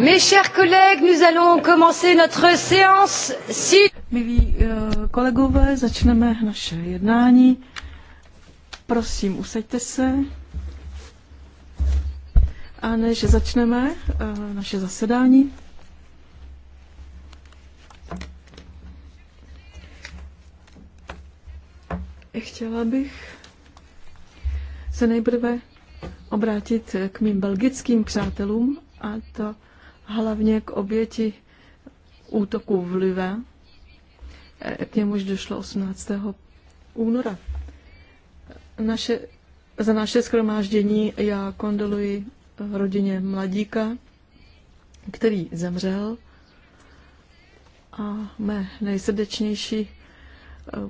Mes chers collègues, nous allons commencer notre séance. Si... Milí eh, kolegové, začneme naše jednání. Prosím, usaďte se. A než začneme eh, naše zasedání, chtěla bych se nejprve obrátit k mým belgickým přátelům a to hlavně k oběti útoku vlive. Eh, k němuž došlo 18. února. Naše, za naše schromáždění já kondoluji rodině mladíka, který zemřel a mé nejsrdečnější Eh,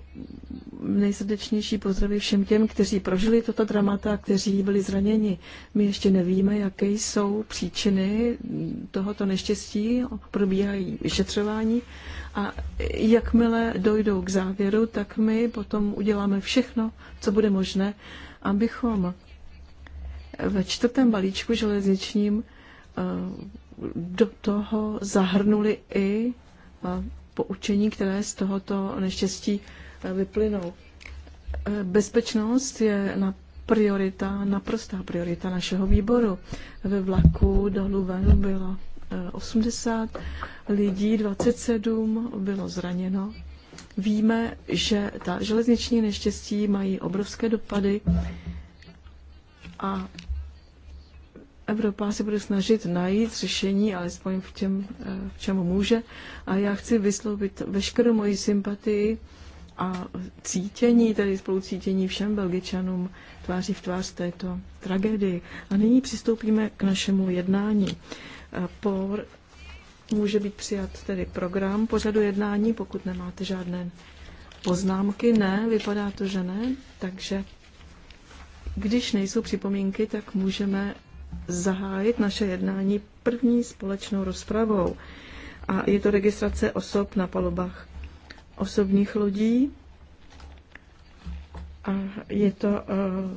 nejsrdečnější pozdravy všem těm, kteří prožili toto dramata, kteří byli zraněni. My ještě nevíme, jaké jsou příčiny tohoto neštěstí, probíhají vyšetřování a jakmile dojdou k závěru, tak my potom uděláme všechno, co bude možné, abychom ve čtvrtém balíčku železničním eh, do toho zahrnuli i eh, poučení, které z tohoto neštěstí eh, vyplynou. Eh, bezpečnost je na priorita, naprostá priorita našeho výboru. Ve vlaku do Luvenu bylo 80 eh, lidí, 27 bylo zraněno. Víme, že ta železniční neštěstí mají obrovské dopady a Evropa se bude snažit najít řešení, alespoň v, těm, eh, v čem může. A já chci vyslovit veškerou moji sympatii a cítění, tedy spolucítění všem Belgičanům tváří v tvář této tragédii. A nyní přistoupíme k našemu jednání. Eh, po, může být přijat tedy program pořadu jednání, pokud nemáte žádné poznámky. Ne, vypadá to, že ne. Takže když nejsou připomínky, tak můžeme zahájit naše jednání první společnou rozpravou. A je to registrace osob na palubách osobních lodí. A je to uh,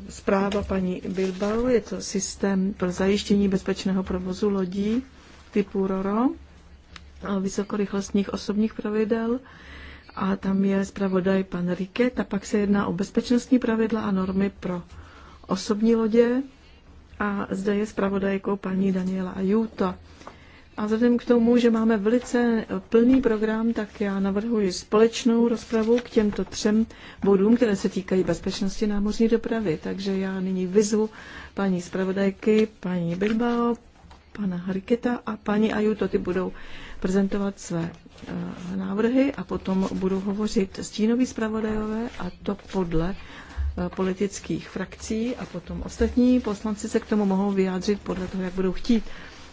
zpráva paní Bilbao, je to systém pro zajištění bezpečného provozu lodí typu RORO, vysokorychlostních osobních pravidel a tam je zpravodaj pan Riket a pak se jedná o bezpečnostní pravidla a normy pro osobní lodě a zde je zpravodajkou paní Daniela Ajuta A vzhledem k tomu, že máme velice plný program, tak já navrhuji společnou rozpravu k těmto třem bodům, které se týkají bezpečnosti námořní dopravy. Takže já nyní vyzvu paní zpravodajky, paní Bilbao, pana Hariketa a paní Ajuto. Ty budou prezentovat své eh, návrhy a potom budou hovořit stínoví zpravodajové a to podle Eh, politických frakcí a potom ostatní poslanci se k tomu mohou vyjádřit podle toho, jak budou chtít.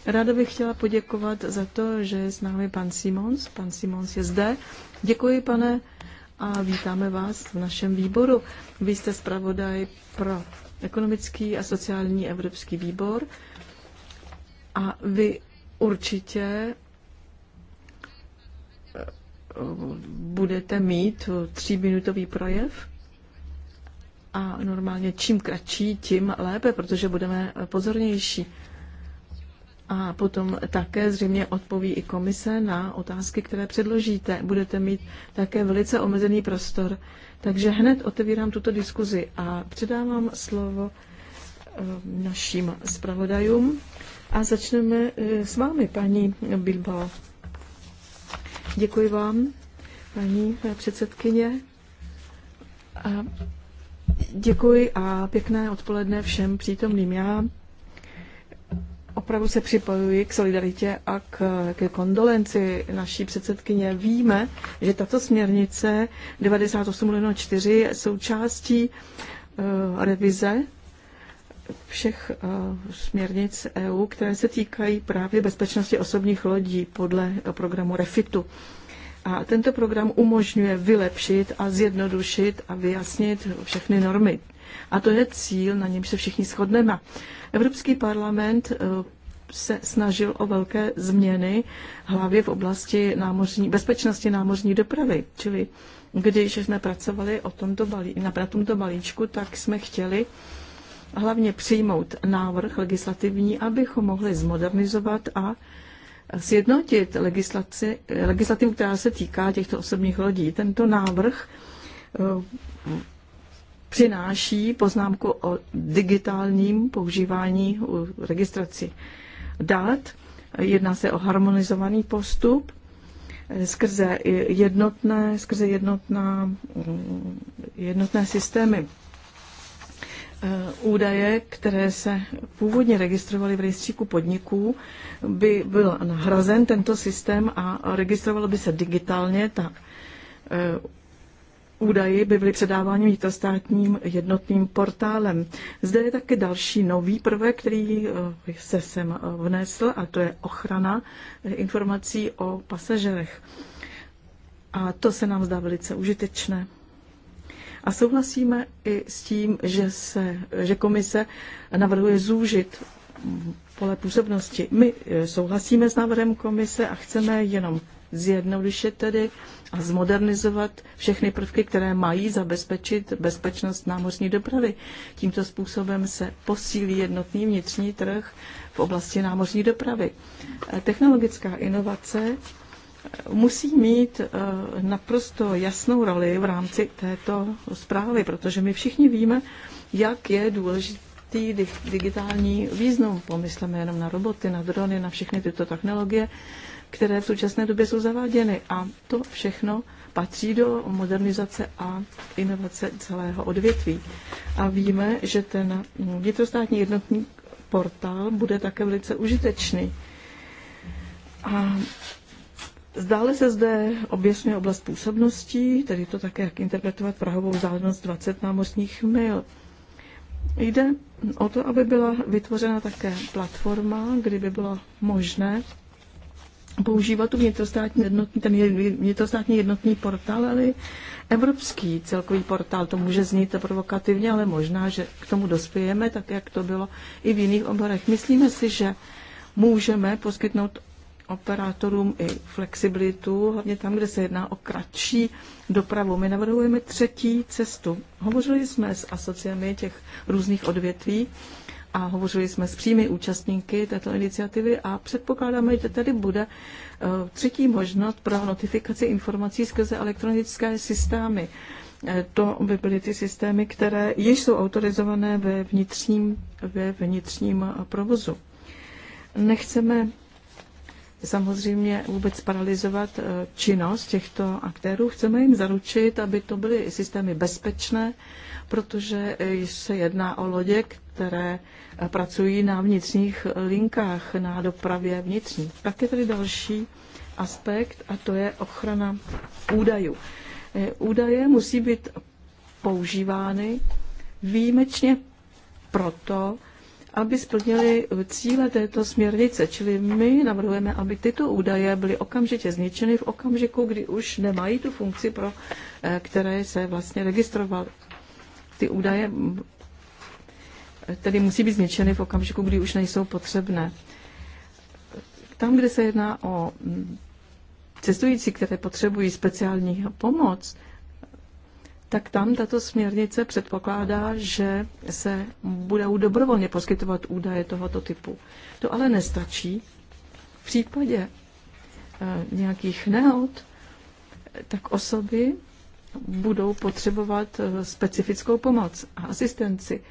Ráda bych chtěla poděkovat za to, že je s námi pan Simons. Pan Simons je zde. Děkuji, pane, a vítáme vás v našem výboru. Vy jste zpravodaj pro ekonomický a sociální evropský výbor a vy určitě eh, budete mít tříminutový projev a normálně čím kratší, tím lépe, protože budeme pozornější. A potom také zřejmě odpoví i komise na otázky, které předložíte. Budete mít také velice omezený prostor. Takže hned otevírám tuto diskuzi a předávám slovo eh, našim zpravodajům. A začneme eh, s vámi, paní Bilbao. Děkuji vám, paní eh, předsedkyně. A Děkuji a pěkné odpoledne všem přítomným. Já opravdu se připojuji k solidaritě a k, k kondolenci naší předsedkyně. Víme, že tato směrnice 98.4 je součástí uh, revize všech uh, směrnic EU, které se týkají právě bezpečnosti osobních lodí podle programu REFITu. Uh, a tento program umožňuje vylepšit a zjednodušit a vyjasnit všechny normy. A to je cíl, na něm se všichni shodneme. Evropský parlament eh, se snažil o velké změny, hlavně v oblasti námořní, bezpečnosti námořní dopravy. Čili když jsme pracovali o tomto balí, na tomto balíčku, tak jsme chtěli hlavně přijmout návrh legislativní, abychom mohli zmodernizovat a sjednotit legislativu, která se týká těchto osobních lodí. Tento návrh eh, přináší poznámku o digitálním používání registraci dat. Jedná se o harmonizovaný postup eh, skrze jednotné, skrze jednotná, mm, jednotné systémy Eh, údaje, které se původně registrovaly v rejstříku podniků, by byl nahrazen tento systém a registrovalo by se digitálně, tak eh, údaje by byly předávány vnitrostátním jednotným portálem. Zde je také další nový prvek, který eh, se sem vnesl, a to je ochrana informací o pasažerech. A to se nám zdá velice užitečné. A souhlasíme i s tím, že, se, že komise navrhuje zúžit pole působnosti. My e, souhlasíme s návrhem komise a chceme jenom zjednodušit tedy a zmodernizovat všechny prvky, které mají zabezpečit bezpečnost námořní dopravy. Tímto způsobem se posílí jednotný vnitřní trh v oblasti námořní dopravy. E, technologická inovace musí mít eh, naprosto jasnou roli v rámci této zprávy, protože my všichni víme, jak je důležitý digitální význam. Pomysleme jenom na roboty, na drony, na všechny tyto technologie, které v současné době jsou zaváděny. A to všechno patří do modernizace a inovace celého odvětví. A víme, že ten vnitrostátní jednotný portál bude také velice užitečný. A Zdále se zde objasňuje oblast působností, tedy to také, jak interpretovat prahovou vzdálenost 20 námořních mil. Jde o to, aby byla vytvořena také platforma, kdyby by bylo možné používat tu vnitrostátní jednotný, ten vnitrostátní jednotný portál, ale evropský celkový portál. To může znít provokativně, ale možná, že k tomu dospějeme, tak jak to bylo i v jiných oborech. Myslíme si, že můžeme poskytnout operátorům i flexibilitu, hlavně tam, kde se jedná o kratší dopravu. My navrhujeme třetí cestu. Hovořili jsme s asociami těch různých odvětví a hovořili jsme s přímými účastníky této iniciativy a předpokládáme, že tady bude eh, třetí možnost pro notifikaci informací skrze elektronické systémy. Eh, to by byly ty systémy, které již jsou autorizované ve vnitřním, ve vnitřním eh, provozu. Nechceme samozřejmě vůbec paralizovat eh, činnost těchto aktérů. Chceme jim zaručit, aby to byly systémy bezpečné, protože eh, se jedná o lodě, které eh, pracují na vnitřních linkách, na dopravě vnitřní. Pak je tady další aspekt a to je ochrana údajů. Údaje musí být používány výjimečně proto, aby splnili cíle této směrnice. Čili my navrhujeme, aby tyto údaje byly okamžitě zničeny v okamžiku, kdy už nemají tu funkci, pro eh, které se vlastně registroval. Ty údaje eh, tedy musí být zničeny v okamžiku, kdy už nejsou potřebné. Tam, kde se jedná o mm, cestující, které potřebují speciální pomoc, tak tam tato směrnice předpokládá, že se budou dobrovolně poskytovat údaje tohoto typu. To ale nestačí. V případě e, nějakých nehod, tak osoby budou potřebovat e, specifickou pomoc a asistenci.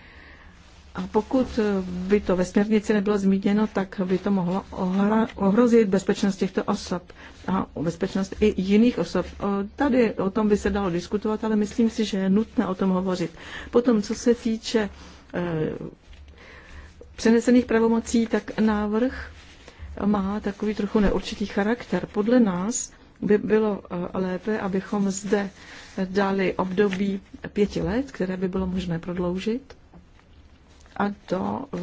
A pokud by to ve směrnici nebylo zmíněno, tak by to mohlo ohrozit bezpečnost těchto osob a bezpečnost i jiných osob. Tady o tom by se dalo diskutovat, ale myslím si, že je nutné o tom hovořit. Potom, co se týče e, přenesených pravomocí, tak návrh má takový trochu neurčitý charakter. Podle nás by bylo e, lépe, abychom zde dali období pěti let, které by bylo možné prodloužit a to eh,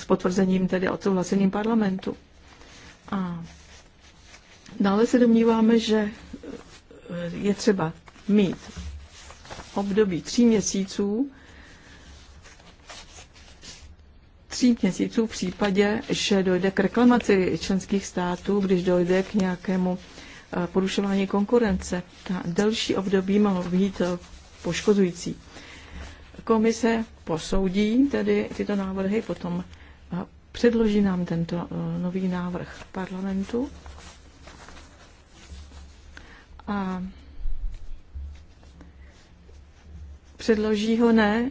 s potvrzením tedy odsouhlasením parlamentu. A dále se domníváme, že eh, je třeba mít období tří měsíců, tří měsíců v případě, že dojde k reklamaci členských států, když dojde k nějakému eh, porušování konkurence. Ta delší období mohlo být poškozující. Komise posoudí tedy tyto návrhy, potom eh, předloží nám tento eh, nový návrh parlamentu. A předloží ho ne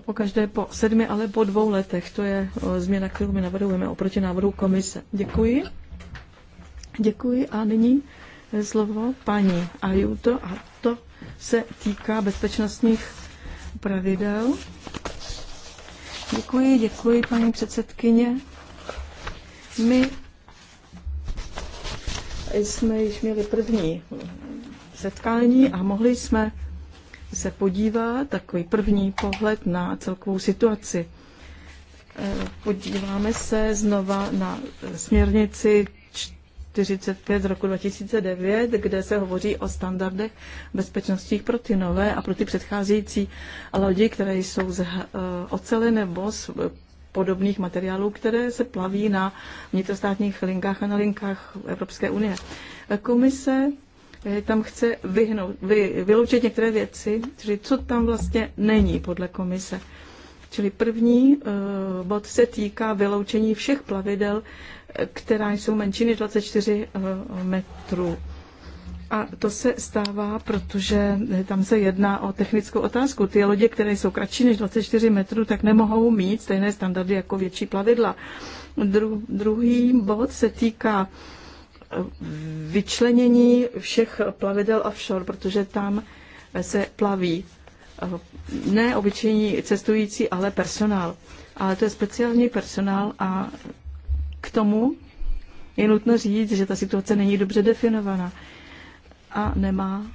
po každé po sedmi, ale po dvou letech. To je eh, změna, kterou my navrhujeme oproti návrhu komise. Děkuji. Děkuji a nyní slovo paní Ajuto a to se týká bezpečnostních pravidel. Děkuji, děkuji, paní předsedkyně. My jsme již měli první setkání a mohli jsme se podívat, takový první pohled na celkovou situaci. Podíváme se znova na směrnici 45 z roku 2009, kde se hovoří o standardech bezpečnostních pro ty nové a pro ty předcházející lodi, které jsou z eh, ocele nebo z eh, podobných materiálů, které se plaví na vnitrostátních linkách a na linkách Evropské unie. Eh, komise tam chce vyhnout, vy, vyloučit některé věci, čili co tam vlastně není podle komise. Čili první uh, bod se týká vyloučení všech plavidel, která jsou menší než 24 metrů. A to se stává, protože tam se jedná o technickou otázku. Ty lodě, které jsou kratší než 24 metrů, tak nemohou mít stejné standardy jako větší plavidla. Dru- druhý bod se týká eh, vyčlenění všech plavidel offshore, protože tam se plaví eh, ne obyčejní cestující, ale personál. Ale to je speciální personál a k tomu je nutno říct, že ta situace není dobře definovaná a nemá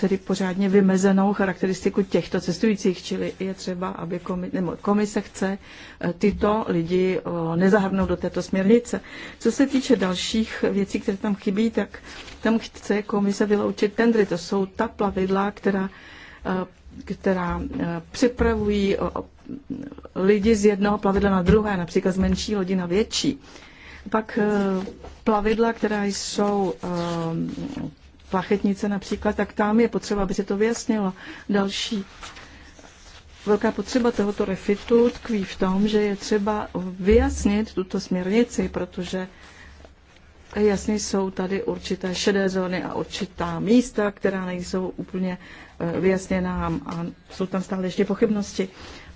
tedy pořádně vymezenou charakteristiku těchto cestujících, čili je třeba, aby komise, nebo komise chce eh, tyto lidi eh, nezahrnout do této směrnice. Co se týče dalších věcí, které tam chybí, tak tam chce komise vyloučit tendry. To jsou ta plavidla, která, eh, která připravují lidi z jednoho plavidla na druhé, například z menší lodi na větší. Pak eh, plavidla, která jsou eh, plachetnice například, tak tam je potřeba, aby se to vyjasnilo. Další velká potřeba tohoto refitu tkví v tom, že je třeba vyjasnit tuto směrnici, protože jasně jsou tady určité šedé zóny a určitá místa, která nejsou úplně eh, vyjasněná a jsou tam stále ještě pochybnosti.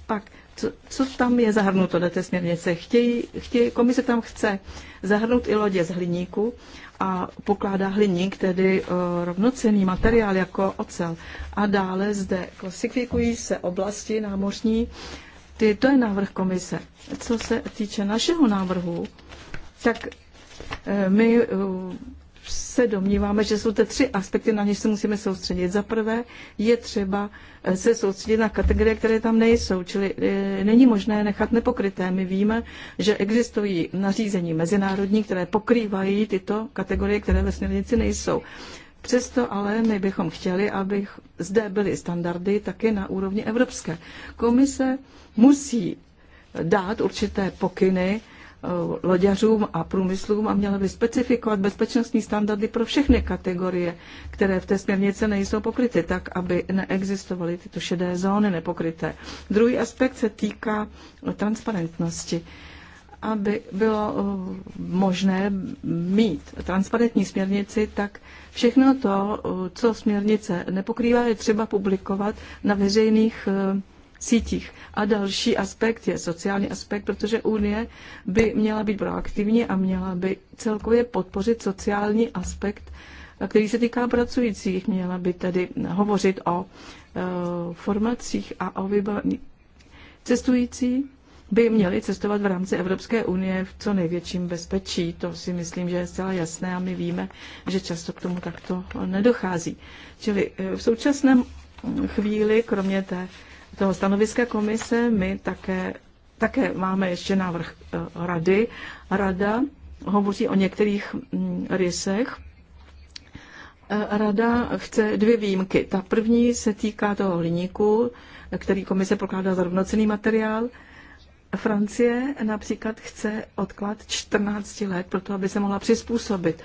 Pak co, co tam je zahrnuto do té směrnice? Chtějí, chtějí, komise tam chce zahrnout i lodě z hliníku a pokládá hliník, tedy eh, rovnocený materiál jako ocel. A dále zde klasifikují se oblasti námořní. Ty, to je návrh komise. Co se týče našeho návrhu, tak eh, my eh, se domníváme, že jsou to tři aspekty, na něž se musíme soustředit. Za prvé je třeba eh, se soustředit na kategorie, které tam nejsou, čili eh, není možné nechat nepokryté. My víme, že existují nařízení mezinárodní, které pokrývají tyto kategorie, které ve směrnici nejsou. Přesto ale my bychom chtěli, aby zde byly standardy taky na úrovni evropské. Komise musí dát určité pokyny Eh, loďařům a průmyslům a měla by specifikovat bezpečnostní standardy pro všechny kategorie, které v té směrnice nejsou pokryty, tak, aby neexistovaly tyto šedé zóny nepokryté. Druhý aspekt se týká transparentnosti aby bylo eh, možné mít transparentní směrnici, tak všechno to, eh, co směrnice nepokrývá, je třeba publikovat na veřejných sítích. A další aspekt je sociální aspekt, protože Unie by měla být proaktivní a měla by celkově podpořit sociální aspekt, který se týká pracujících. Měla by tedy hovořit o e, formacích a o vybavení. Cestující by měli cestovat v rámci Evropské unie v co největším bezpečí. To si myslím, že je zcela jasné a my víme, že často k tomu takto nedochází. Čili e, v současném chvíli, kromě té toho stanoviska komise my také, také máme ještě návrh eh, rady. Rada hovoří o některých mm, rysech. Eh, rada chce dvě výjimky. Ta první se týká toho hliníku, který komise pokládá za rovnocený materiál. Francie například chce odklad 14 let, proto aby se mohla přizpůsobit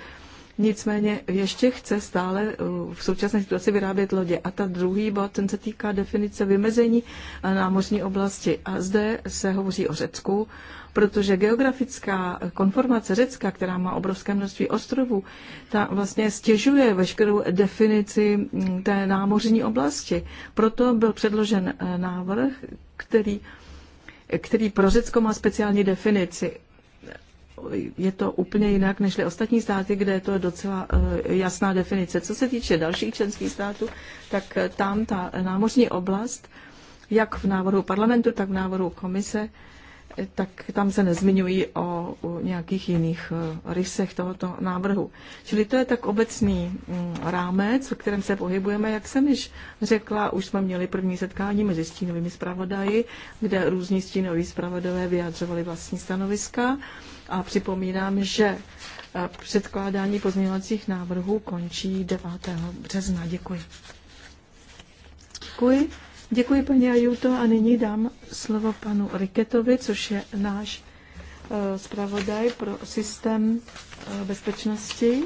Nicméně ještě chce stále eh, v současné situaci vyrábět lodě. A ta druhý bod, ten se týká definice vymezení eh, námořní oblasti. A zde se hovoří o Řecku, protože geografická konformace Řecka, která má obrovské množství ostrovů, ta vlastně stěžuje veškerou definici mm, té námořní oblasti. Proto byl předložen eh, návrh, který který pro Řecko má speciální definici je to úplně jinak než ostatní státy, kde je to docela eh, jasná definice. Co se týče dalších členských států, tak eh, tam ta námořní oblast, jak v návrhu parlamentu, tak v návrhu komise, eh, tak tam se nezmiňují o, nějakých jiných rysech tohoto návrhu. Čili to je tak obecný mm, rámec, v kterém se pohybujeme. Jak jsem již řekla, už jsme měli první setkání mezi stínovými zpravodaji, kde různí stínoví zpravodové vyjadřovali vlastní stanoviska. A připomínám, že e, předkládání pozměňovacích návrhů končí 9. března. Děkuji. Děkuji. Děkuji paní Ajuto a nyní dám slovo panu Riketovi, což je náš e, zpravodaj pro systém e, bezpečnosti.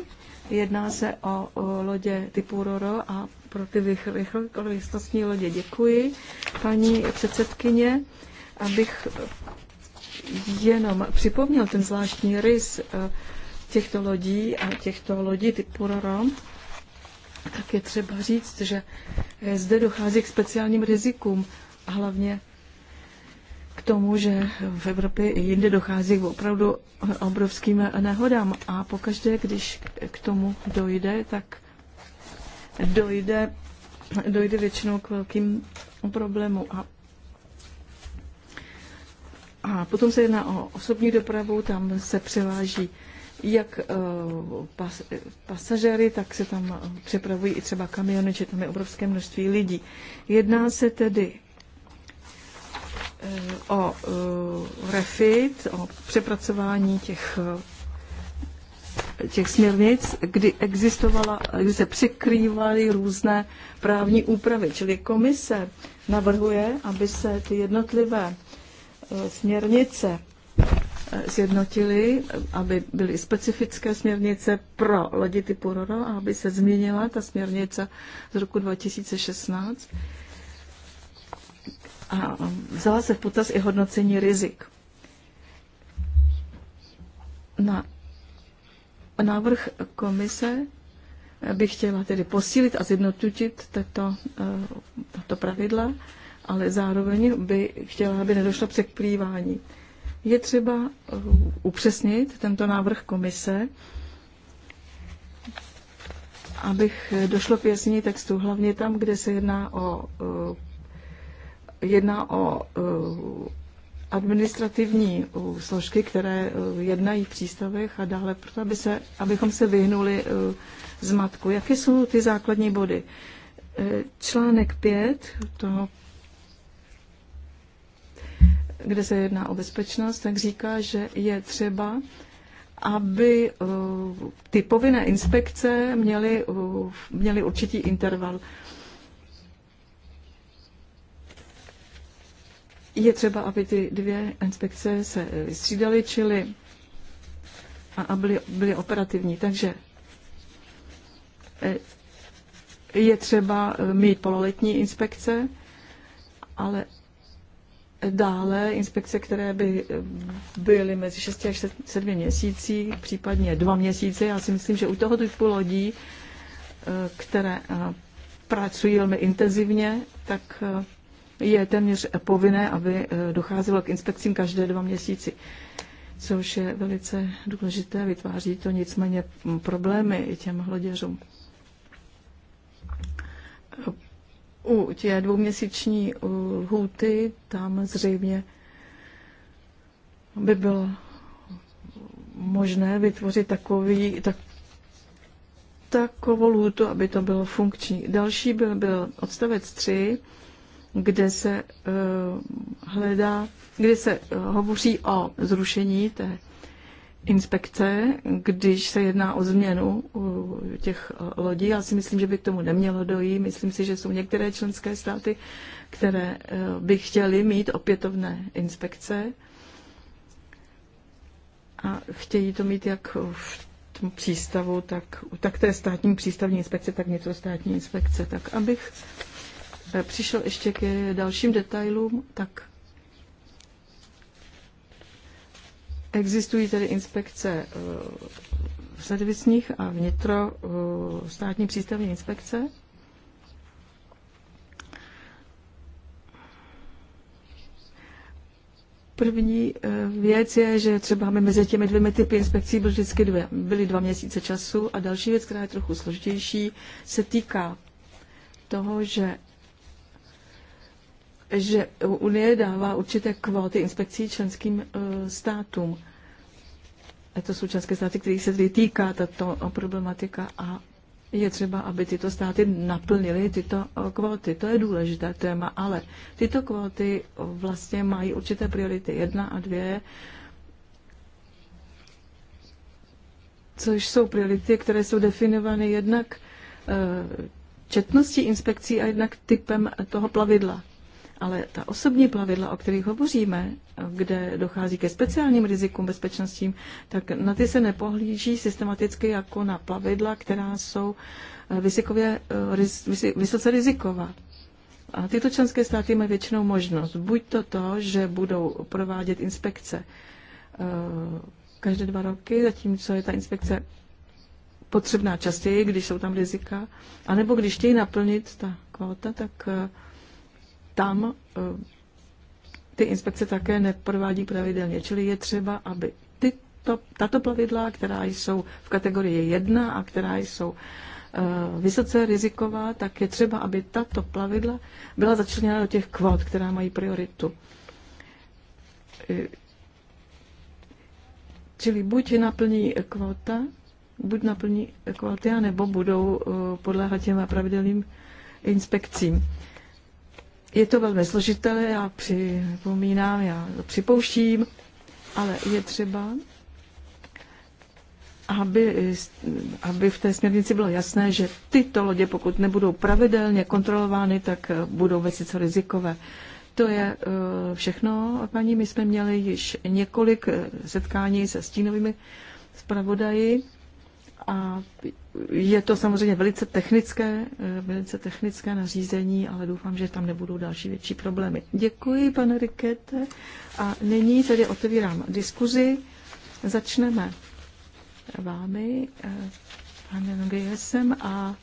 Jedná se o, o lodě typu RORO a pro ty rychlokolistostní lodě děkuji, paní předsedkyně. Abych jenom připomněl ten zvláštní rys eh, těchto lodí a těchto lodí typu RORO, tak je třeba říct, že eh, zde dochází k speciálním rizikům a hlavně k tomu, že v Evropě i jinde dochází k opravdu eh, obrovským nehodám a pokaždé, když k tomu dojde, tak dojde, dojde většinou k velkým problémům. A a potom se jedná o osobní dopravu, tam se převáží jak eh, pas, pasažery, tak se tam přepravují i třeba kamiony, že tam je obrovské množství lidí. Jedná se tedy eh, o eh, refit, o přepracování těch, těch směrnic, kdy, existovala, kdy se překrývaly různé právní úpravy. Čili komise navrhuje, aby se ty jednotlivé směrnice sjednotili, aby byly specifické směrnice pro lodi typu RORO a aby se změnila ta směrnice z roku 2016 a vzala se v potaz i hodnocení rizik. Na návrh komise bych chtěla tedy posílit a zjednotit tato, eh, tato pravidla ale zároveň by chtěla, aby nedošlo překplývání. Je třeba eh, upřesnit tento návrh komise, abych došlo k jasnění textu, hlavně tam, kde se jedná o, eh, jedná o eh, administrativní složky, které jednají v přístavech a dále, proto aby se, abychom se vyhnuli zmatku. Jaké jsou ty základní body? Článek 5 toho kde se jedná o bezpečnost, tak říká, že je třeba, aby eh, ty povinné inspekce měly, eh, měly určitý interval. Je třeba, aby ty dvě inspekce se vystřídaly, čili a byly, byly operativní. Takže eh, je třeba mít pololetní inspekce, ale Dále inspekce, které by eh, byly mezi 6 až 7 měsíci, případně 2 měsíce. Já si myslím, že u toho typu lodí, eh, které eh, pracují velmi intenzivně, tak je téměř povinné, aby docházelo k inspekcím každé dva měsíci, což je velice důležité, vytváří to nicméně mm, problémy těm hloděřům u tě dvouměsíční lhůty, tam zřejmě by bylo možné vytvořit takový, tak, takovou lhůtu, aby to bylo funkční. Další byl, byl odstavec 3, kde se uh, hledá, kde se uh, hovoří o zrušení té inspekce, když se jedná o změnu u těch eh, lodí. Já si myslím, že by k tomu nemělo dojít. Myslím si, že jsou některé členské státy, které eh, by chtěly mít opětovné inspekce a chtějí to mít jak v tom přístavu, tak, tak té státní přístavní inspekce, tak něco státní inspekce. Tak abych eh, přišel ještě k dalším detailům, tak Existují tedy inspekce eh, servisních a vnitro eh, státní přístavní inspekce. První eh, věc je, že třeba my mezi těmi dvěmi typy inspekcí byly vždycky dvě, byly dva měsíce času a další věc, která je trochu složitější, se týká toho, že že Unie dává určité kvóty inspekcí členským eh, státům. A to jsou členské státy, kterých se tedy týká tato problematika a je třeba, aby tyto státy naplnily tyto eh, kvóty. To je důležité téma, ale tyto kvóty vlastně mají určité priority jedna a dvě, což jsou priority, které jsou definovány jednak eh, četností inspekcí a jednak typem toho plavidla. Ale ta osobní plavidla, o kterých hovoříme, kde dochází ke speciálním rizikům bezpečnostním, tak na ty se nepohlíží systematicky jako na plavidla, která jsou eh, vysokově, eh, vysoce riziková. A tyto členské státy mají většinou možnost. Buď to to, že budou provádět inspekce eh, každé dva roky, zatímco je ta inspekce potřebná častěji, když jsou tam rizika, anebo když chtějí naplnit ta kvota, tak tam eh, ty inspekce také neprovádí pravidelně. Čili je třeba, aby tyto, tato plavidla, která jsou v kategorii 1 a která jsou eh, vysoce riziková, tak je třeba, aby tato plavidla byla začleněna do těch kvot, která mají prioritu. Eh, čili buď naplní kvota, buď naplní kvota, nebo budou podléhat těm pravidelným inspekcím. Je to velmi složité, já připomínám, já připouštím, ale je třeba, aby, aby v té směrnici bylo jasné, že tyto lodě, pokud nebudou pravidelně kontrolovány, tak eh, budou co rizikové. To je eh, všechno, paní. My jsme měli již několik eh, setkání se stínovými zpravodaji a je to samozřejmě velice technické, eh, velice technické nařízení, ale doufám, že tam nebudou další větší problémy. Děkuji, pane Rikete. A nyní tedy otevírám diskuzi. Začneme vámi, eh, panem Giesem, a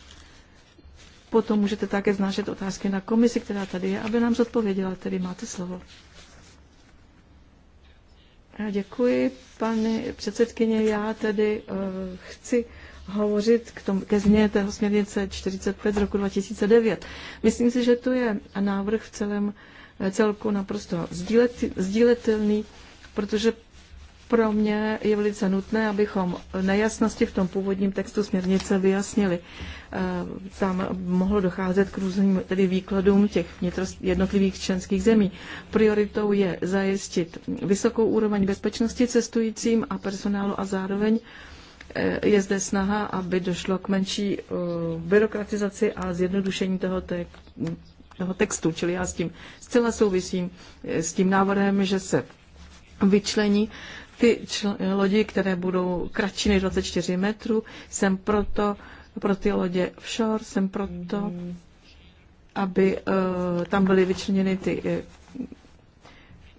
potom můžete také znášet otázky na komisi, která tady je, aby nám zodpověděla. Tedy máte slovo. Děkuji, paní předsedkyně. Já tedy eh, chci hovořit k tomu, ke změně tého směrnice 45 z roku 2009. Myslím si, že to je návrh v celém eh, celku naprosto sdílet, sdíletelný, protože pro mě je velice nutné, abychom nejasnosti v tom původním textu směrnice vyjasnili. Eh, tam mohlo docházet k různým tedy výkladům těch jednotlivých členských zemí. Prioritou je zajistit vysokou úroveň bezpečnosti cestujícím a personálu a zároveň eh, je zde snaha, aby došlo k menší eh, byrokratizaci a zjednodušení toho, toho textu. Čili já s tím zcela souvisím s tím návrhem, že se vyčlení ty lodi, které budou kratší než 24 metrů, jsem proto, pro ty lodě offshore, jsem proto, aby uh, tam byly vyčleněny ty, eh,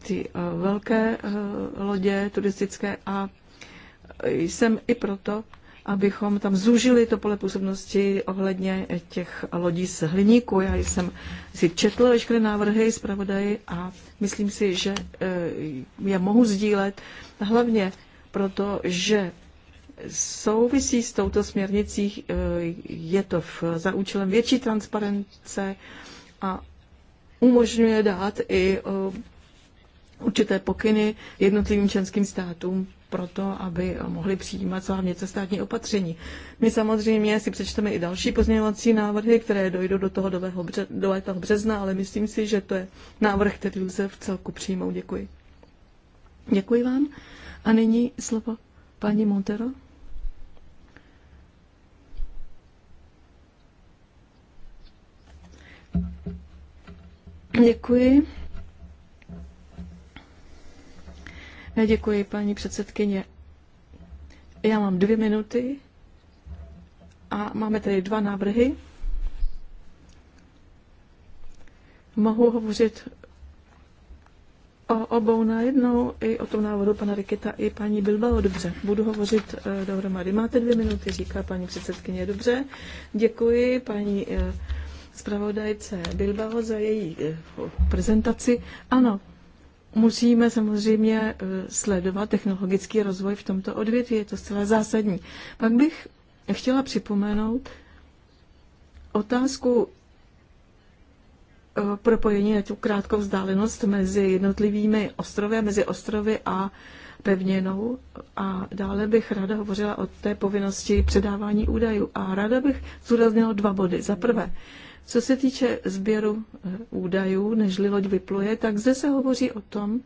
ty uh, velké uh, lodě turistické a jsem i proto, abychom tam zúžili to pole působnosti ohledně těch lodí z hliníku. Já jsem si četl veškeré návrhy zpravodaji a myslím si, že eh, je mohu sdílet hlavně proto, že souvisí s touto směrnicí, eh, je to v, za účelem větší transparence a umožňuje dát i eh, určité pokyny jednotlivým členským státům pro to, aby mohli přijímat svá vnitrostátní opatření. My samozřejmě si přečteme i další pozměňovací návrhy, které dojdou do toho dového bře- do léta března, ale myslím si, že to je návrh, který lze v celku přijmout. Děkuji. Děkuji vám. A nyní slovo paní Montero. Děkuji. Děkuji, paní předsedkyně. Já mám dvě minuty a máme tady dva návrhy. Mohu hovořit o obou najednou, i o tom návodu pana Riketa, i paní Bilbao. Dobře, budu hovořit e, dohromady. Máte dvě minuty, říká paní předsedkyně. Dobře, děkuji paní e, zpravodajce Bilbao za její e, prezentaci. Ano, musíme samozřejmě eh, sledovat technologický rozvoj v tomto odvětví, je to zcela zásadní. Pak bych chtěla připomenout otázku eh, propojení na tu krátkou vzdálenost mezi jednotlivými ostrovy, mezi ostrovy a pevněnou. A dále bych ráda hovořila o té povinnosti předávání údajů. A ráda bych zúraznila dva body. Za prvé, co se týče sběru eh, údajů, nežli loď vypluje, tak zde se hovoří o tom,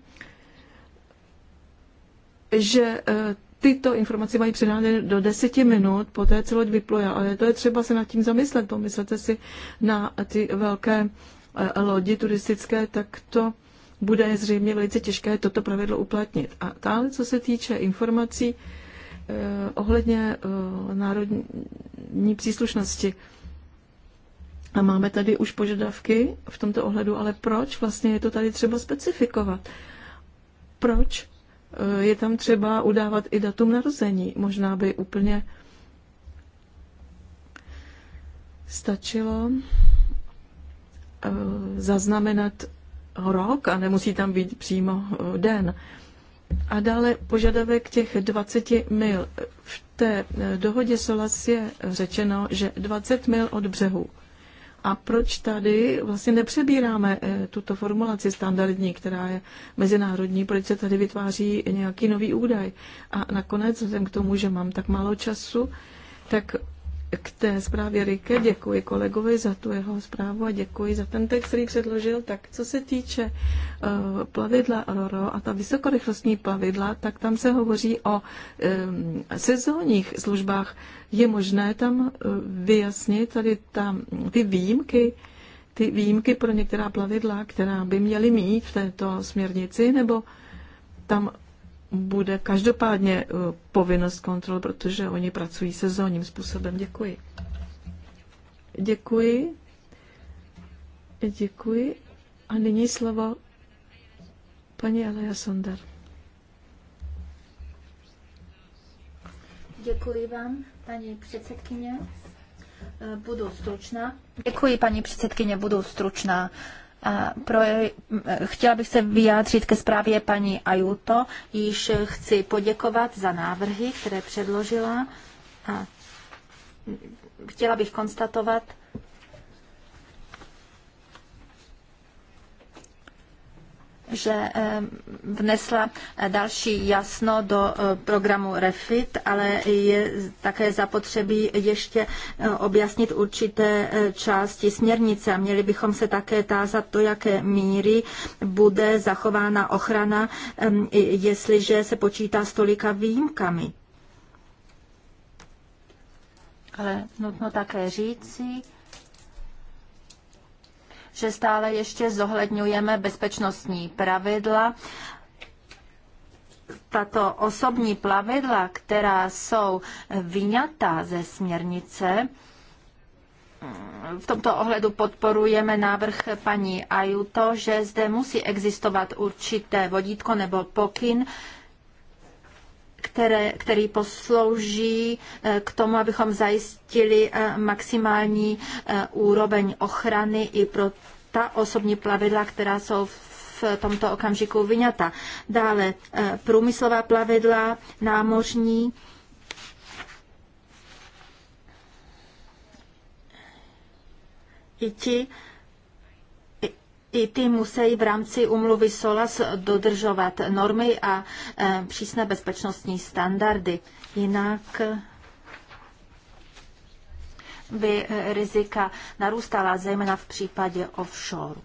že eh, tyto informace mají předány do deseti minut po té, co loď vypluje. Ale to je třeba se nad tím zamyslet. Pomyslete si na ty velké eh, lodi turistické, tak to bude zřejmě velice těžké toto pravidlo uplatnit. A dále, co se týče informací eh, ohledně eh, národní příslušnosti, eh, a máme tady už požadavky v tomto ohledu, ale proč vlastně je to tady třeba specifikovat? Proč eh, je tam třeba udávat i datum narození? Možná by úplně stačilo eh, zaznamenat rok a nemusí tam být přímo eh, den. A dále požadavek těch 20 mil. V té dohodě Solas je řečeno, že 20 mil od břehu. A proč tady vlastně nepřebíráme eh, tuto formulaci standardní, která je mezinárodní, proč se tady vytváří nějaký nový údaj? A nakonec, vzhledem k tomu, že mám tak málo času, tak k té zprávě Rike. Děkuji kolegovi za tu jeho zprávu a děkuji za ten text, který předložil. Tak co se týče uh, plavidla RORO a ta vysokorychlostní plavidla, tak tam se hovoří o um, sezónních službách. Je možné tam uh, vyjasnit tady tam ty výjimky, ty výjimky pro některá plavidla, která by měly mít v této směrnici, nebo tam bude každopádně eh, povinnost kontrol, protože oni pracují sezónním způsobem. Děkuji. Děkuji. Děkuji. A nyní slovo paní Aleja Sonder. Děkuji vám, paní předsedkyně. Eh, budu stručná. Děkuji, paní předsedkyně, budu stručná. Pro, chtěla bych se vyjádřit ke zprávě paní Ajuto. Již chci poděkovat za návrhy, které předložila a chtěla bych konstatovat, že eh, vnesla eh, další jasno do eh, programu REFIT, ale je také zapotřebí ještě objasnit určité části směrnice a měli bychom se také tázat, do jaké míry bude zachována ochrana, jestliže se počítá s tolika výjimkami. Ale nutno také říci, že stále ještě zohledňujeme bezpečnostní pravidla tato osobní plavidla, která jsou vyňata ze směrnice, v tomto ohledu podporujeme návrh paní Ajuto, že zde musí existovat určité vodítko nebo pokyn, které, který poslouží eh, k tomu, abychom zajistili eh, maximální eh, úroveň ochrany i pro ta osobní plavidla, která jsou v tomto okamžiku vyňata. Dále průmyslová plavidla, námořní, i ti, i ty musí v rámci umluvy SOLAS dodržovat normy a e, přísné bezpečnostní standardy. Jinak e, by e, rizika narůstala, zejména v případě offshore.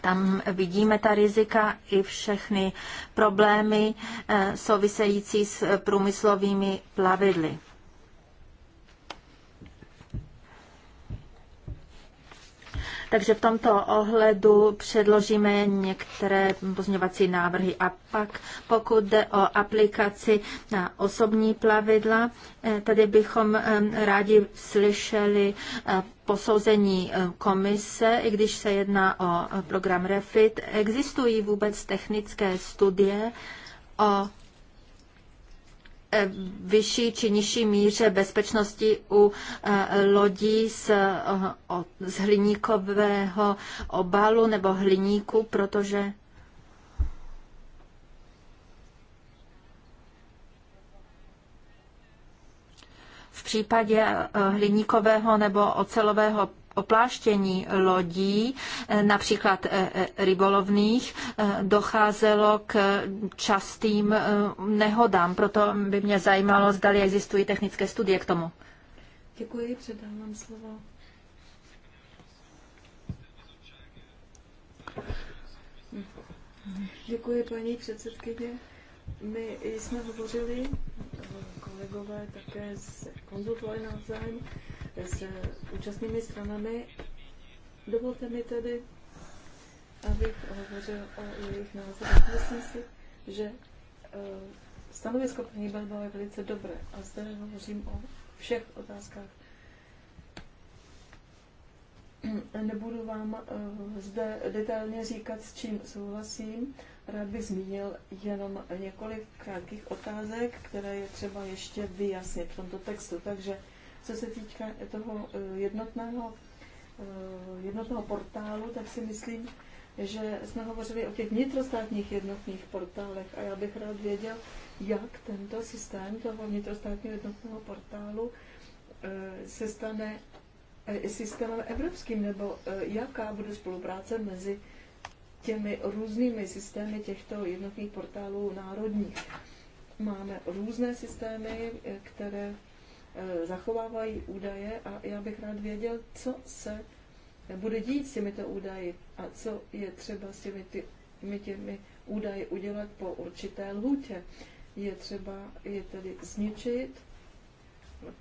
Tam vidíme ta rizika i všechny problémy související s průmyslovými plavidly. Takže v tomto ohledu předložíme některé pozměňovací návrhy. A pak, pokud jde o aplikaci na osobní plavidla, eh, tady bychom eh, rádi slyšeli eh, posouzení komise, i když se jedná o program REFIT. Existují vůbec technické studie o Eh, vyšší či nižší míře bezpečnosti u eh, lodí z, eh, z hliníkového obalu nebo hliníku, protože v případě hliníkového nebo ocelového opláštění lodí, eh, například eh, eh, rybolovných, docházelo k častým nehodám. Proto by mě zajímalo, zda existují technické studie k tomu. Děkuji, předám slovo. Děkuji, paní předsedkyně. My jsme hovořili, kolegové také konzultovali navzájem s eh, účastnými stranami. Dovolte mi tedy, abych hovořil o jejich názorech. Myslím si, že eh, stanovisko paní Balbao je velice dobré a zde hovořím o všech otázkách. Nebudu vám eh, zde detailně říkat, s čím souhlasím. Rád bych zmínil jenom několik krátkých otázek, které je třeba ještě vyjasnit v tomto textu. Takže co se týká toho eh, jednotného, eh, jednotného portálu, tak si myslím, že jsme hovořili o těch vnitrostátních jednotných portálech a já bych rád věděl, jak tento systém toho vnitrostátního jednotného portálu eh, se stane systémem evropským, nebo jaká bude spolupráce mezi těmi různými systémy těchto jednotných portálů národních. Máme různé systémy, které Eh, zachovávají údaje a já bych rád věděl, co se bude dít s těmito údaji a co je třeba s těmi, ty, těmi, těmi údaji udělat po určité lhůtě. Je třeba je tedy zničit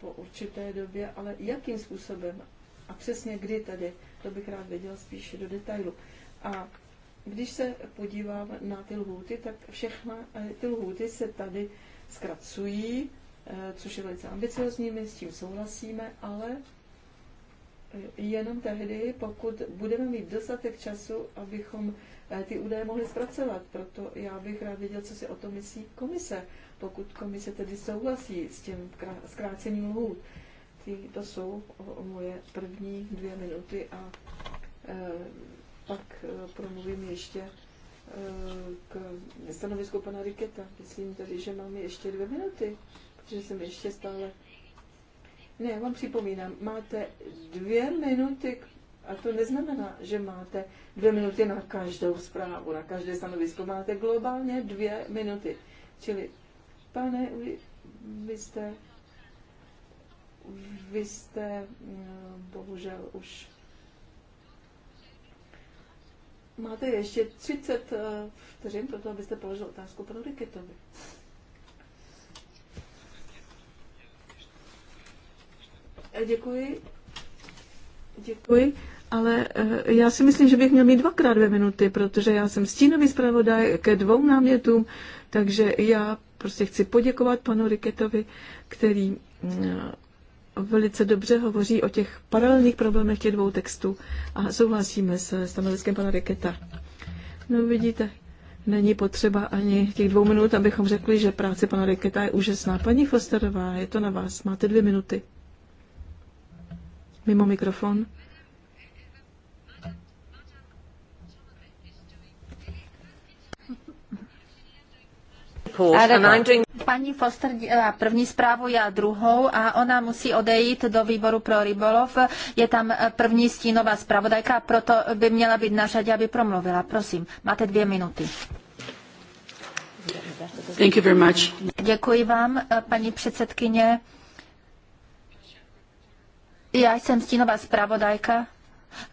po určité době, ale jakým způsobem a přesně kdy tedy, to bych rád věděl spíše do detailu. A když se podívám na ty lhůty, tak všechna eh, ty lhůty se tady zkracují Eh, což je velice ambiciozní, my s tím souhlasíme, ale eh, jenom tehdy, pokud budeme mít dostatek času, abychom eh, ty údaje mohli zpracovat. Proto já bych rád věděl, co si o tom myslí komise, pokud komise tedy souhlasí s tím zkrácením lhůt. Ty, to jsou moje první dvě minuty a e, pak promluvím ještě e, k stanovisku pana Riketa. Myslím tedy, že máme ještě dvě minuty protože jsem ještě stále... Ne, vám připomínám, máte dvě minuty k a to neznamená, že máte dvě minuty na každou zprávu, na každé stanovisko. Máte globálně dvě minuty. Čili, pane, vy, vy jste, vy jste, mm, bohužel už, máte ještě 30 eh, vteřin pro to, abyste položil otázku pro Riketovi. Děkuji. Děkuji. Ale eh, já si myslím, že bych měl mít dvakrát dvě minuty, protože já jsem stínový zpravodaj ke dvou námětům, takže já prostě chci poděkovat panu Riketovi, který eh, velice dobře hovoří o těch paralelních problémech těch dvou textů a souhlasíme se stanoviskem pana Riketa. No vidíte, není potřeba ani těch dvou minut, abychom řekli, že práce pana Riketa je úžasná. Paní Fosterová, je to na vás, máte dvě minuty mimo mikrofon. Paní Foster dělá první zprávu, já druhou a ona musí odejít do výboru pro rybolov. Je tam první stínová zpravodajka, proto by měla být na řadě, aby promluvila. Prosím, máte dvě minuty. Thank you very much. Děkuji vám, paní předsedkyně. Já jsem stínová zpravodajka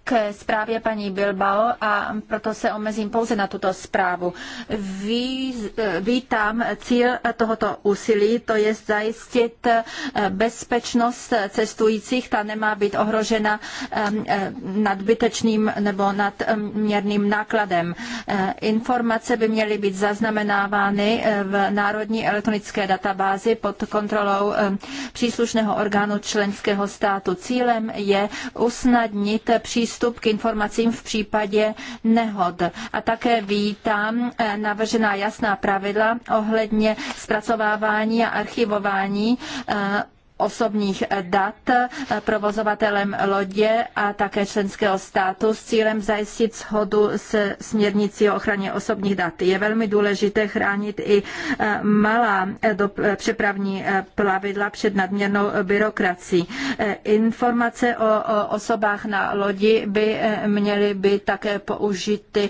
k zprávě paní Bilbao a proto se omezím pouze na tuto zprávu. Ví, eh, vítám cíl tohoto úsilí, to je zajistit eh, bezpečnost cestujících, ta nemá být ohrožena eh, nadbytečným nebo nadměrným nákladem. Informace by měly být zaznamenávány v Národní elektronické databázi pod kontrolou příslušného orgánu členského státu. Cílem je usnadnit při přístup k informacím v případě nehod. A také vítám eh, navržená jasná pravidla ohledně zpracovávání a archivování eh, osobních dat provozovatelem lodě a také členského státu s cílem zajistit shodu s směrnicí o ochraně osobních dat. Je velmi důležité chránit i eh, malá eh, eh, přepravní plavidla před nadměrnou byrokracií. Informace o osobách na lodi by měly být také použity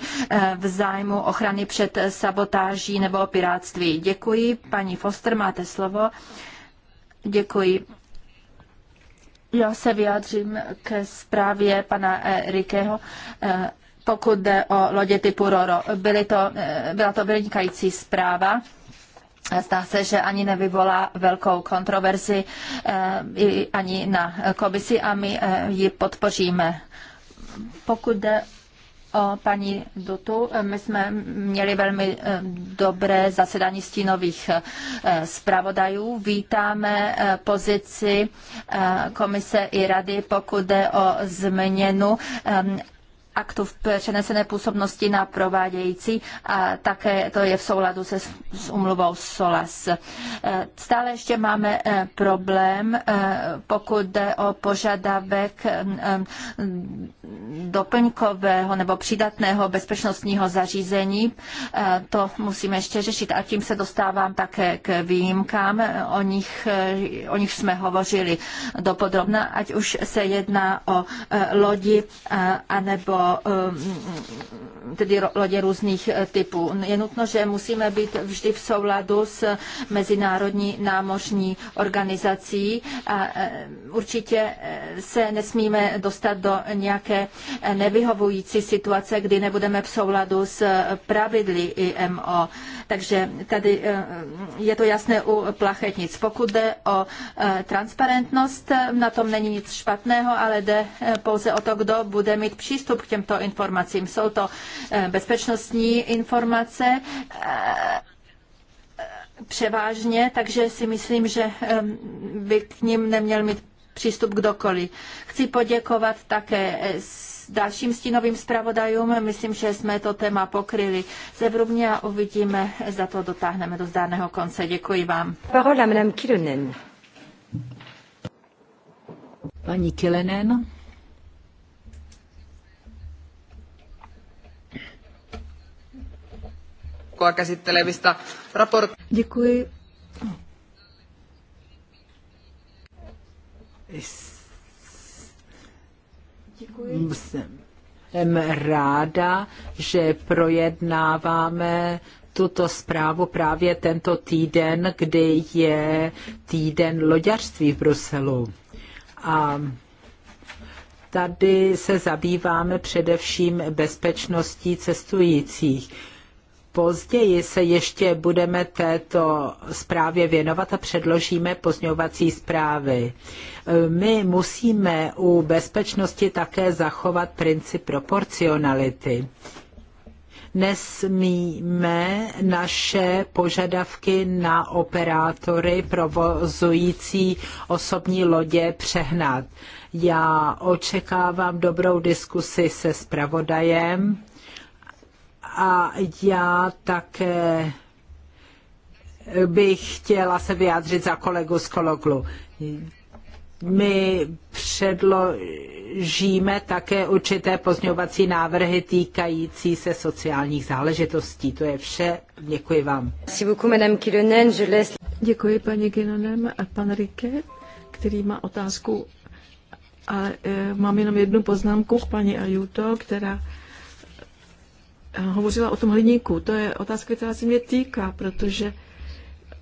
v zájmu ochrany před sabotáží nebo piráctví. Děkuji. Paní Foster, máte slovo. Děkuji. Já se vyjádřím ke zprávě pana eh, Rikého eh, pokud jde o lodě typu Roro. Byly to, eh, byla to vynikající zpráva. Zdá se, že ani nevyvolá velkou kontroverzi ani na komisi a my ji podpoříme. Pokud jde paní Dutu. My jsme měli velmi e, dobré zasedání stínových e, zpravodajů. Vítáme e, pozici komise i rady, pokud jde o změnu aktu v přenesené působnosti na provádějící a také to je v souladu se s umluvou SOLAS. E, stále ještě máme e, problém, e, pokud jde o požadavek doplňkového nebo přidatného bezpečnostního zařízení. To musíme ještě řešit a tím se dostávám také k výjimkám. O nich, o nich jsme hovořili dopodrobna, ať už se jedná o lodi anebo Eh, tedy lodě různých eh, typů. Je nutno, že musíme být vždy v souladu s Mezinárodní námořní organizací a eh, určitě se nesmíme dostat do nějaké nevyhovující situace, kdy nebudeme v souladu s pravidly IMO. Takže tady je to jasné u plachetnic. Pokud jde o transparentnost, na tom není nic špatného, ale jde pouze o to, kdo bude mít přístup k těmto informacím. Jsou to eh, bezpečnostní informace eh, převážně, takže si myslím, že eh, by k ním neměl mít přístup kdokoliv. Chci poděkovat také dalším stínovým zpravodajům. Myslím, že jsme to téma pokryli zevrubně a uvidíme, za to dotáhneme do zdárného konce. Děkuji vám. Parola Paní Kilenen. kauppaa käsittelevistä raporteista. Děkuji. Jsem ráda, že projednáváme tuto zprávu právě tento týden, kdy je týden loďařství v Bruselu. A tady se zabýváme především bezpečností cestujících. Později se ještě budeme této zprávě věnovat a předložíme pozňovací zprávy. My musíme u bezpečnosti také zachovat princip proporcionality. Nesmíme naše požadavky na operátory provozující osobní lodě přehnat. Já očekávám dobrou diskusi se spravodajem a já také bych chtěla se vyjádřit za kolegu z Kologlu. My předložíme také určité pozňovací návrhy týkající se sociálních záležitostí. To je vše. Děkuji vám. Děkuji paní Kinonem a pan Rike, který má otázku. A e, mám jenom jednu poznámku k paní Ajuto, která hovořila o tom hliníku. To je otázka, která se mě týká, protože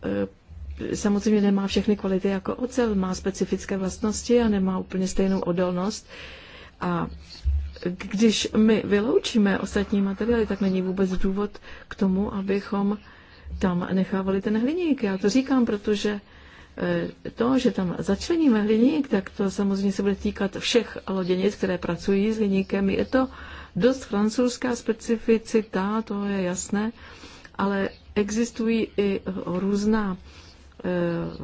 eh, samozřejmě nemá všechny kvality jako ocel, má specifické vlastnosti a nemá úplně stejnou odolnost. A když my vyloučíme ostatní materiály, tak není vůbec důvod k tomu, abychom tam nechávali ten hliník. Já to říkám, protože eh, to, že tam začleníme hliník, tak to samozřejmě se bude týkat všech loděnic, které pracují s hliníkem. Je to dost francouzská specificita, to je jasné, ale existují i různá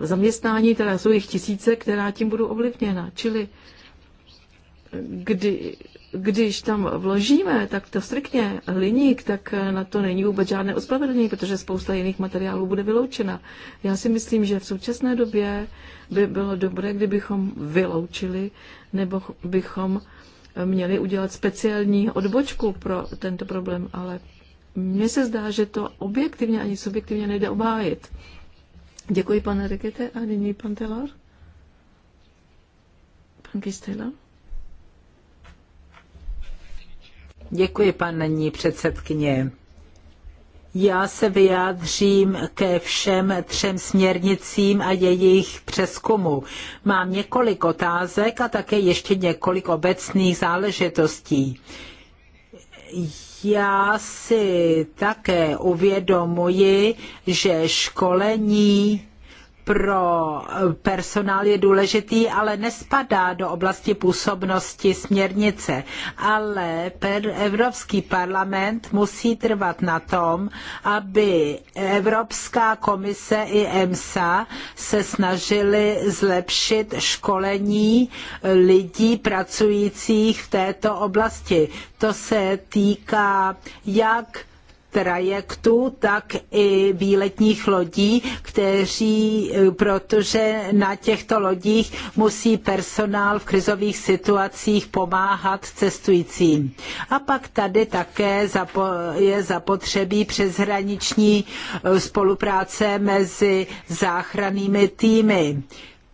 eh, zaměstnání, teda jsou jich tisíce, která tím budou ovlivněna. Čili kdy, když tam vložíme tak to striktně hliník, tak na to není vůbec žádné ospravedlnění, protože spousta jiných materiálů bude vyloučena. Já si myslím, že v současné době by bylo dobré, kdybychom vyloučili nebo bychom měli udělat speciální odbočku pro tento problém, ale mně se zdá, že to objektivně ani subjektivně nejde obhájit. Děkuji, pane Rikete. A nyní pan Taylor. Pan Kistela. Děkuji, paní předsedkyně. Já se vyjádřím ke všem třem směrnicím a jejich přeskumu. Mám několik otázek a také ještě několik obecných záležitostí. Já si také uvědomuji, že školení pro personál je důležitý, ale nespadá do oblasti působnosti směrnice. Ale Evropský parlament musí trvat na tom, aby Evropská komise i EMSA se snažili zlepšit školení lidí pracujících v této oblasti. To se týká jak trajektu, tak i výletních lodí, kteří, e, protože na těchto lodích musí personál v krizových situacích pomáhat cestujícím. A pak tady také je zapotřebí přeshraniční e, spolupráce mezi záchrannými týmy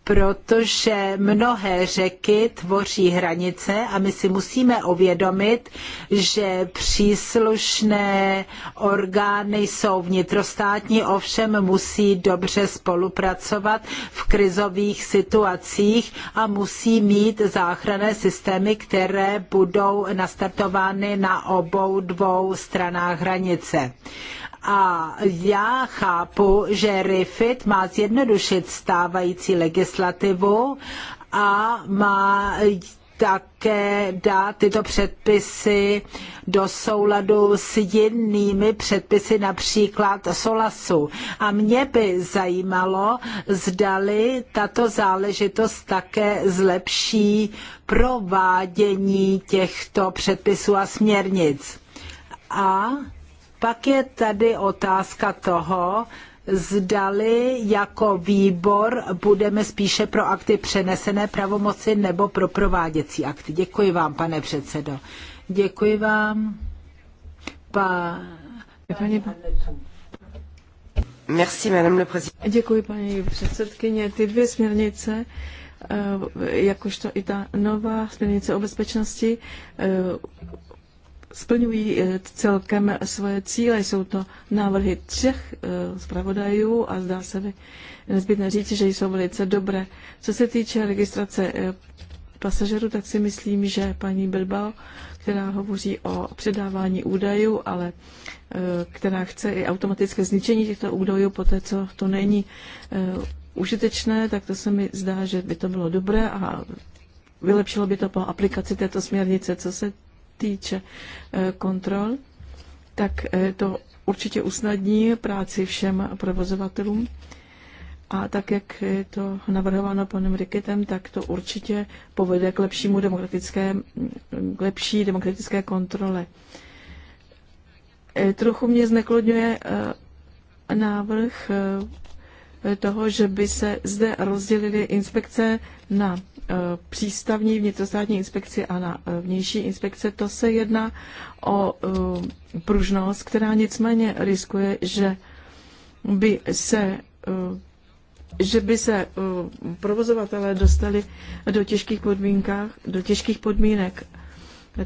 protože mnohé řeky tvoří hranice a my si musíme uvědomit, že příslušné orgány jsou vnitrostátní, ovšem musí dobře spolupracovat v krizových situacích a musí mít záchranné systémy, které budou nastartovány na obou dvou stranách hranice. A já chápu, že RIFIT má zjednodušit stávající legislativu a má také dát tyto předpisy do souladu s jinými předpisy, například SOLASu. A mě by zajímalo, zdali tato záležitost také zlepší provádění těchto předpisů a směrnic. A pak je tady otázka toho, zdali jako výbor budeme spíše pro akty přenesené pravomoci nebo pro prováděcí akty. Děkuji vám, pane předsedo. Děkuji vám. Pa... Pani... Merci, madame le Děkuji, paní předsedkyně. Ty dvě směrnice, eh, jakožto i ta nová směrnice o bezpečnosti, eh, splňují eh, celkem svoje cíle. Jsou to návrhy třech eh, zpravodajů a zdá se mi nezbytné říci, že jsou velice dobré. Co se týče registrace eh, pasažerů, tak si myslím, že paní Bilbao, která hovoří o předávání údajů, ale která chce i automatické zničení těchto údajů po té, co to není užitečné, tak to se mi zdá, že by to bylo dobré a vylepšilo by to po aplikaci této směrnice. Co se týče eh, kontrol, tak eh, to určitě usnadní práci všem provozovatelům. A tak, jak je to navrhováno panem Rikitem, tak to určitě povede k lepšímu demokratické, k lepší demokratické kontrole. Eh, trochu mě zneklodňuje návrh toho, že by se zde rozdělily inspekce na Eh, přístavní vnitrostátní inspekci a na eh, vnější inspekce, to se jedná o eh, pružnost, která nicméně riskuje, že by se že by se provozovatelé dostali do těžkých podmínkách, do těžkých podmínek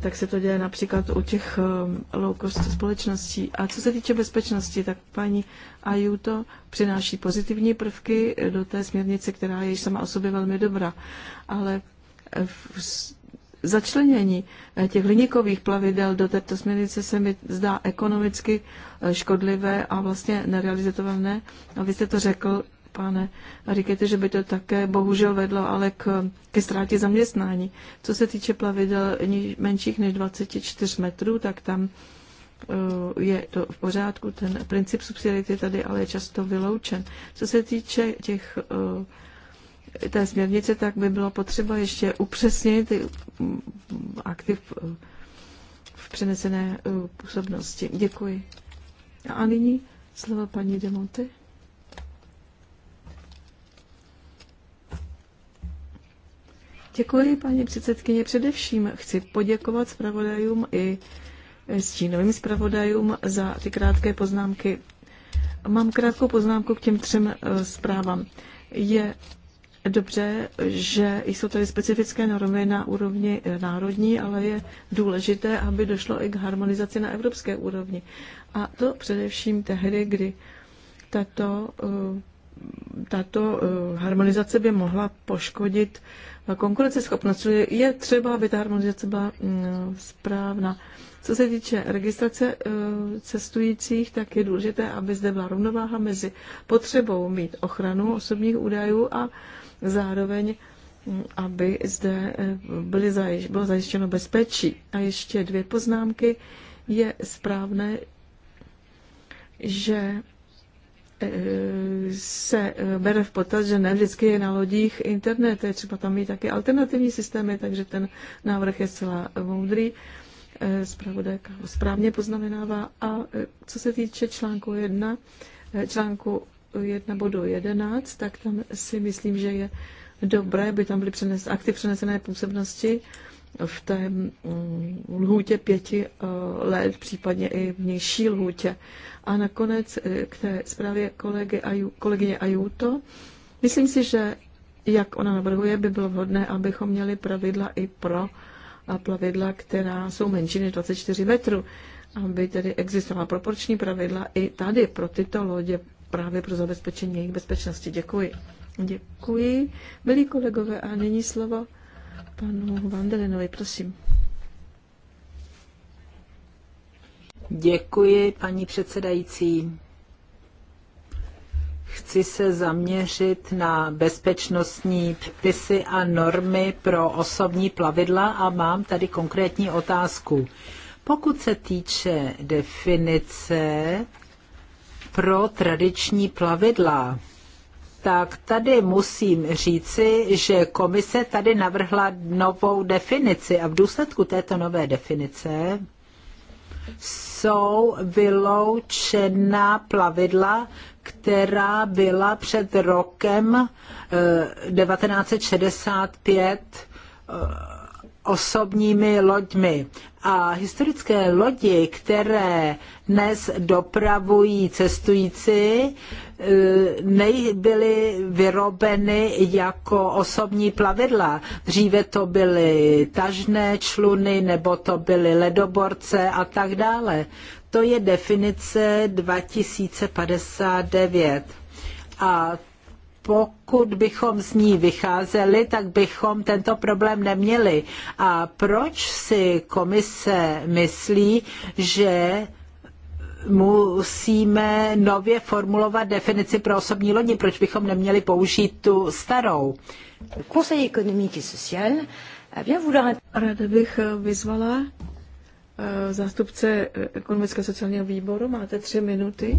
tak se to děje například u těch ehm, low-cost společností. A co se týče bezpečnosti, tak paní Ajuto přináší pozitivní prvky do té směrnice, která je již sama o sobě velmi dobrá. Ale eh, v začlenění eh, těch hliníkových plavidel do této směrnice se mi zdá ekonomicky eh, škodlivé a vlastně nerealizovatelné. A vy jste to řekl pane, a říkáte, že by to také bohužel vedlo ale k, ke ztrátě zaměstnání. Co se týče plavidel menších než 24 metrů, tak tam eh, je to v pořádku. Ten princip subsidiarity tady ale je často vyloučen. Co se týče těch eh, té směrnice, tak by bylo potřeba ještě upřesnit mm, aktiv eh, v přenesené působnosti. Děkuji. A nyní slova paní Demonty. Děkuji, paní předsedkyně. Především chci poděkovat zpravodajům i stínovým zpravodajům za ty krátké poznámky. Mám krátkou poznámku k těm třem eh, zprávám. Je dobře, že jsou tady specifické normy na úrovni eh, národní, ale je důležité, aby došlo i k harmonizaci na evropské úrovni. A to především tehdy, kdy tato, eh, tato harmonizace by mohla poškodit konkurenceschopnost, čili je třeba, aby ta harmonizace byla mm, správná. Co se týče registrace eh, cestujících, tak je důležité, aby zde byla rovnováha mezi potřebou mít ochranu osobních údajů a zároveň, mm, aby zde eh, byly zajiš, bylo zajištěno bezpečí. A ještě dvě poznámky. Je správné, že Eh, se eh, bere v potaz, že ne vždycky je na lodích internet, je třeba tam mít také alternativní systémy, takže ten návrh je zcela moudrý. Eh, zpravodajka ho správně poznamenává. A co se týče článku 1, článku 1 bodu 11, tak tam si myslím, že je dobré, by tam byly přenes, akty přenesené působnosti v té mm, lhůtě pěti let, případně i v vnější lhůtě. A nakonec eh, k té zprávě kolegy Aju, kolegyně Ajuto. Myslím si, že jak ona navrhuje, by bylo vhodné, abychom měli pravidla i pro a plavidla, která jsou menší než 24 metrů, aby tedy existovala proporční pravidla i tady pro tyto lodě právě pro zabezpečení jejich bezpečnosti. Děkuji. Děkuji, milí kolegové, a nyní slovo panu Vandelinovi, prosím. Děkuji, paní předsedající. Chci se zaměřit na bezpečnostní předpisy a normy pro osobní plavidla a mám tady konkrétní otázku. Pokud se týče definice pro tradiční plavidla, tak tady musím říci, že komise tady navrhla novou definici a v důsledku této nové definice jsou vyloučena plavidla, která byla před rokem 1965 eh, osobními loďmi. A historické lodi, které dnes dopravují cestující, eh, nebyly vyrobeny jako osobní plavidla. Dříve to byly tažné čluny, nebo to byly ledoborce a tak dále. To je definice 2059. A pokud bychom z ní vycházeli, tak bychom tento problém neměli. A proč si komise myslí, že musíme nově formulovat definici pro osobní lodi, proč bychom neměli použít tu starou? Conseil économique et social a eh bien vouloir... Ráda bych eh, vyzvala eh, zástupce ekonomické sociálního výboru. Máte tři minuty.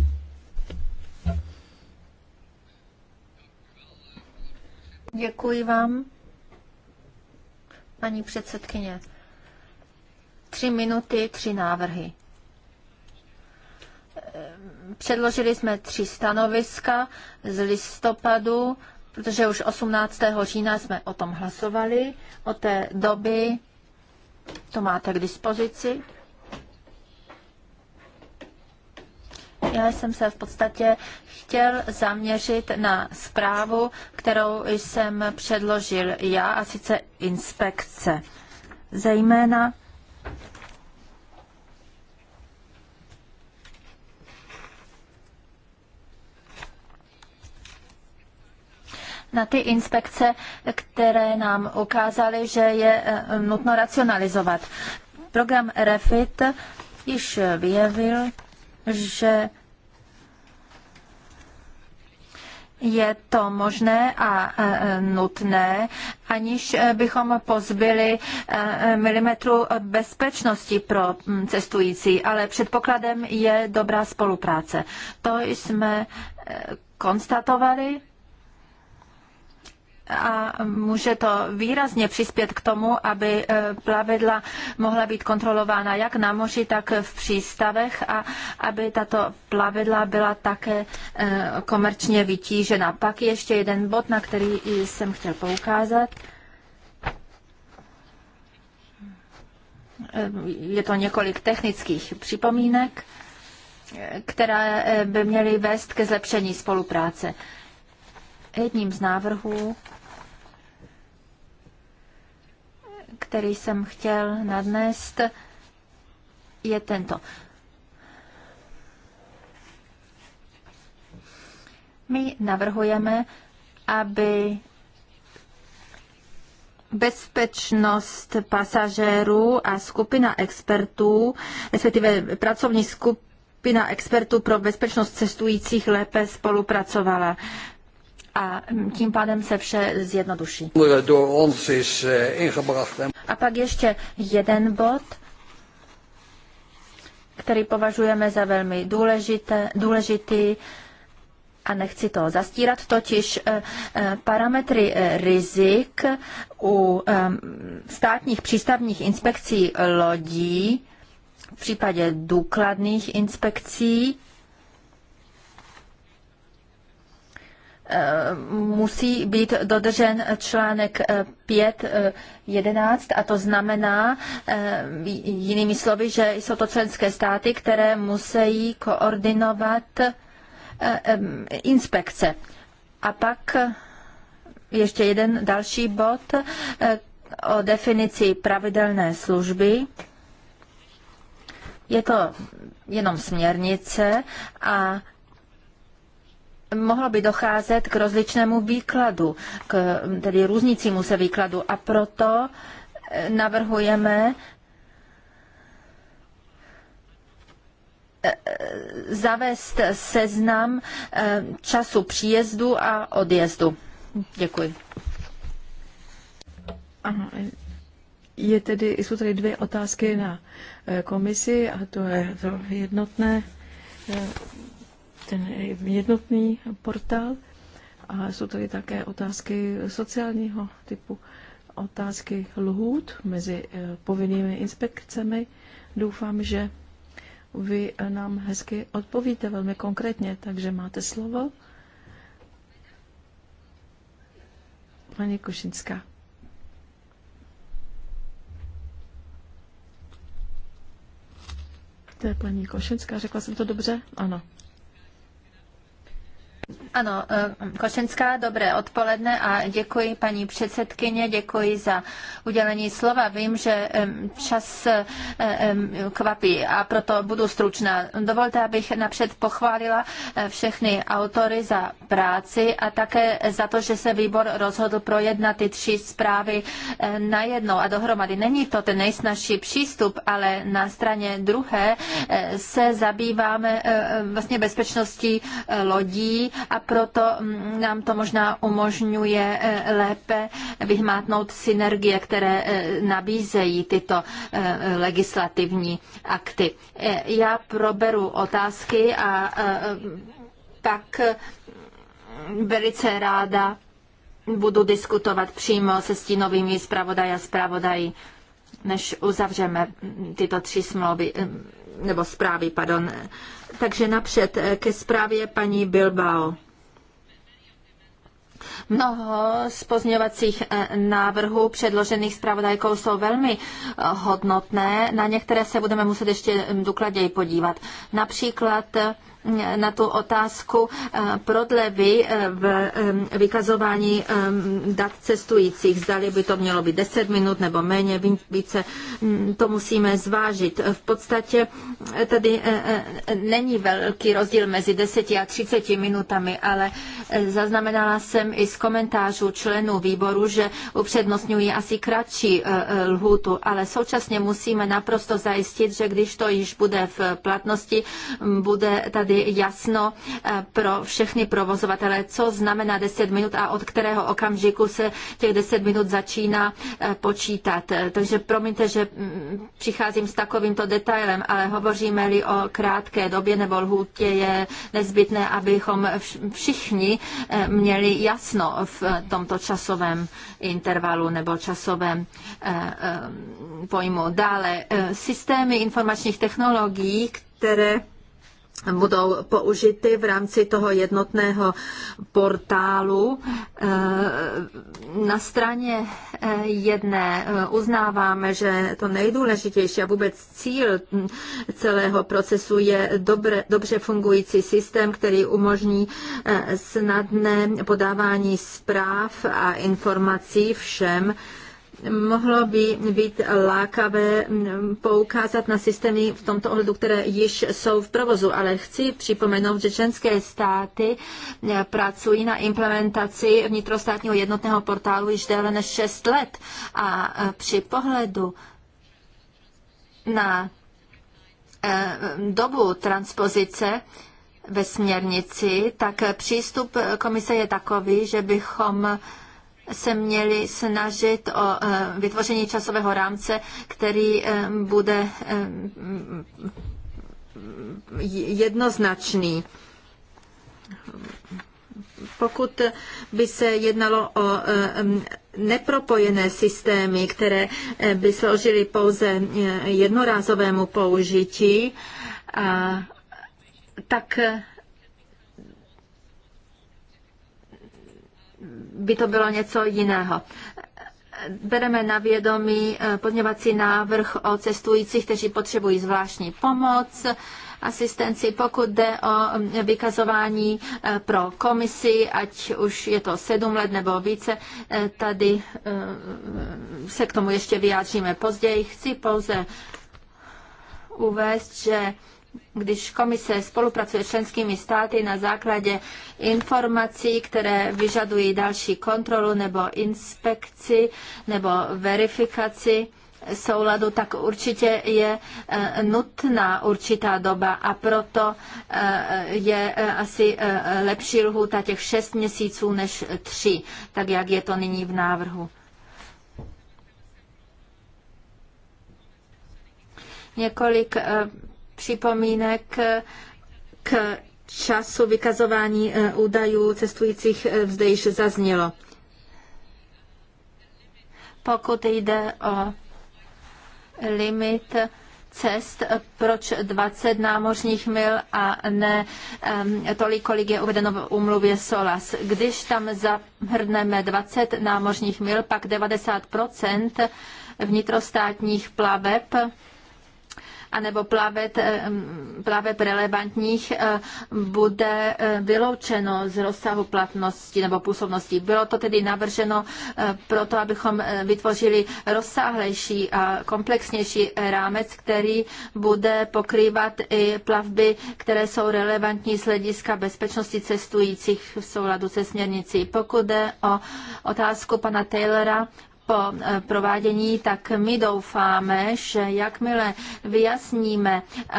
Děkuji vám, paní předsedkyně. Tři minuty, tři návrhy. Předložili jsme tři stanoviska z listopadu, protože už 18. října jsme o tom hlasovali. o té doby to máte k dispozici. Já jsem se v podstatě chtěl zaměřit na zprávu, kterou jsem předložil já, a sice inspekce. Zejména na ty inspekce, které nám ukázaly, že je eh, nutno racionalizovat. Program REFIT již vyjevil že je to možné a nutné, aniž bychom pozbyli milimetru bezpečnosti pro mm, cestující, ale předpokladem je dobrá spolupráce. To jsme e, konstatovali a může to výrazně přispět k tomu, aby e, plavidla mohla být kontrolována jak na moři, tak v přístavech a aby tato plavidla byla také e, komerčně vytížena. Pak ještě jeden bod, na který jsem chtěl poukázat. E, je to několik technických připomínek, které by měly vést ke zlepšení spolupráce. Jedním z návrhů který jsem chtěl nadnést, je tento. My navrhujeme, aby bezpečnost pasažérů a skupina expertů, respektive pracovní skupina expertů pro bezpečnost cestujících lépe spolupracovala a tím pádem se vše zjednoduší. A pak ještě jeden bod, který považujeme za velmi důležité, důležitý, a nechci to zastírat, totiž eh, eh, parametry eh, rizik u státních přístavních inspekcí lodí v případě důkladných inspekcí Eh, musí být dodržen článek 11 eh, eh, a to znamená jinými slovy, že jsou to členské státy, které musí koordinovat inspekce. A pak ještě jeden další bod o definici pravidelné služby. Je to jenom směrnice a mohlo by docházet k rozličnému výkladu, k tedy různícímu se výkladu a proto eh, navrhujeme eh, zavést seznam eh, času příjezdu a odjezdu. Děkuji. Aha. je tedy, jsou tady dvě otázky na komisi a to je to jednotné ten jednotný portál. A jsou tady také otázky sociálního typu, otázky lhůt mezi eh, povinnými inspekcemi. Doufám, že vy nám hezky odpovíte velmi konkrétně, takže máte slovo. Paní Košinská. To je paní Košinská, řekla jsem to dobře? Ano. Ano, eh, Košenská, dobré odpoledne a děkuji paní předsedkyně, děkuji za udělení slova. Vím, že čas eh, kvapí a proto budu stručná. Dovolte, abych napřed pochválila eh, všechny autory za práci a také za to, že se výbor rozhodl projednat ty tři zprávy najednou a dohromady. Není to ten nejsnažší přístup, ale na straně druhé se zabýváme vlastně bezpečností lodí, a proto mm, nám to možná umožňuje eh, lépe vyhmátnout synergie, které eh, nabízejí tyto eh, legislativní akty. Já proberu otázky a pak mm, velice ráda budu diskutovat přímo se stínovými zpravodaji a zpravodají, než uzavřeme mm, tyto tři smlouvy nebo zprávy, pardon. Takže napřed eh, ke zprávě paní Bilbao. Mnoho z pozměňovacích eh, návrhů předložených zpravodajkou jsou velmi eh, hodnotné. Na některé se budeme muset ještě hm, důkladněji podívat. Například na tu otázku eh, prodlevy eh, v eh, vykazování dat cestujících. Zdali by to mělo být 10 minut nebo méně, více, mm, to musíme zvážit. V podstatě tady není velký rozdíl mezi 10 a 30 minutami, ale zaznamenala jsem i z komentářů členů výboru, že upřednostňují asi kratší lhůtu, ale současně musíme naprosto zajistit, že když to již bude v platnosti, mm, bude tady tady jasno eh, pro všechny provozovatele, co znamená 10 minut a od kterého okamžiku se těch 10 minut začíná eh, počítat. Eh, takže promiňte, že mm, přicházím s takovýmto detailem, ale hovoříme-li o krátké době nebo lhůtě, je nezbytné, abychom všichni měli jasno v tomto časovém intervalu nebo časovém pojmu. Dále, systémy informačních technologií, které budou použity v rámci toho jednotného portálu. Eh, na straně eh, jedné eh, uznáváme, že to nejdůležitější a vůbec cíl hm, celého procesu je dobře, dobře fungující systém, který umožní snadné podávání zpráv a informací všem, mohlo by být lákavé mm, poukázat na systémy v tomto ohledu, které již jsou v provozu, ale chci připomenout, že členské státy eh, pracují na implementaci vnitrostátního jednotného portálu již déle než 6 let a eh, při pohledu na eh, dobu transpozice ve směrnici, tak přístup komise je takový, že bychom se měli snažit o eh, vytvoření časového rámce, který eh, bude eh, jednoznačný. Pokud by se jednalo o nepropojené systémy, které by sloužily pouze jednorázovému použití, tak by to bylo něco jiného bereme na vědomí eh, podněvací návrh o cestujících, kteří potřebují zvláštní pomoc, asistenci, pokud jde o eh, vykazování eh, pro komisi, ať už je to sedm let nebo více, tady se k tomu ještě vyjádříme později. Chci pouze uvést, že když komise spolupracuje s členskými státy na základě informací, které vyžadují další kontrolu nebo inspekci nebo verifikaci souladu, tak určitě je eh, nutná určitá doba a proto eh, je eh, asi lepší lhůta těch šest měsíců než tři, tak jak je to nyní v návrhu. Několik připomínek k času vykazování eh, údajů cestujících eh, zde již zaznělo. Pokud jde o limit cest, proč 20 námořních mil a ne um, tolik, kolik je uvedeno v umluvě SOLAS. Když tam zahrneme 20 námořních mil, pak 90 vnitrostátních plaveb anebo plaveb, eh, plaveb relevantních eh, bude eh, vyloučeno z rozsahu platnosti nebo působnosti. Bylo to tedy navrženo proto, abychom vytvořili rozsáhlejší a komplexnější rámec, který bude pokrývat i plavby, které jsou relevantní z hlediska bezpečnosti cestujících v souladu se směrnicí. Pokud jde o otázku pana Taylora, po eh, provádění, tak my doufáme, že jakmile vyjasníme eh,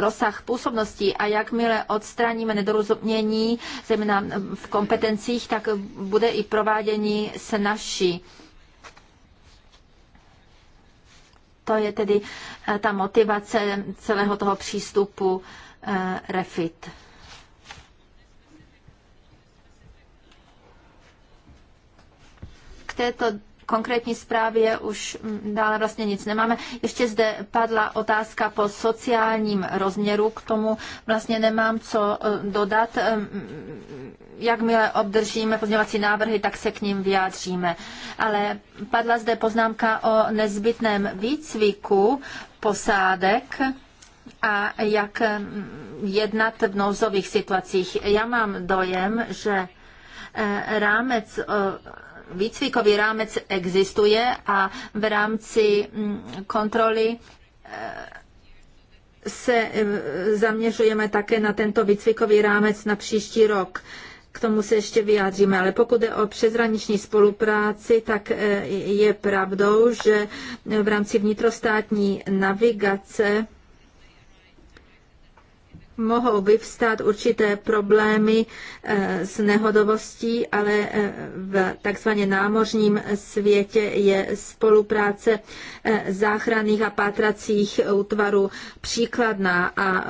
rozsah působnosti a jakmile odstraníme nedorozumění, zejména eh, v kompetencích, tak bude i provádění snažší. To je tedy ta motivace celého toho přístupu REFIT. K této konkrétní zprávě už dále vlastně nic nemáme. Ještě zde padla otázka po sociálním rozměru, k tomu vlastně nemám co eh, dodat. Ehm, jakmile obdržíme pozměvací návrhy, tak se k ním vyjádříme. Ale padla zde poznámka o nezbytném výcviku posádek a jak mm, jednat v nouzových situacích. Já mám dojem, že eh, rámec eh, výcvikový rámec existuje a v rámci mm, kontroly e, se e, zaměřujeme také na tento výcvikový rámec na příští rok. K tomu se ještě vyjádříme, ale pokud je o přezraniční spolupráci, tak e, je pravdou, že v rámci vnitrostátní navigace mohou vyvstat určité problémy eh, s nehodovostí, ale eh, v takzvaně námořním světě je spolupráce eh, záchranných a pátracích útvarů příkladná a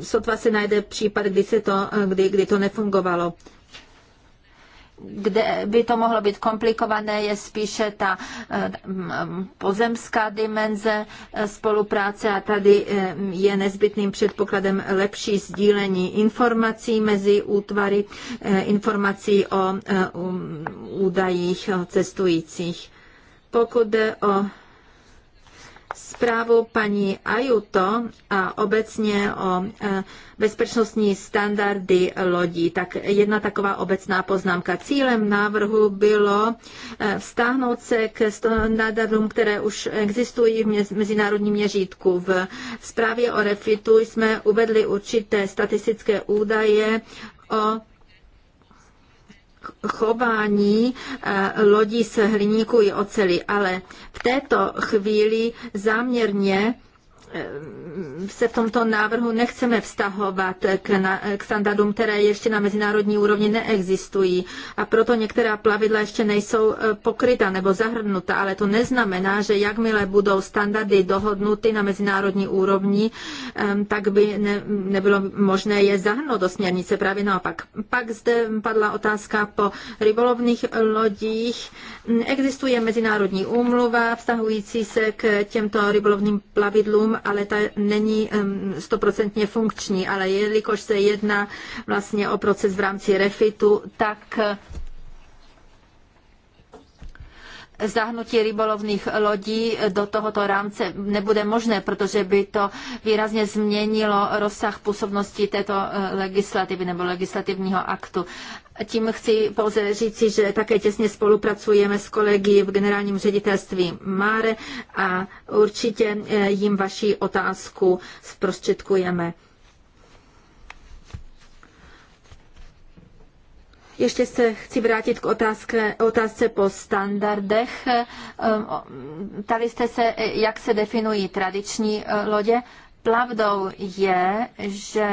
sotva se najde případ, kdy, se to, kdy, kdy to nefungovalo kde by to mohlo být komplikované, je spíše ta eh, pozemská dimenze eh, spolupráce a tady eh, je nezbytným předpokladem lepší sdílení informací mezi útvary, informací o údajích o cestujících. Pokud jde o zprávu paní Ajuto a obecně o e, bezpečnostní standardy lodí. Tak jedna taková obecná poznámka. Cílem návrhu bylo e, vztáhnout se k standardům, které už existují v mezinárodním měřítku. V zprávě o refitu jsme uvedli určité statistické údaje o chování eh, lodí z hliníku i oceli, ale v této chvíli záměrně se v tomto návrhu nechceme vztahovat k, na, k standardům, které ještě na mezinárodní úrovni neexistují a proto některá plavidla ještě nejsou e, pokryta nebo zahrnuta, ale to neznamená, že jakmile budou standardy dohodnuty na mezinárodní úrovni, tak by ne, nebylo možné je zahrnout do směrnice, právě naopak. Pak zde padla otázka po rybolovných lodích. Existuje mezinárodní úmluva vztahující se k těmto rybolovným plavidlům ale ta není stoprocentně funkční, ale jelikož se jedná vlastně o proces v rámci refitu, tak zahnutí rybolovných lodí do tohoto rámce nebude možné, protože by to výrazně změnilo rozsah působnosti této eh, legislativy nebo legislativního aktu. Tím chci pouze říci, že také těsně spolupracujeme s kolegy v generálním ředitelství MARE a určitě eh, jim vaši otázku zprostředkujeme. Ještě se chci vrátit k otázce, otázce po standardech. Ehm, Tady jste se, e, jak se definují tradiční e, lodě. Pravdou je, že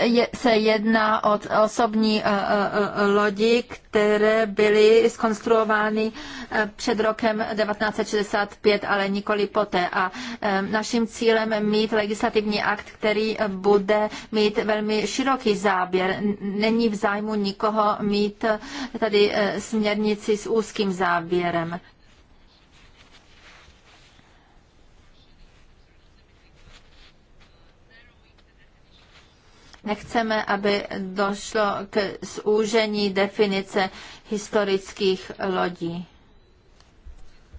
je, se jedná o osobní eh, eh, lodi, které byly skonstruovány eh, před rokem 1965, ale nikoli poté. A naším cílem mít legislativní akt, který bude mít velmi široký záběr. Není v zájmu nikoho mít tady směrnici s úzkým záběrem. Nechceme, aby došlo k zúžení definice historických lodí.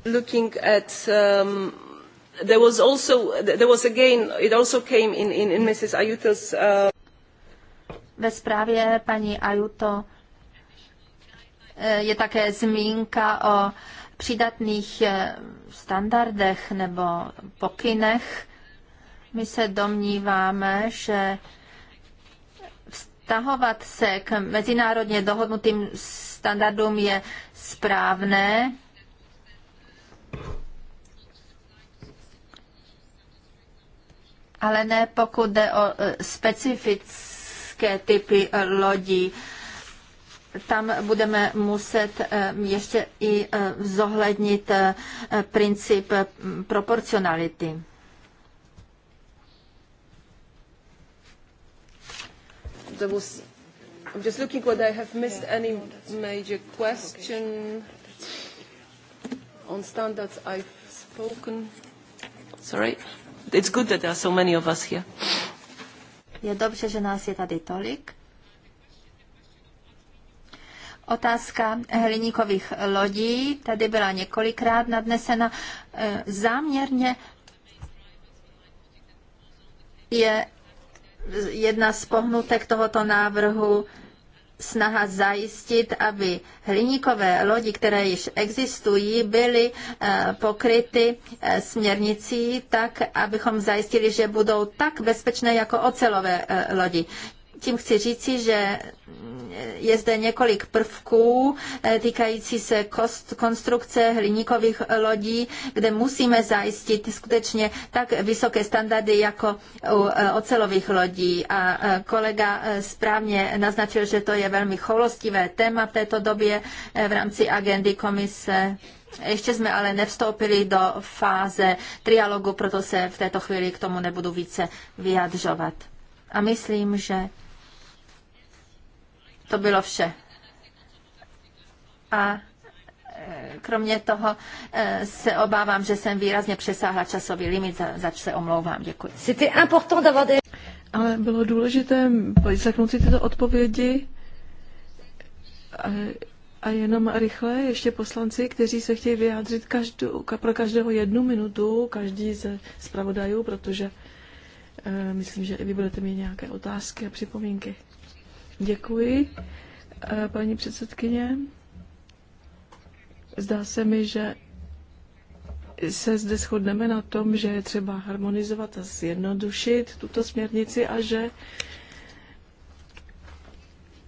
Looking at um, there was also there was again it also came in in, in Mrs. Ayuto's uh... ve zprávě paní Ayuto eh, je také zmínka o přidatných eh, standardech nebo pokynech. My se domníváme, že vztahovat se k mezinárodně dohodnutým standardům je správné. ale ne pokud jde o e, specifické typy e, lodí. Tam budeme muset e, ještě i zohlednit princip proporcionality. there was, I'm just looking whether I have missed any major question on standards I've spoken. Sorry. It's good that there are so many of us here. Je dobře, že nás je tady tolik. Otázka hliníkových lodí tady byla několikrát nadnesena. E, záměrně je jedna z pohnutek tohoto návrhu snaha zajistit, aby hliníkové lodi, které již existují, byly eh, pokryty eh, směrnicí tak, abychom zajistili, že budou tak bezpečné jako ocelové eh, lodi. Tím chci říci, že je zde několik prvků eh, týkající se kost, konstrukce hliníkových eh, lodí, kde musíme zajistit skutečně tak vysoké standardy jako u eh, ocelových lodí. A kolega správně naznačil, že to je velmi choulostivé téma v této době v rámci agendy komise. Ještě jsme ale nevstoupili do fáze trialogu, proto se v této chvíli k tomu nebudu více vyjadřovat. A myslím, že to bylo vše. A e, kromě toho e, se obávám, že jsem výrazně přesáhla časový limit, za, zač se omlouvám. Děkuji. Ale bylo důležité vyslechnout si tyto odpovědi a, a jenom rychle ještě poslanci, kteří se chtějí vyjádřit každou, ka, pro každého jednu minutu, každý ze zpravodajů, protože e, myslím, že i vy budete mít nějaké otázky a připomínky. Děkuji, eh, paní předsedkyně. Zdá se mi, že se zde shodneme na tom, že je třeba harmonizovat a zjednodušit tuto směrnici a že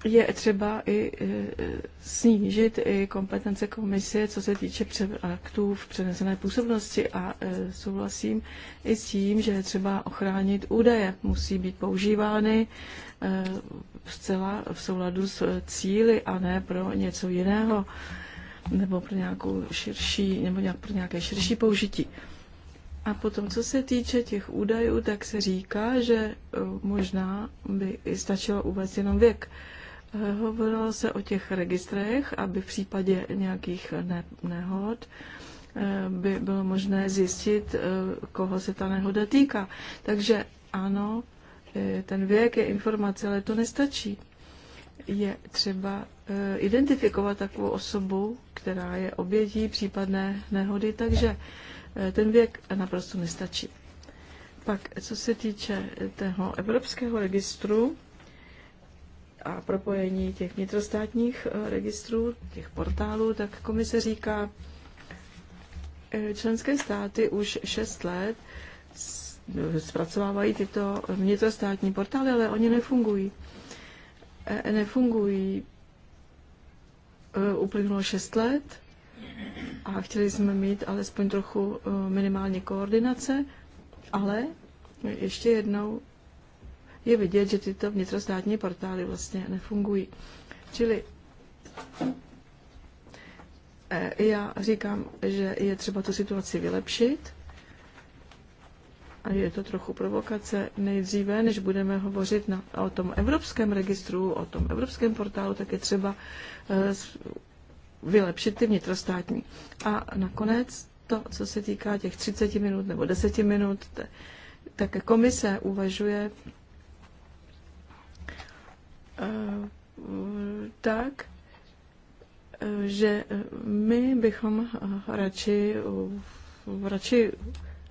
je třeba i eh, snížit i kompetence komise, co se týče aktů v přenesené působnosti a eh, souhlasím i s tím, že je třeba ochránit údaje. Musí být používány zcela v souladu s cíly a ne pro něco jiného nebo pro nějakou širší, nebo nějak pro nějaké širší použití. A potom, co se týče těch údajů, tak se říká, že eh, možná by stačilo uvést jenom věk. Eh, hovorilo se o těch registrech, aby v případě nějakých ne- nehod eh, by bylo možné zjistit, koho se ta nehoda týká. Takže ano, E, ten věk je informace, ale to nestačí. Je třeba e, identifikovat takovou osobu, která je obětí případné nehody, takže e, ten věk naprosto nestačí. Pak, co se týče toho evropského registru a propojení těch vnitrostátních registrů, těch portálů, tak komise říká, členské státy už 6 let zpracovávají tyto vnitrostátní portály, ale oni nefungují. E, nefungují. E, uplynulo šest let a chtěli jsme mít alespoň trochu e, minimálně koordinace, ale ještě jednou je vidět, že tyto vnitrostátní portály vlastně nefungují. Čili já říkám, že je třeba tu situaci vylepšit a je to trochu provokace. Nejdříve, než budeme hovořit na, o tom evropském registru, o tom evropském portálu, tak je třeba eh, vylepšit ty vnitrostátní. A nakonec to, co se týká těch 30 minut nebo 10 minut, tak komise uvažuje eh, tak, eh, že my bychom radši, radši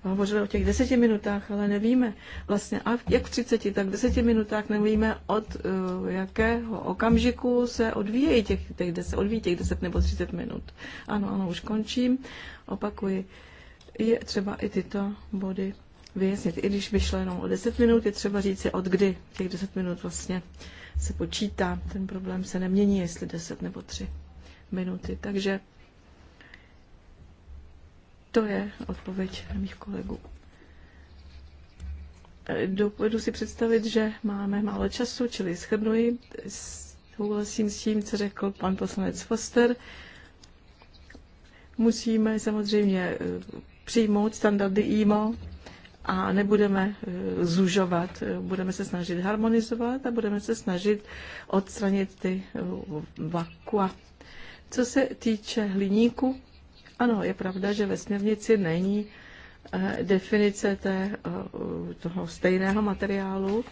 hovořili o těch deseti minutách, ale nevíme vlastně, a jak v třiceti, tak v deseti minutách nevíme, od uh, jakého okamžiku se odvíjí těch, těch, deset, odvíjí těch deset nebo třicet minut. Ano, ano, už končím. Opakuji, je třeba i tyto body vyjasnit. I když vyšlo jenom o deset minut, je třeba říct si, od kdy těch deset minut vlastně se počítá. Ten problém se nemění, jestli deset nebo tři minuty. Takže to je odpověď mých kolegů. Dovedu si představit, že máme málo času, čili shrnuji. Souhlasím s tím, co řekl pan poslanec Foster. Musíme samozřejmě eh, přijmout standardy IMO a nebudeme eh, zužovat, budeme se snažit harmonizovat a budeme se snažit odstranit ty eh, vakua. Co se týče hliníku, ano, je pravda, že ve směrnici není eh, definice té, eh, toho stejného materiálu,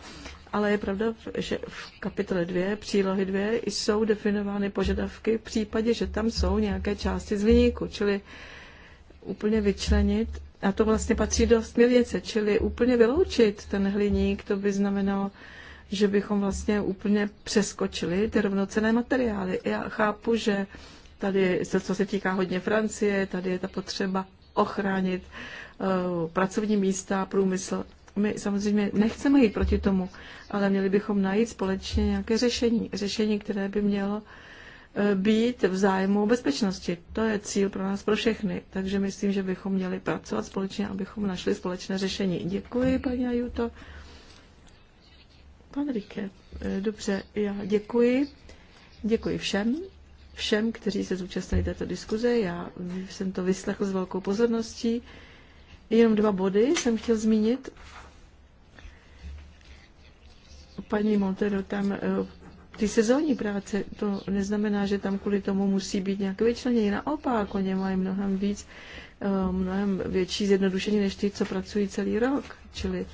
ale je pravda, že v kapitole 2, přílohy 2 jsou definovány požadavky v případě, že tam jsou nějaké části z vyníku, čili úplně vyčlenit, a to vlastně patří do směrnice, čili úplně vyloučit ten hliník, to by znamenalo, že bychom vlastně úplně přeskočili ty rovnocené materiály. Já chápu, že Tady, co se týká hodně Francie, tady je ta potřeba ochránit eh, pracovní místa, průmysl. My samozřejmě nechceme jít proti tomu, ale měli bychom najít společně nějaké řešení. Řešení, které by mělo eh, být v zájmu bezpečnosti. To je cíl pro nás, pro všechny. Takže myslím, že bychom měli pracovat společně, abychom našli společné řešení. Děkuji, paní Ajuto. Pan Rike, eh, dobře, já děkuji. Děkuji všem všem, kteří se zúčastnili této diskuze. Já jsem to vyslechl s velkou pozorností. Jenom dva body jsem chtěl zmínit. Paní Montero, tam eh, ty sezónní práce, to neznamená, že tam kvůli tomu musí být nějak vyčlenění. Naopak, oni mají mnohem víc, eh, mnohem větší zjednodušení než ty, co pracují celý rok. Čili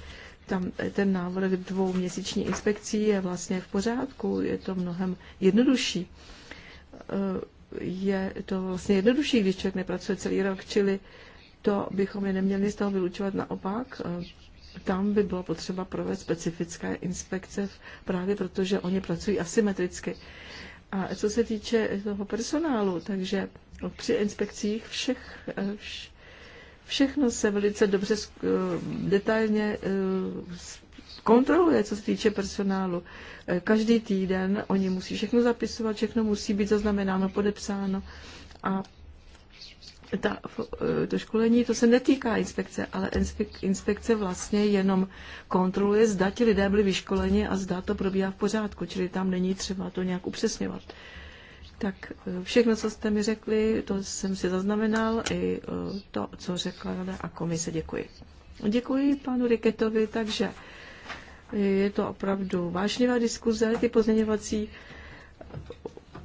tam eh, ten návrh dvou měsíční inspekcí je vlastně v pořádku, je to mnohem jednodušší je to vlastně jednodušší, když člověk nepracuje celý rok, čili to bychom je neměli z toho vylučovat naopak. Eh, tam by bylo potřeba provést specifické inspekce právě protože oni pracují asymetricky. A co se týče toho personálu, takže při inspekcích všech, eh, vš, všechno se velice dobře eh, detailně kontroluje, co se týče personálu. Eh, každý týden oni musí všechno zapisovat, všechno musí být zaznamenáno, podepsáno. A ta, eh, to školení, to se netýká inspekce, ale inspekce vlastně jenom kontroluje, zda ti lidé byli vyškoleni a zda to probíhá v pořádku, čili tam není třeba to nějak upřesňovat. Tak eh, všechno, co jste mi řekli, to jsem si zaznamenal, i to, co řekla rada a komise. Děkuji. Děkuji panu Riketovi, takže je to opravdu vážná diskuze, ty pozměňovací,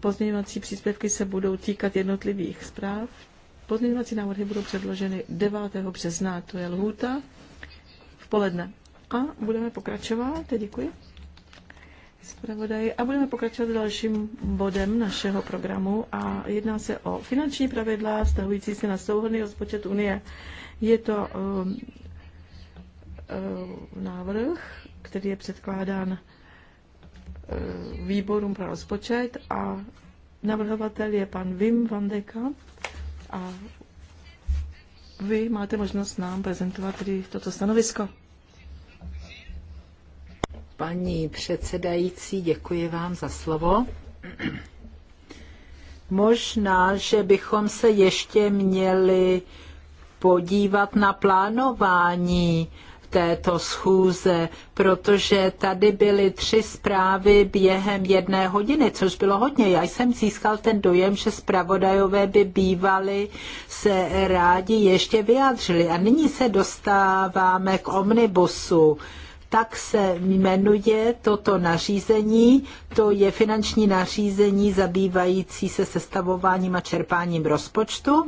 pozměňovací příspěvky se budou týkat jednotlivých zpráv. Pozměňovací návrhy budou předloženy 9. března, to je lhůta, v poledne. A budeme pokračovat, děkuji zpravodaji a budeme pokračovat dalším bodem našeho programu a jedná se o finanční pravidla vztahující se na souhodný rozpočet Unie. Je to um, um, návrh který je předkládán e, výborům pro rozpočet a navrhovatel je pan Wim van de Kamp a vy máte možnost nám prezentovat tedy toto stanovisko. Paní předsedající, děkuji vám za slovo. Možná, že bychom se ještě měli podívat na plánování této schůze, protože tady byly tři zprávy během jedné hodiny, což bylo hodně. Já jsem získal ten dojem, že zpravodajové by bývali se rádi ještě vyjádřili. A nyní se dostáváme k omnibusu tak se jmenuje toto nařízení. To je finanční nařízení zabývající se sestavováním a čerpáním rozpočtu.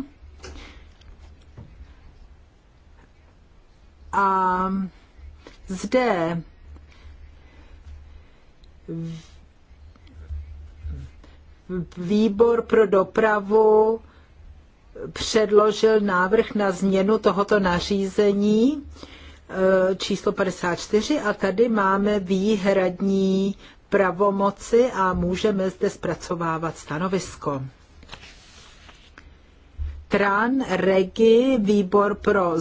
A zde výbor pro dopravu předložil návrh na změnu tohoto nařízení eh, číslo 54 a tady máme výhradní pravomoci a můžeme zde zpracovávat stanovisko. TRAN, REGI, výbor pro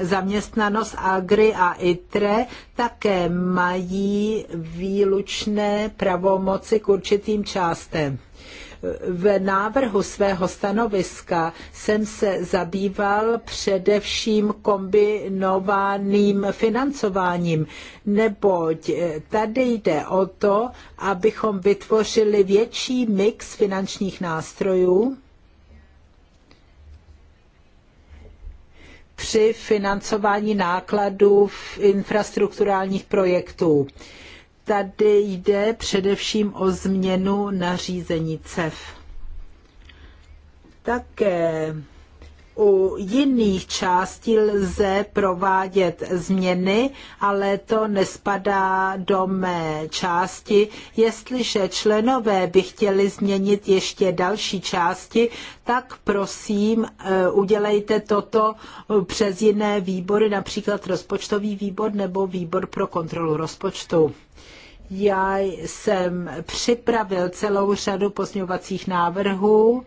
zaměstnanost AGRI a ITRE také mají výlučné pravomoci k určitým částem v návrhu svého stanoviska jsem se zabýval především kombinovaným financováním, neboť eh, tady jde o to, abychom vytvořili větší mix finančních nástrojů, při financování nákladů v infrastrukturálních projektů. Tady jde především o změnu nařízení CEF. Také u jiných částí lze provádět změny, ale to nespadá do mé části. Jestliže členové by chtěli změnit ještě další části, tak prosím, eh, udělejte toto přes jiné výbory, například rozpočtový výbor nebo výbor pro kontrolu rozpočtu. Já jsem připravil celou řadu pozměňovacích návrhů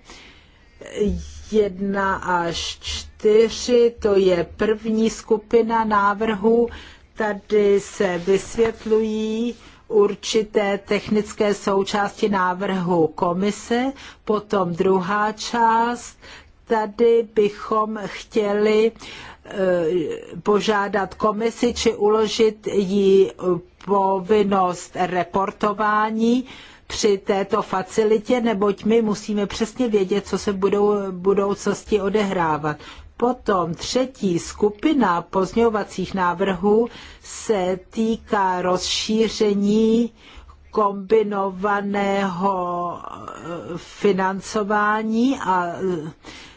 1 až 4, to je první skupina návrhů. Tady se vysvětlují určité technické součásti návrhu komise, potom druhá část, tady bychom chtěli eh, požádat komisi či uložit jí povinnost reportování při této facilitě, neboť my musíme přesně vědět, co se budou v budoucnosti odehrávat. Potom třetí skupina pozňovacích návrhů se týká rozšíření kombinovaného eh, financování a eh,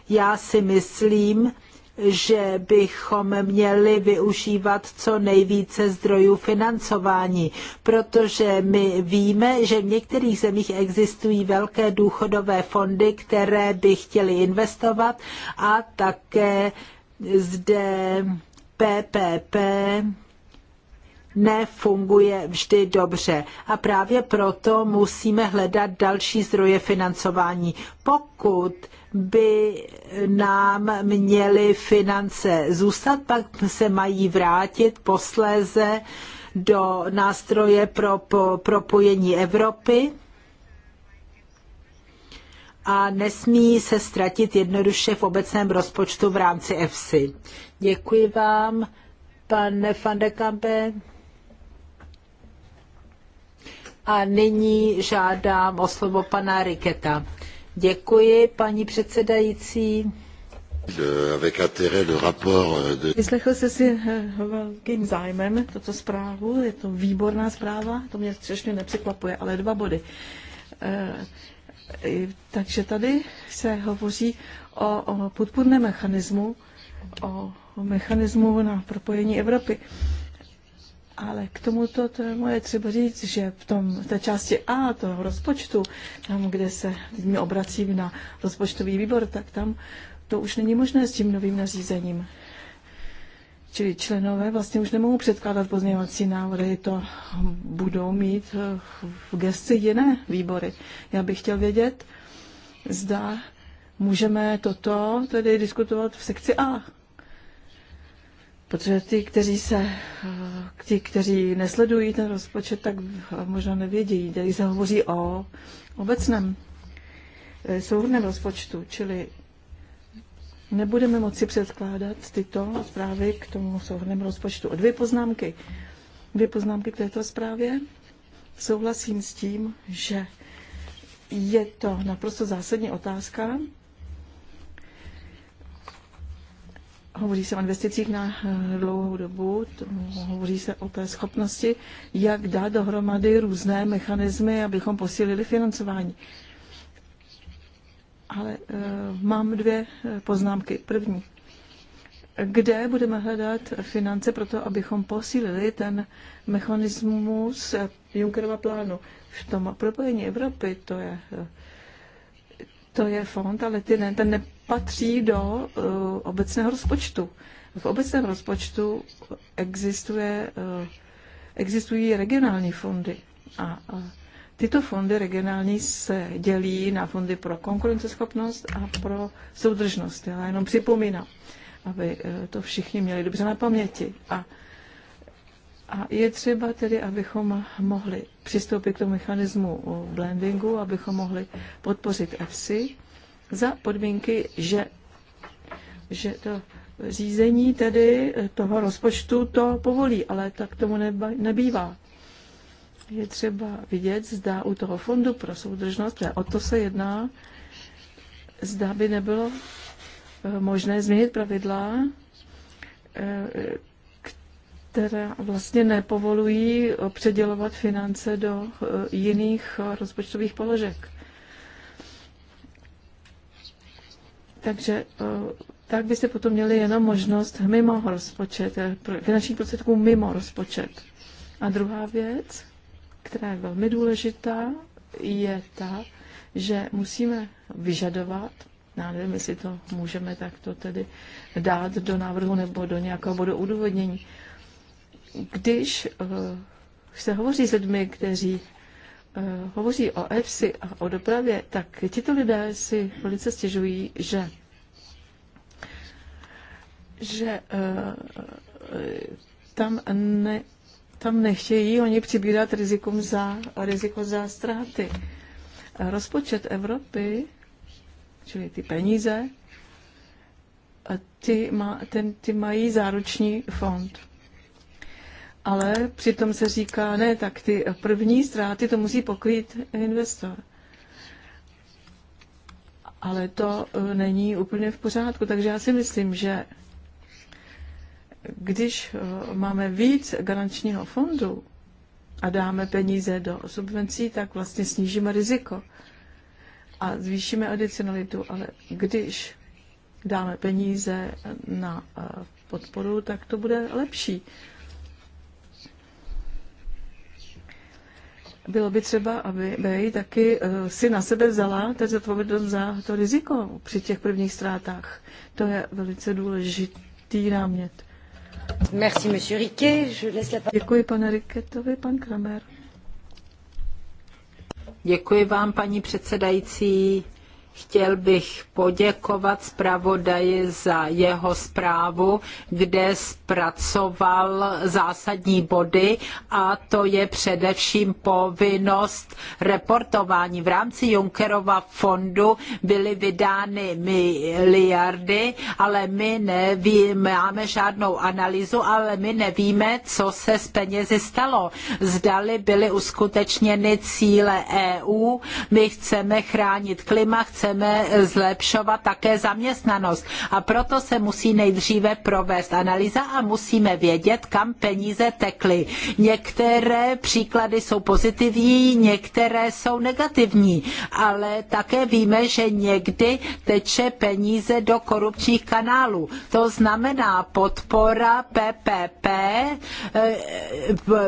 já si myslím, že bychom měli využívat co nejvíce zdrojů financování, protože my víme, že v některých zemích existují velké důchodové fondy, které by chtěly investovat a také zde PPP nefunguje vždy dobře. A právě proto musíme hledat další zdroje financování. Pokud by nám měly finance zůstat, pak se mají vrátit posléze do nástroje pro propojení Evropy a nesmí se ztratit jednoduše v obecném rozpočtu v rámci EFSI. Děkuji vám, pane van de Kampe. A nyní žádám o slovo pana Riketa. Děkuji, paní předsedající. Vyslechl jste si eh, velkým zájmem toto zprávu, je to výborná zpráva, to mě strašně nepřekvapuje, ale dva body. Eh, takže tady se hovoří o, o podpůrném mechanismu, o mechanismu na propojení Evropy. Ale k tomuto tému je třeba říct, že v, tom, v té části A toho rozpočtu, tam, kde se mě obracím na rozpočtový výbor, tak tam to už není možné s tím novým nařízením. Čili členové vlastně už nemohou předkládat pozměňovací návrhy, to budou mít eh, v gesci jiné výbory. Já bych chtěl vědět, zda můžeme toto tedy diskutovat v sekci A Protože ty, kteří se, ti, kteří nesledují ten rozpočet, tak možná nevědějí. Tady se hovoří o obecném eh, souhrném rozpočtu, čili nebudeme moci předkládat tyto zprávy k tomu souhrnnému rozpočtu. O dvě poznámky. Dvě poznámky k této zprávě. Souhlasím s tím, že je to naprosto zásadní otázka Hovoří se o investicích na eh, dlouhou dobu, hovoří se o té schopnosti, jak dát dohromady různé mechanismy, abychom posílili financování. Ale e, mám dvě eh, poznámky. První. Kde budeme hledat finance pro to, abychom posílili ten mechanismus Junckerova plánu? V tom propojení Evropy to je to je fond, ale ty ne, ten ne, patří do eh, obecného rozpočtu. V obecném rozpočtu existuje, eh, existují regionální fondy a tyto fondy regionální se dělí na fondy pro konkurenceschopnost a pro soudržnost. Já jenom připomínám, aby eh, to všichni měli dobře na paměti. A a je třeba tedy, abychom mohli přistoupit k tomu mechanismu blendingu, abychom mohli podpořit EFSI za podmínky, že, že to řízení tedy toho rozpočtu to povolí, ale tak tomu neba, nebývá. Je třeba vidět, zda u toho fondu pro soudržnost, o to se jedná, zda by nebylo e, možné změnit pravidla, e, která vlastně nepovolují předělovat finance do e, jiných rozpočtových položek. Takže eh, tak byste potom měli jenom možnost mimo rozpočet, eh, finančních prostředků mimo rozpočet. A druhá věc, která je velmi důležitá, je ta, že musíme vyžadovat, já nevím, jestli to můžeme takto tedy dát do návrhu nebo do nějakého bodu udůvodnění, když eh, se hovoří s lidmi, kteří Eh, hovoří o EFSI a o dopravě, tak tito lidé si velice stěžují, že že eh, tam, ne, tam nechtějí oni přibírat rizikum za, riziko za ztráty. Eh, rozpočet Evropy, čili ty peníze, ty, má, ten, ty mají záruční fond ale přitom se říká, ne, tak ty první ztráty to musí pokrýt investor. Ale to e, není úplně v pořádku, takže já si myslím, že když e, máme víc garančního fondu a dáme peníze do subvencí, tak vlastně snížíme riziko a zvýšíme adicionalitu, ale když dáme peníze na e, podporu, tak to bude lepší. bylo by třeba, aby Bey taky eh, si na sebe vzala ten zodpovědnost za to riziko při těch prvních ztrátách. To je velice důležitý námět. Merci, monsieur Riquet. Je laisse la... Děkuji, pane Riquetovi, pan Kramer. Děkuji vám, paní předsedající. Chtěl bych poděkovat zpravodaji za jeho zprávu, kde zpracoval zásadní body a to je především povinnost reportování. V rámci Junckerova fondu byly vydány miliardy, ale my nevíme, máme žádnou analýzu, ale my nevíme, co se s penězi stalo. Zdali byly uskutečněny cíle EU, my chceme chránit klima, chceme chceme zlepšovat také zaměstnanost. A proto se musí nejdříve provést analýza a musíme vědět, kam peníze tekly. Některé příklady jsou pozitivní, některé jsou negativní, ale také víme, že někdy teče peníze do korupčních kanálů. To znamená podpora PPP.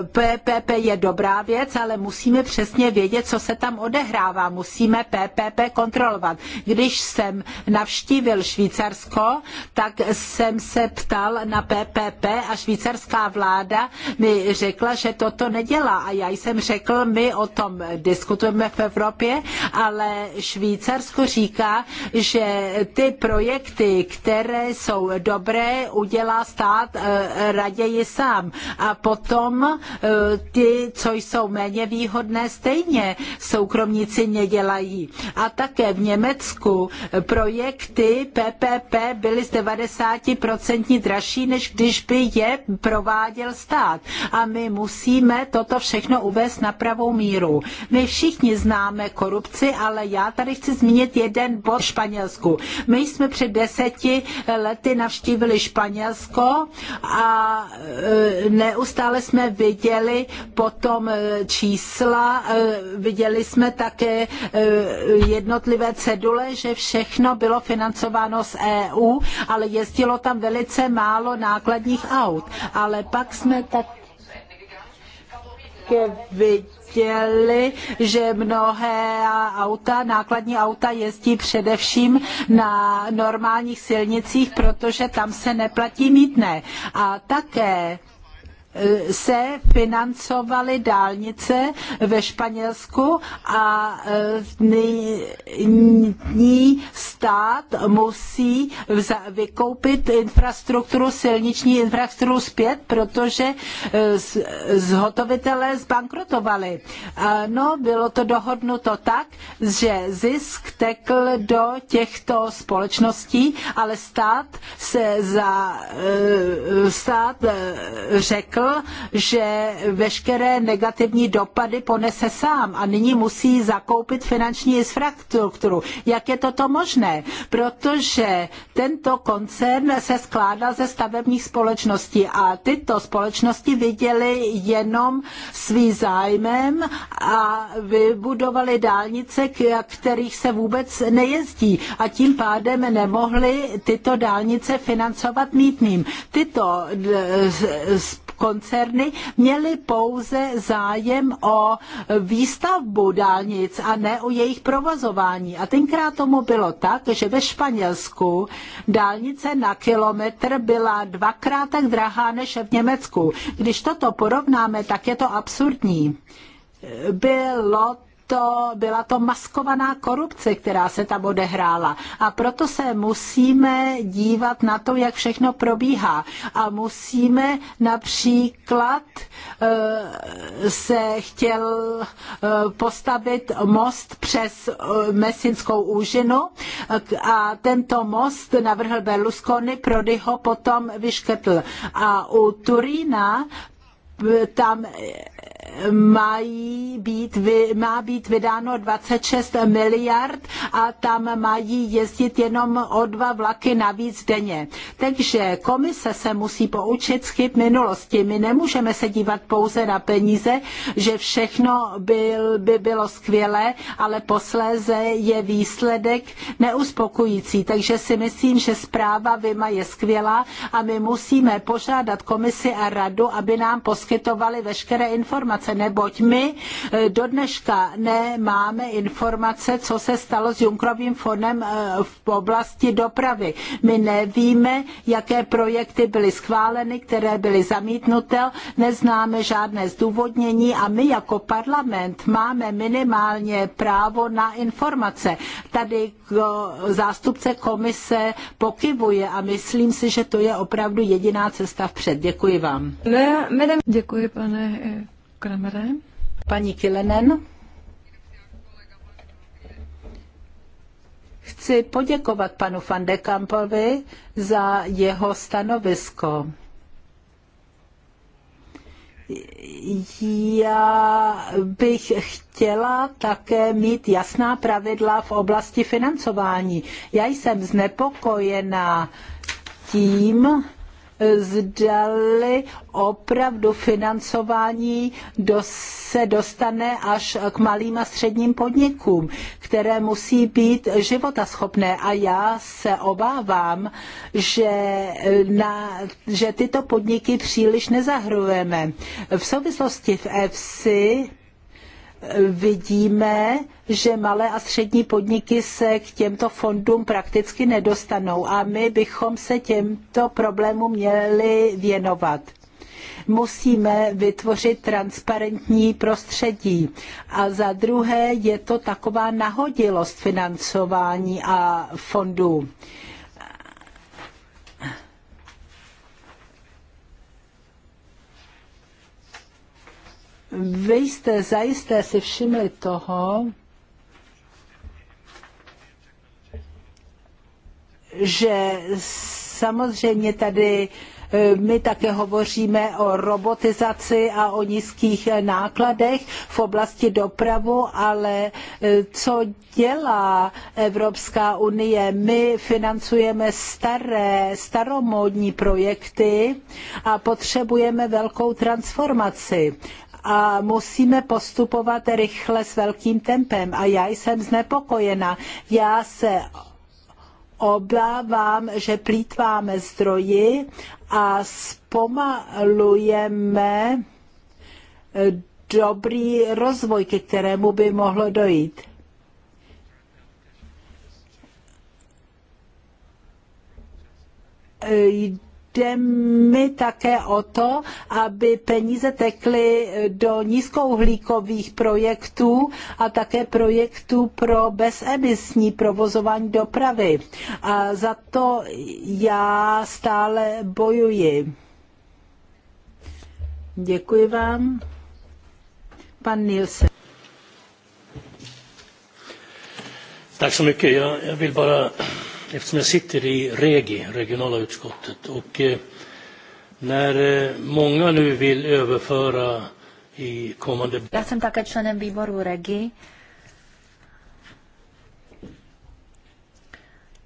PPP eh, je dobrá věc, ale musíme přesně vědět, co se tam odehrává. Musíme PPP kontrolovat vyjednávat. Když jsem navštívil Švýcarsko, tak jsem se ptal na PPP a švýcarská vláda mi řekla, že toto nedělá. A já jsem řekl, my o tom diskutujeme v Evropě, ale Švýcarsko říká, že ty projekty, které jsou dobré, udělá stát eh, raději sám. A potom eh, ty, co jsou méně výhodné, stejně soukromníci nedělají. A také v Německu Německu projekty PPP byly z 90% dražší, než když by je prováděl stát. A my musíme toto všechno uvést na pravou míru. My všichni známe korupci, ale já tady chci zmínit jeden bod v Španělsku. My jsme před deseti lety navštívili Španělsko a e, neustále jsme viděli potom e, čísla, e, viděli jsme také jednotlivé cedule, že všechno bylo financováno z EU, ale jezdilo tam velice málo nákladních aut. Ale pak jsme tak viděli, že mnohé auta, nákladní auta jezdí především na normálních silnicích, protože tam se neplatí mítné. A také Eh, se financovaly dálnice ve Španělsku a eh, nyní stát musí vykoupit infrastrukturu, silniční infrastrukturu zpět, protože eh, zhotovitelé zbankrotovali. No, bylo to dohodnuto tak, že zisk tekl do těchto společností, ale stát se za stát řekl, řekl, že veškeré negativní dopady ponese sám a nyní musí zakoupit finanční infrastrukturu. Jak je toto možné? Protože tento koncern se skládal ze stavebních společností a tyto společnosti viděly jenom svý zájmem a vybudovali dálnice, kterých se vůbec nejezdí a tím pádem nemohli tyto dálnice financovat mítným. Tyto eh, koncerny měly pouze zájem o výstavbu dálnic a ne o jejich provozování. A tenkrát tomu bylo tak, že ve Španělsku dálnice na kilometr byla dvakrát tak drahá než v Německu. Když toto porovnáme, tak je to absurdní. Bylo to, byla to maskovaná korupce, která se tam odehrála. A proto se musíme dívat na to, jak všechno probíhá. A musíme například eh, se chtěl eh, postavit most přes eh, Mesinskou úžinu a tento most navrhl Berlusconi, Prody ho potom vyškrtl. A u Turína tam mají být, má být vydáno 26 miliard a tam mají jezdit jenom o dva vlaky navíc denně. Takže komise se musí poučit z chyb minulosti. My nemůžeme se dívat pouze na peníze, že všechno byl, by bylo skvělé, ale posléze je výsledek neuspokojící. Takže si myslím, že zpráva Vima je skvělá a my musíme požádat komisi a radu, aby nám poskytovali veškeré informace informace, neboť my eh, do dneška nemáme informace, co se stalo s Junkrovým fondem eh, v oblasti dopravy. My nevíme, jaké projekty byly schváleny, které byly zamítnuté, neznáme žádné zdůvodnění a my jako parlament máme minimálně právo na informace. Tady eh, zástupce komise pokivuje a myslím si, že to je opravdu jediná cesta vpřed. Děkuji vám. Děkuji, pane Kramere. Paní Kilenen. Chci poděkovat panu van de Kampovi za jeho stanovisko. Já bych chtěla také mít jasná pravidla v oblasti financování. Já jsem znepokojená tím, zdali opravdu financování se dostane až k malým a středním podnikům, které musí být životaschopné. A já se obávám, že, na, že tyto podniky příliš nezahrujeme. V souvislosti v EFSI vidíme, že malé a střední podniky se k těmto fondům prakticky nedostanou a my bychom se těmto problémům měli věnovat musíme vytvořit transparentní prostředí. A za druhé je to taková nahodilost financování a fondů. Vy jste zajisté si všimli toho, že samozřejmě tady e, my také hovoříme o robotizaci a o nízkých e, nákladech v oblasti dopravy, ale e, co dělá Evropská unie? My financujeme staré, staromódní projekty a potřebujeme velkou transformaci a musíme postupovat rychle s velkým tempem. A já jsem znepokojena. Já se obávám, že plítváme zdroji a zpomalujeme eh, dobrý rozvoj, ke kterému by mohlo dojít. Eh, jde mi také o to, aby peníze tekly do nízkouhlíkových projektů a také projektů pro bezemisní provozování dopravy. A za to já stále bojuji. Děkuji vám. Pan Nielsen. Tack så mycket. Jag, jag vill bara eftersom jag sitter i REGI, regionala utskottet. Och eh, när eh, många nu vill överföra i kommande... Jag Já jsem také členem och REGI.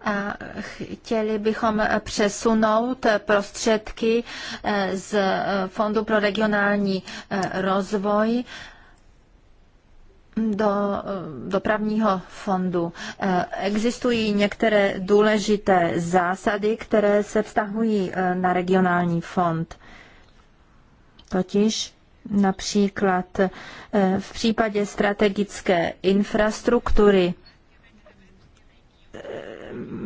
A eh, chtěli bychom přesunout prostředky z Fondu pro regionální rozvoj do dopravního fondu. Eh, existují některé důležité zásady, které se vztahují eh, na regionální fond. Totiž například eh, v případě strategické infrastruktury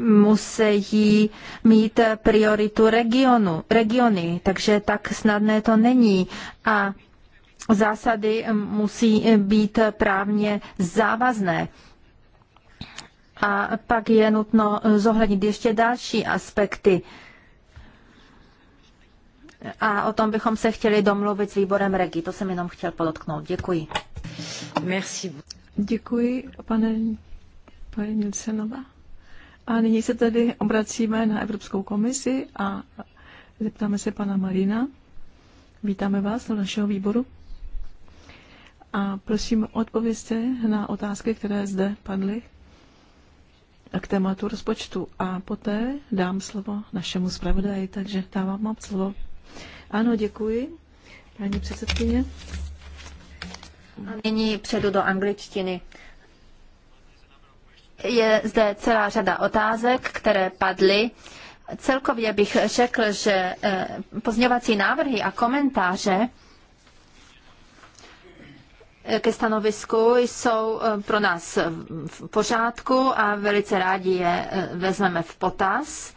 musí mít prioritu regionu, regiony, takže tak snadné to není. A zásady musí být právně závazné. A pak je nutno zohlednit ještě další aspekty. A o tom bychom se chtěli domluvit s výborem Regi. To jsem jenom chtěl podotknout. Děkuji. Merci. Děkuji, pane, pane Nilsenova. A nyní se tedy obracíme na Evropskou komisi a zeptáme se pana Marina. Vítáme vás do našeho výboru. A prosím, odpovězte na otázky, které zde padly k tématu rozpočtu. A poté dám slovo našemu zpravodaji, takže dávám vám slovo. Ano, děkuji, paní předsedkyně. A nyní přejdu do angličtiny. Je zde celá řada otázek, které padly. Celkově bych řekl, že eh, pozňovací návrhy a komentáře ke stanovisku jsou eh, pro nás v pořádku a velice rádi je eh, vezmeme v potaz.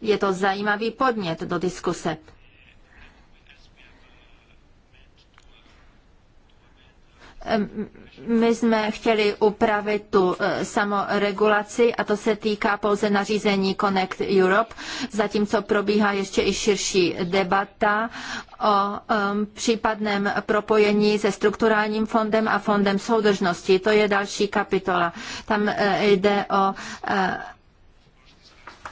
Je to zajímavý podnět do diskuse. My jsme chtěli upravit tu eh, samoregulaci a to se týká pouze nařízení Connect Europe, zatímco probíhá ještě i širší debata o případném propojení se strukturálním fondem a fondem soudržnosti. To je další kapitola. Tam eh, jde o eh,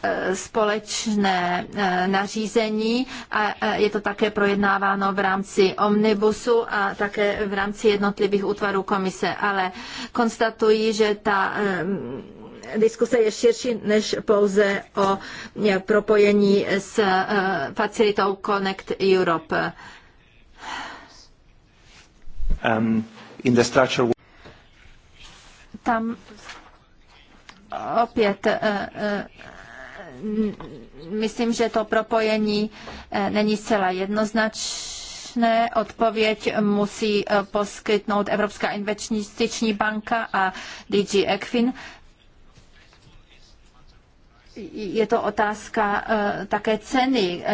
E, společné e, nařízení a e, je to také projednáváno v rámci omnibusu a také v rámci jednotlivých útvarů komise, ale konstatuji, že ta diskuse je širší než pouze o propojení s facilitou Connect Europe. Um, in the structure... Tam opět uh, uh, myslím, že to propojení eh, není zcela jednoznačné. Odpověď musí eh, poskytnout Evropská investiční banka a DG ECFIN je to otázka eh, také ceny,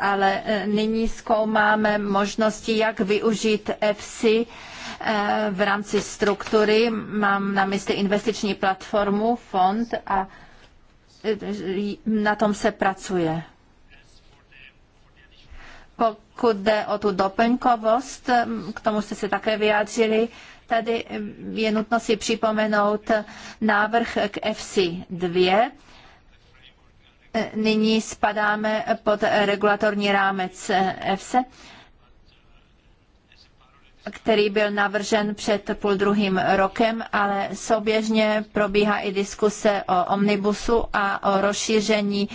ale nyní zkoumáme možnosti, jak využít EFSI v rámci struktury. Mám na mysli investiční platformu, fond a na tom se pracuje. Pokud jde o tu doplňkovost, k tomu jste se také vyjádřili, tady je nutno si připomenout návrh k FC 2. Nyní spadáme pod regulatorní rámec FC který byl navržen před půl druhým rokem, ale souběžně probíhá i diskuse o omnibusu a o rozšíření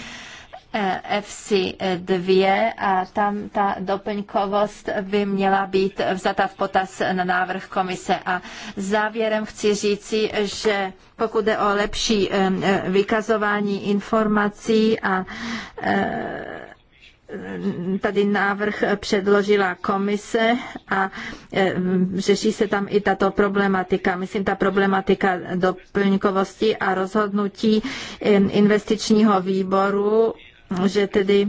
eh, FC2 a tam ta doplňkovost by měla být vzata v potaz na návrh komise. A závěrem chci říci, že pokud jde o lepší eh, vykazování informací a eh, tady návrh předložila komise a e, řeší se tam i tato problematika. Myslím, ta problematika doplňkovosti a rozhodnutí e, investičního výboru, že tedy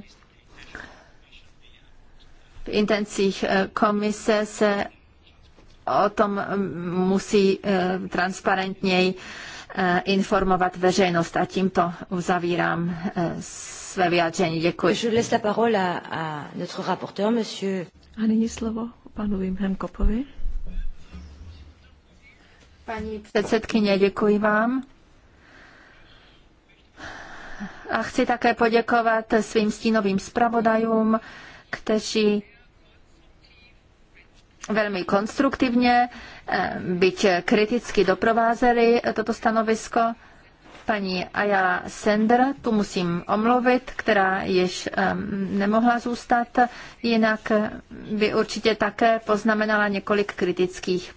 v intencích e, komise se o tom musí transparentněji informovat veřejnost a tímto uzavírám své vyjádření. Děkuji. Je laisse la parole à, à notre rapporteur, monsieur. A nyní slovo panu Wimhem Kopovi. Paní předsedkyně, děkuji vám. A chci také poděkovat svým stínovým zpravodajům, kteří velmi konstruktivně, eh, byť kriticky doprovázeli toto stanovisko paní Ayala Sender, tu musím omluvit, která již nemohla zůstat, jinak by určitě také poznamenala několik kritických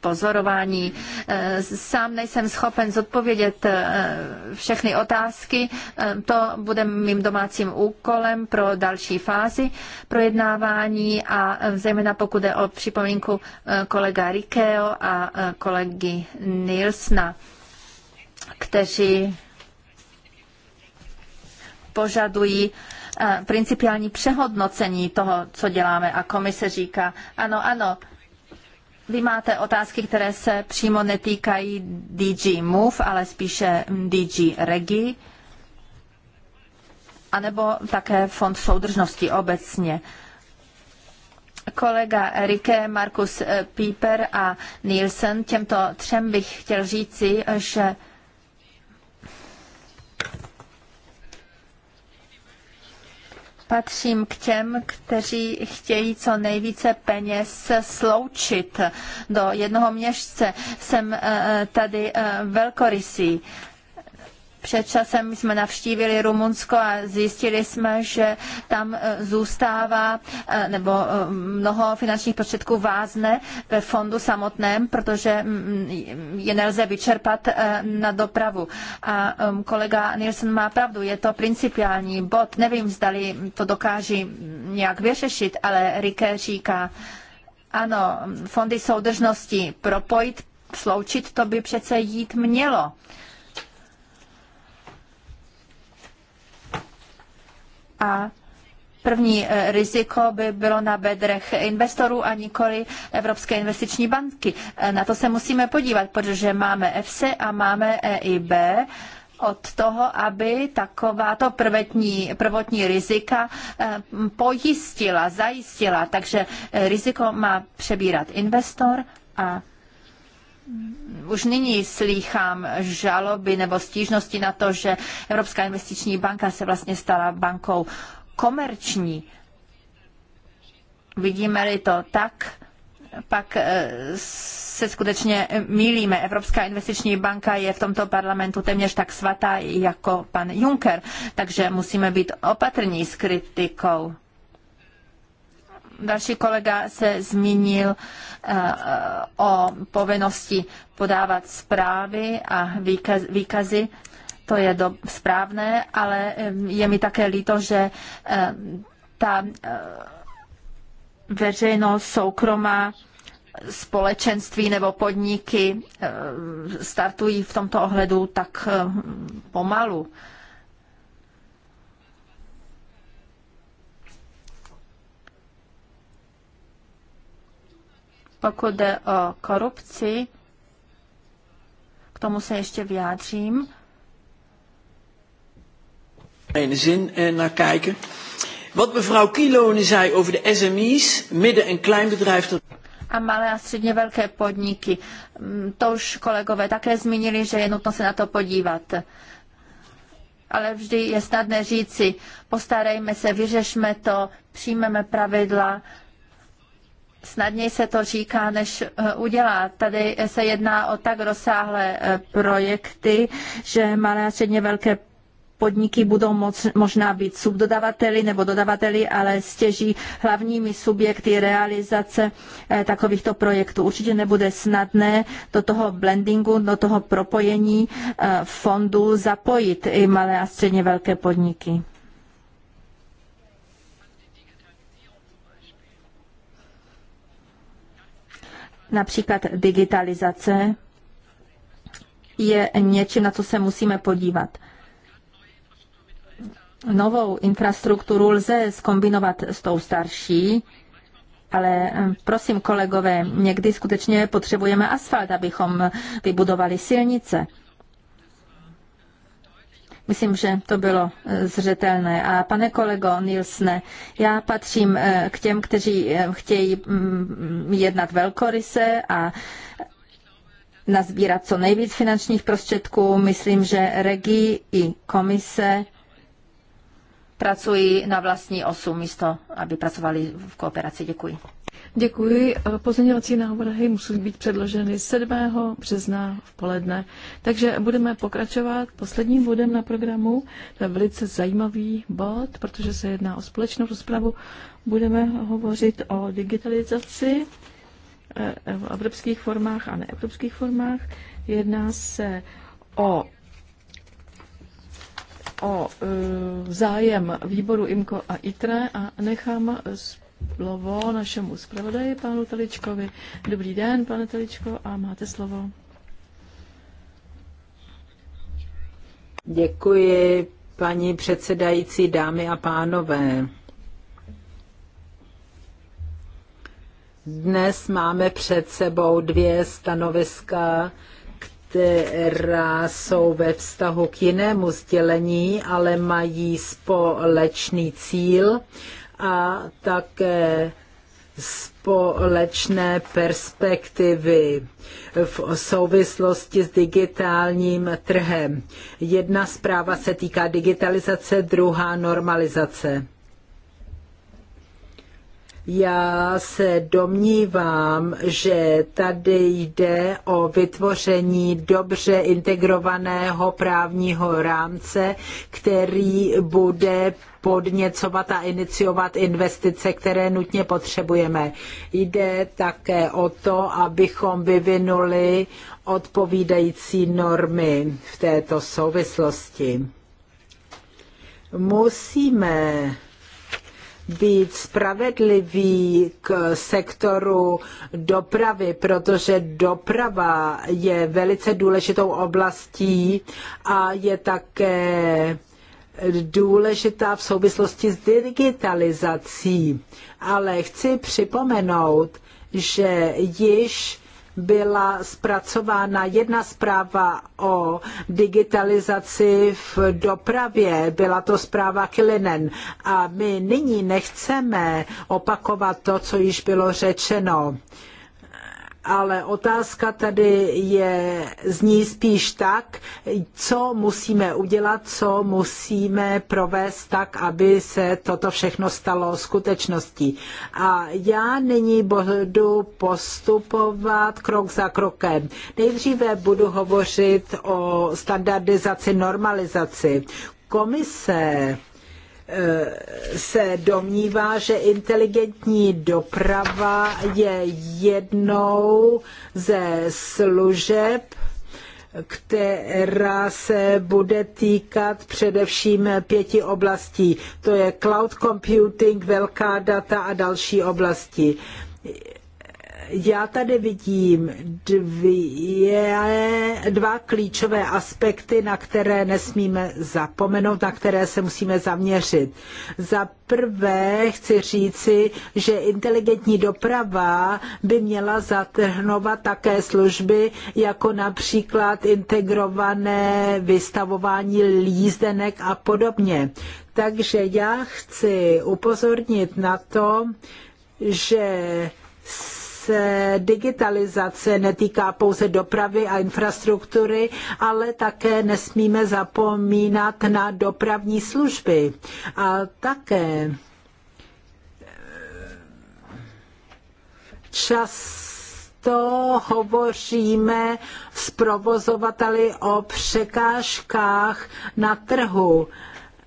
pozorování. Eh, sám nejsem schopen zodpovědět eh, všechny otázky. Eh, to bude mým domácím úkolem pro další fázi projednávání a zejména pokud je o připomínku kolega Rikeo a kolegy Nilsna kteří požadují eh, principiální přehodnocení toho, co děláme. A komise říká, ano, ano, vy máte otázky, které se přímo netýkají DG Move, ale spíše DG Regi, anebo také Fond soudržnosti obecně. Kolega Erike, Markus eh, Pieper a Nielsen, těmto třem bych chtěl říci, eh, že patřím k těm, kteří chtějí co nejvíce peněz sloučit do jednoho měšce. Jsem eh, tady eh, velkorysý před časem jsme navštívili Rumunsko a zjistili jsme, že tam e, zůstává e, nebo e, mnoho finančních prostředků vázne ve fondu samotném, protože je nelze vyčerpat na dopravu. A kolega Nielsen má pravdu, je to principiální bod. Nevím, zdali to dokáží nějak vyřešit, ale Rike říká, ano, fondy soudržnosti propojit, sloučit, to by přece jít mělo. a První eh, riziko by bylo na bedrech investorů a nikoli Evropské investiční banky. Eh, na to se musíme podívat, protože máme EFSE a máme EIB od toho, aby takováto prvotní, prvotní rizika eh, pojistila, zajistila. Takže riziko má přebírat investor a už nyní slýchám žaloby nebo stížnosti na to, že Evropská investiční banka se vlastně stala bankou komerční. Vidíme-li to tak, pak eh, se skutečně mílíme. Evropská investiční banka je v tomto parlamentu téměř tak svatá jako pan Juncker, takže musíme být opatrní s kritikou další kolega se zmínil eh, eh, o povinnosti podávat zprávy a výkaz, výkazy. To je do, správné, ale eh, je mi také líto, že ta veřejnost soukromá společenství nebo podniky startují v tomto ohledu tak pomalu. Pokud jde o korupci, k tomu se ještě vyjádřím. Ene zin eh, naar kijken. Wat mevrouw Kilonen zei over de SME's, midden- en kleinbedrijf. A malé a středně velké podniky. Mm, to už kolegové také zmínili, že je nutno se na to podívat ale vždy je snadné říci, postarejme se, vyřešme to, přijmeme pravidla Snadněji se to říká, než eh, udělá. Tady se jedná o tak rozsáhlé eh, projekty, že malé a středně velké podniky budou moc, možná být subdodavateli nebo dodavateli, ale stěží hlavními subjekty realizace eh, takovýchto projektů. Určitě nebude snadné do toho blendingu, do toho propojení fondů zapojit i malé a středně velké podniky. například digitalizace, je něčím, na co se musíme podívat. Novou infrastrukturu lze skombinovat s tou starší, ale eh, prosím kolegové, někdy skutečně potřebujeme asfalt, abychom vybudovali silnice. Myslím, že to bylo eh, zřetelné. A pane kolego Nilsne, já patřím eh, k těm, kteří eh, chtějí mm, jednat velkoryse a nazbírat co nejvíc finančních prostředků. Myslím, že regi i komise pracují na vlastní osu místo, aby pracovali v kooperaci. Děkuji. Děkuji. Pozměňovací návrhy musí být předloženy 7. března v poledne. Takže budeme pokračovat posledním bodem na programu. To je velice zajímavý bod, protože se jedná o společnou rozpravu. Budeme hovořit o digitalizaci eh, v evropských formách a neevropských formách. Jedná se o o eh, zájem výboru IMCO a ITRE a nechám slovo našemu zpravodaji, panu Teličkovi. Dobrý den, pane Teličko, a máte slovo. Děkuji, paní předsedající, dámy a pánové. Dnes máme před sebou dvě stanoviska, která jsou ve vztahu k jinému sdělení, ale mají společný cíl a také společné perspektivy v souvislosti s digitálním trhem. Jedna zpráva se týká digitalizace, druhá normalizace. Já se domnívám, že tady jde o vytvoření dobře integrovaného právního rámce, který bude podněcovat a iniciovat investice, které nutně potřebujeme. Jde také o to, abychom vyvinuli odpovídající normy v této souvislosti. Musíme být spravedlivý k sektoru dopravy, protože doprava je velice důležitou oblastí a je také důležitá v souvislosti s digitalizací. Ale chci připomenout, že již byla zpracována jedna zpráva o digitalizaci v dopravě, byla to zpráva Kilinen. A my nyní nechceme opakovat to, co již bylo řečeno ale otázka tady je, zní spíš tak, co musíme udělat, co musíme provést tak, aby se toto všechno stalo skutečností. A já nyní budu postupovat krok za krokem. Nejdříve budu hovořit o standardizaci, normalizaci. Komise se domnívá, že inteligentní doprava je jednou ze služeb, která se bude týkat především pěti oblastí. To je cloud computing, velká data a další oblasti já tady vidím dvě, dva klíčové aspekty, na které nesmíme zapomenout, na které se musíme zaměřit. Za prvé chci říci, že inteligentní doprava by měla zatrhnovat také služby, jako například integrované vystavování lízdenek a podobně. Takže já chci upozornit na to, že se digitalizace netýká pouze dopravy a infrastruktury, ale také nesmíme zapomínat na dopravní služby. A také eh, často hovoříme s provozovateli o překážkách na trhu.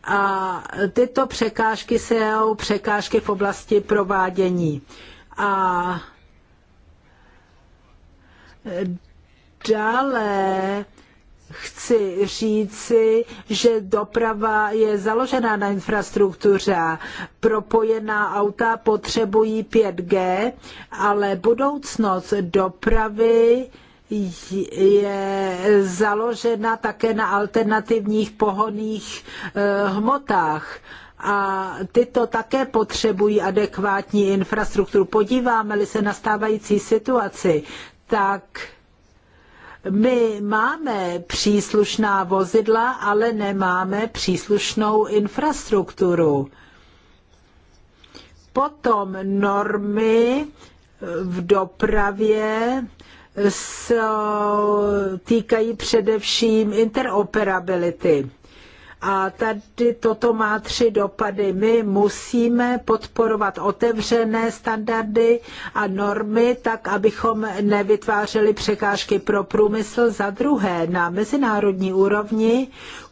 A tyto překážky jsou překážky v oblasti provádění. A Dále chci říci, že doprava je založená na infrastruktuře. Propojená auta potřebují 5G, ale budoucnost dopravy je založena také na alternativních pohoných eh, hmotách a tyto také potřebují adekvátní infrastrukturu. Podíváme-li se na stávající situaci, tak my máme příslušná vozidla, ale nemáme příslušnou infrastrukturu. Potom normy v dopravě jsou, týkají především interoperability. A tady toto má tři dopady. My musíme podporovat otevřené standardy a normy, tak abychom nevytvářeli překážky pro průmysl. Za druhé, na mezinárodní úrovni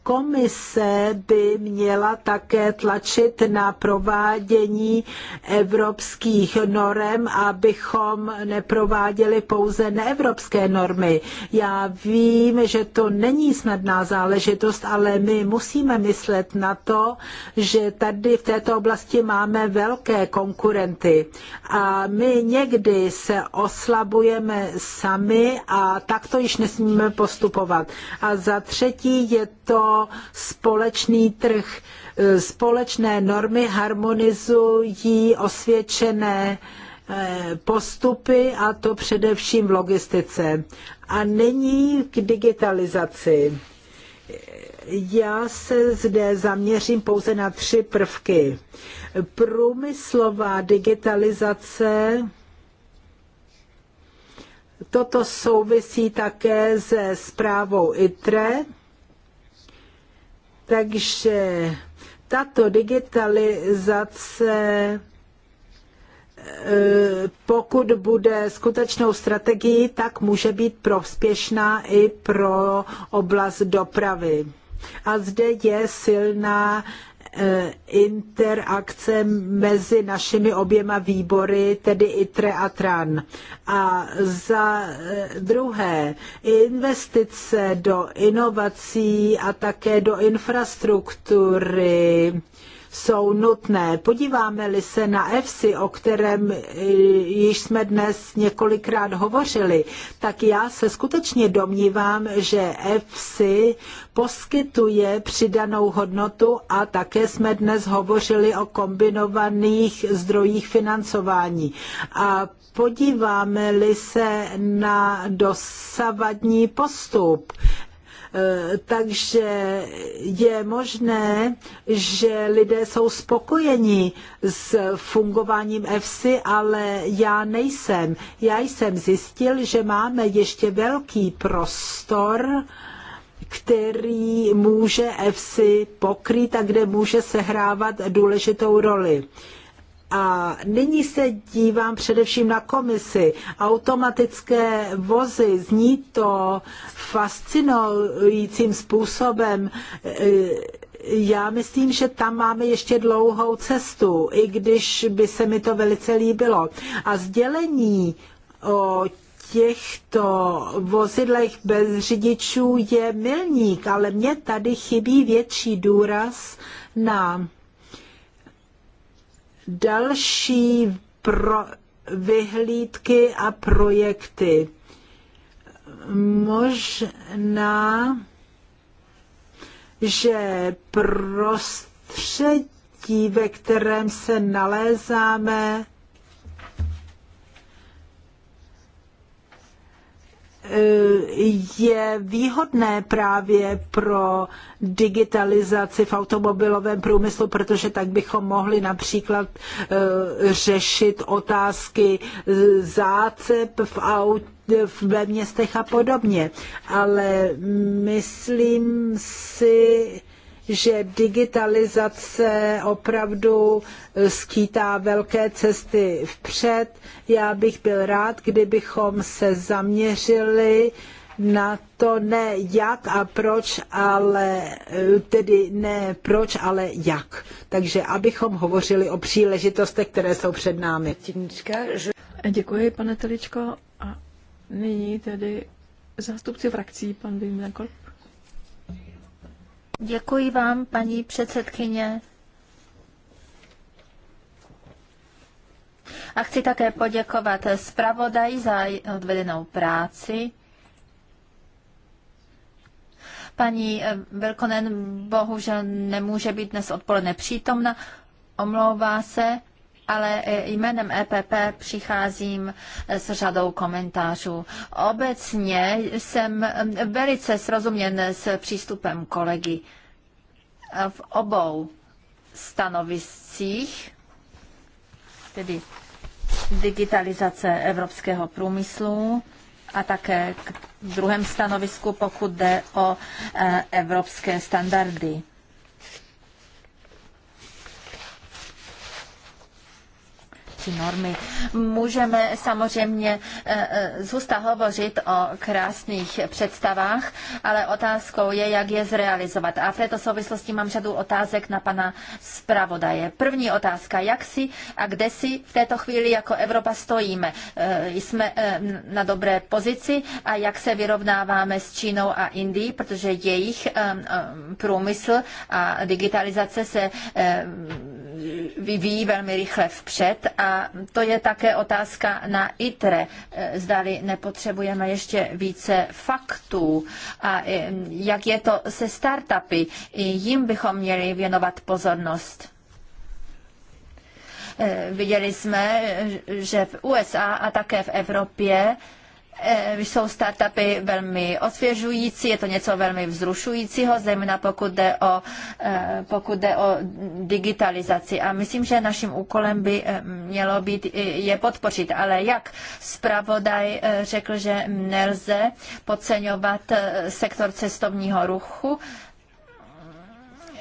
Komise by měla také tlačit na provádění evropských norem, abychom neprováděli pouze neevropské normy. Já vím, že to není snadná záležitost, ale my musíme myslet na to, že tady v této oblasti máme velké konkurenty a my někdy se oslabujeme sami a takto již nesmíme postupovat. A za třetí je to společný trh. E, společné normy harmonizují osvědčené e, postupy a to především v logistice. A není k digitalizaci. Já se zde zaměřím pouze na tři prvky. Průmyslová digitalizace, toto souvisí také se zprávou ITRE, takže tato digitalizace e, pokud bude skutečnou strategií, tak může být prospěšná i pro oblast dopravy. A zde je silná Eh, interakce mezi našimi oběma výbory, tedy ITRE a TRAN. A za eh, druhé, investice do inovací a také do infrastruktury jsou nutné. Podíváme-li se na EFSI, o kterém eh, již jsme dnes několikrát hovořili, tak já se skutečně domnívám, že EFSI poskytuje přidanou hodnotu a také jsme dnes hovořili o kombinovaných zdrojích financování. A podíváme-li se na dosavadní postup, takže je možné, že lidé jsou spokojeni s fungováním EFSI, ale já nejsem. Já jsem zjistil, že máme ještě velký prostor, který může EFSI pokrýt a kde může sehrávat důležitou roli. A nyní se dívám především na komisi. Automatické vozy, zní to fascinujícím způsobem. E, já myslím, že tam máme ještě dlouhou cestu, i když by se mi to velice líbilo. A sdělení o těchto vozidlech bez řidičů je milník, ale mně tady chybí větší důraz na další pro vyhlídky a projekty. Možná, že prostředí, ve kterém se nalézáme, Eh, je výhodné právě pro digitalizaci v automobilovém průmyslu, protože tak bychom mohli například eh, řešit otázky eh, zácep v aut ve městech a podobně. Ale myslím si, že digitalizace opravdu eh, skýtá velké cesty vpřed. Já bych byl rád, kdybychom se zaměřili na to ne jak a proč, ale eh, tedy ne proč, ale jak. Takže abychom hovořili o příležitostech, které jsou před námi. Děkuji, pane Teličko. A nyní tedy zástupci frakcí, pan Vimlekol. Děkuji vám, paní předsedkyně. A chci také poděkovat zpravodaji za odvedenou práci. Paní eh, Vilkonen bohužel nemůže být dnes odpoledne přítomna, omlouvá se ale e, jménem EPP přicházím e, s řadou komentářů. Obecně jsem e, velice srozuměn s přístupem kolegy v obou stanoviscích, tedy digitalizace evropského průmyslu a také k druhém stanovisku, pokud jde o evropské standardy. evropské normy. Můžeme samozřejmě eh, eh, zůsta hovořit o krásných představách, ale otázkou je, jak je zrealizovat. A v této souvislosti mám řadu otázek na pana zpravodaje. První otázka, jak si a kde si v této chvíli jako Evropa stojíme? Eh, jsme na dobré pozici a jak se vyrovnáváme s Čínou a Indií, protože jejich průmysl a digitalizace se vyvíjí velmi rychle vpřed a to je také otázka na ITRE. Eh, zdali nepotřebujeme ještě více faktů a eh, jak je to se startupy. I jim bychom měli věnovat pozornost. Eh, viděli jsme, že v USA a také v Evropě Eh, jsou startupy velmi osvěžující, je to něco velmi vzrušujícího, zejména pokud jde o, eh, pokud jde o digitalizaci. A myslím, že naším úkolem by eh, mělo být je podpořit. Ale jak zpravodaj řekl, že nelze podceňovat sektor cestovního ruchu,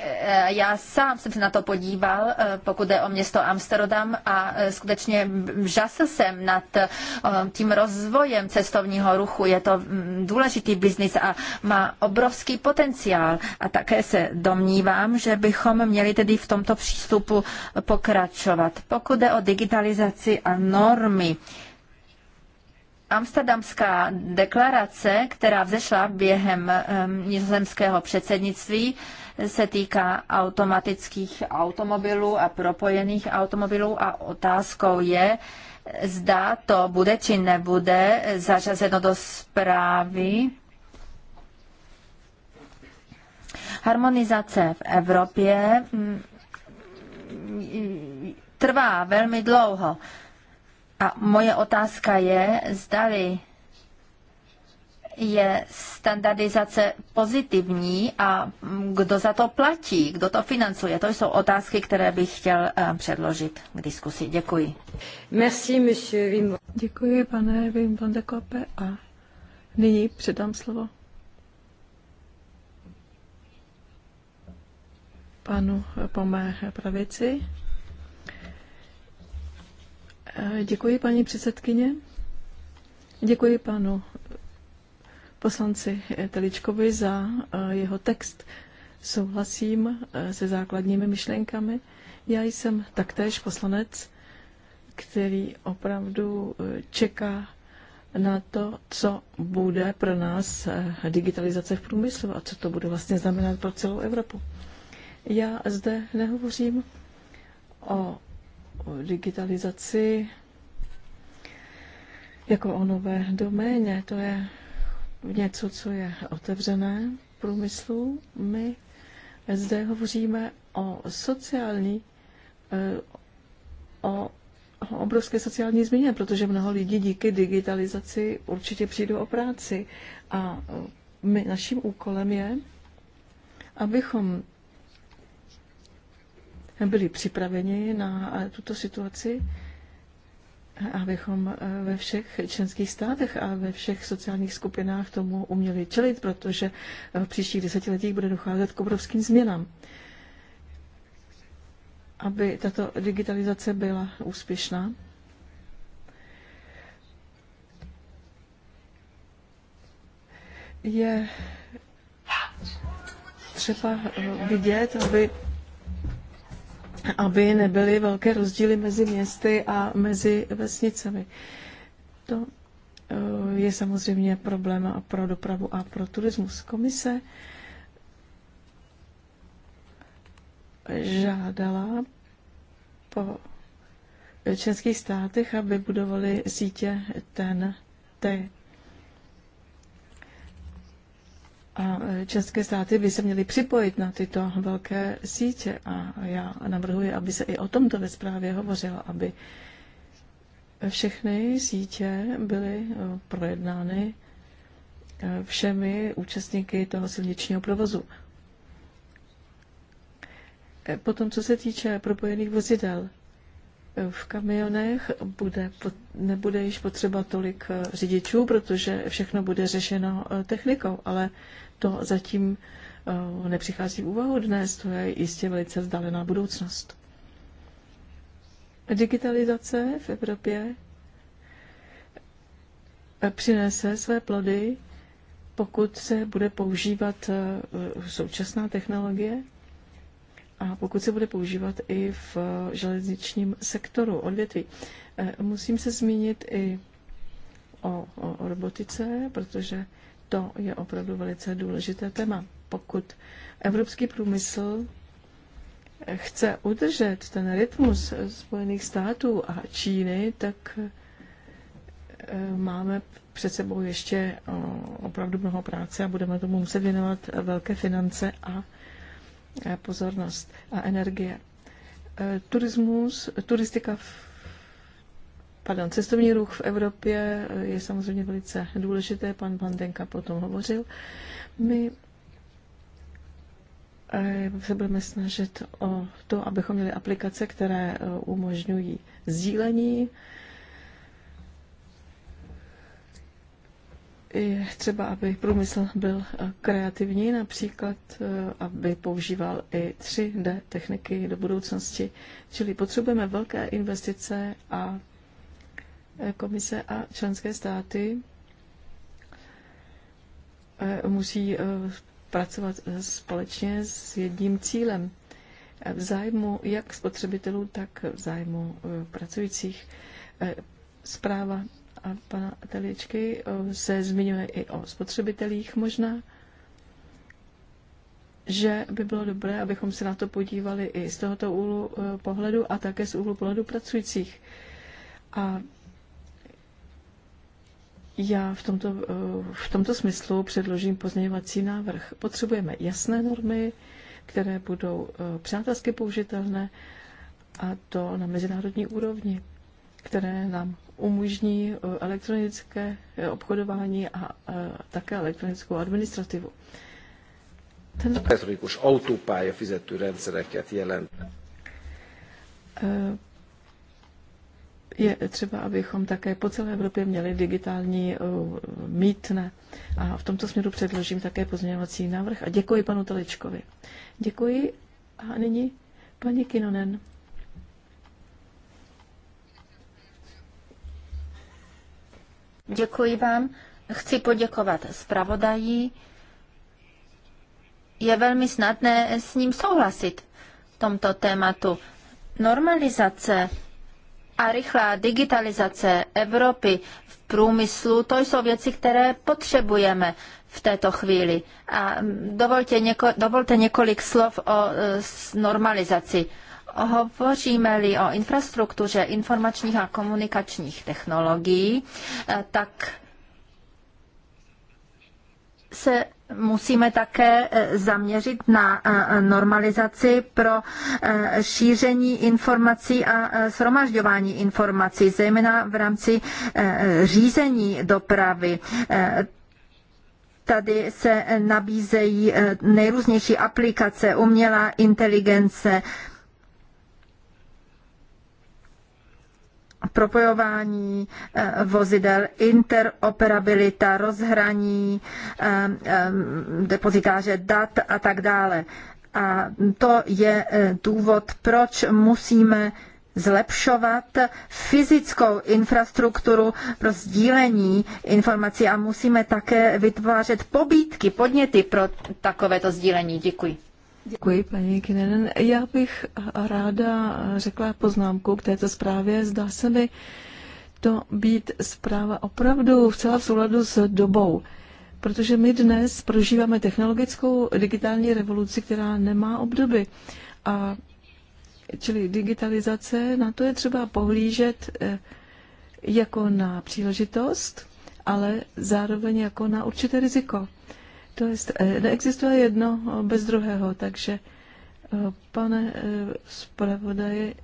Eh, já sám jsem se na to podíval, eh, pokud jde o město Amsterdam a eh, skutečně žasl jsem nad tím rozvojem cestovního ruchu. Je to mm, důležitý biznis a má obrovský potenciál. A také se domnívám, že bychom měli tedy v tomto přístupu pokračovat. Pokud jde o digitalizaci a normy, Amsterdamská deklarace, která vzešla během um, nizozemského předsednictví, uh, se týká automatických automobilů a propojených automobilů a otázkou je, zda to bude či nebude zařazeno do zprávy Harmonizace v Evropě mm, trvá velmi dlouho. A moje otázka je, zdali je standardizace pozitivní a kdo za to platí, kdo to financuje? To jsou otázky, které bych chtěl eh, předložit k diskusi. Děkuji. Merci, monsieur Wim. Děkuji, pane Wim van de Kope a nyní předám slovo panu po mé pravici. Eh, děkuji, paní předsedkyně. Děkuji panu poslanci Teličkovi za eh, jeho text. Souhlasím eh, se základními myšlenkami. Já jsem taktéž poslanec, který opravdu eh, čeká na to, co bude pro nás digitalizace v průmyslu a co to bude vlastně znamenat pro celou Evropu. Já zde nehovořím o digitalizaci jako o nové doméně. To je v něco, co je otevřené průmyslu. My zde hovoříme o sociální, eh, o, o obrovské sociální změně, protože mnoho lidí díky digitalizaci určitě přijdou o práci. A eh, my, naším úkolem je, abychom byli připraveni na eh, tuto situaci abychom eh, ve všech členských státech a ve všech sociálních skupinách tomu uměli čelit, protože eh, v příštích desetiletích bude docházet k obrovským změnám. Aby tato digitalizace byla úspěšná, je třeba eh, vidět, aby aby nebyly velké rozdíly mezi městy a mezi vesnicemi. To eh, je samozřejmě problém a pro dopravu a pro turismus. Komise žádala po členských státech, aby budovali sítě ten, a e, české státy by se měly připojit na tyto velké sítě. A já navrhuji, aby se i o tomto ve zprávě hovořilo, aby všechny sítě byly e, projednány e, všemi účastníky toho silničního provozu. Potom, co se týče propojených vozidel, v kamionech bude, nebude již potřeba tolik řidičů, protože všechno bude řešeno technikou, ale to zatím eh, nepřichází v úvahu dnes, to je jistě velice vzdálená budoucnost. Digitalizace v Evropě eh, přinese své plody, pokud se bude používat eh, současná technologie a pokud se bude používat i v železničním sektoru odvětví. Musím se zmínit i o, o, o robotice, protože to je opravdu velice důležité téma. Pokud evropský průmysl chce udržet ten rytmus Spojených států a Číny, tak eh, máme před sebou ještě eh, opravdu mnoho práce a budeme tomu muset věnovat velké finance a eh, pozornost a energie. Turismus, turistika v pardon, cestovní ruch v Evropě je samozřejmě velice důležité, pan Blandenka potom hovořil. My eh, se budeme snažit o to, abychom měli aplikace, které eh, umožňují sdílení. Je třeba, aby průmysl byl eh, kreativní, například, aby používal i 3D techniky do budoucnosti. Čili potřebujeme velké investice a komise a členské státy eh, musí eh, pracovat společně s jedním cílem. Eh, v zájmu jak spotřebitelů, tak v zájmu pracujících. Zpráva a pana Teličky se zmiňuje i o spotřebitelích možná, že by bylo dobré, abychom se na to podívali i z tohoto úhlu pohledu a také z úhlu pohledu pracujících. A já v tomto, eh, v tomto smyslu předložím pozměňovací návrh. Potřebujeme jasné normy, které budou eh, přátelsky použitelné a to na mezinárodní úrovni, které nám umožní eh, elektronické obchodování a také elektronickou administrativu. Ten... Elektronikus autópálya fizető jelent je třeba, abychom také po celé Evropě měli digitální eh, mítne. A v tomto směru předložím také pozměňovací návrh. A děkuji panu Teličkovi. Děkuji. A nyní paní Kinonen. Děkuji vám. Chci poděkovat zpravodají. Je velmi snadné s ním souhlasit v tomto tématu. Normalizace a rychlá digitalizace Evropy v průmyslu, to jsou věci, které potřebujeme v této chvíli. A dovolte, něko, dovolte několik slov o normalizaci. Hovoříme-li o infrastruktuře informačních a komunikačních technologií, eh, tak se musíme také eh, zaměřit na eh, normalizaci pro eh, šíření informací a shromažďování informací, zejména v rámci řízení dopravy. Tady se nabízejí nejrůznější aplikace, umělá inteligence, propojování eh, vozidel, interoperabilita, rozhraní, eh, eh, depozitáře dat a tak dále. A to je důvod, proč musíme zlepšovat fyzickou infrastrukturu pro sdílení informací a musíme také vytvářet pobídky, podněty pro takovéto sdílení. Děkuji. Děkuji, paní Kinenen. Já bych ráda řekla poznámku k této zprávě. Zdá se mi to být zpráva opravdu vcela v souladu s dobou. Protože my dnes prožíváme technologickou digitální revoluci, která nemá obdoby. A čili digitalizace, na to je třeba pohlížet eh, jako na příležitost, ale zároveň jako na určité riziko. To je, eh, neexistuje jedno eh, bez druhého, takže eh, pane zpravodaji,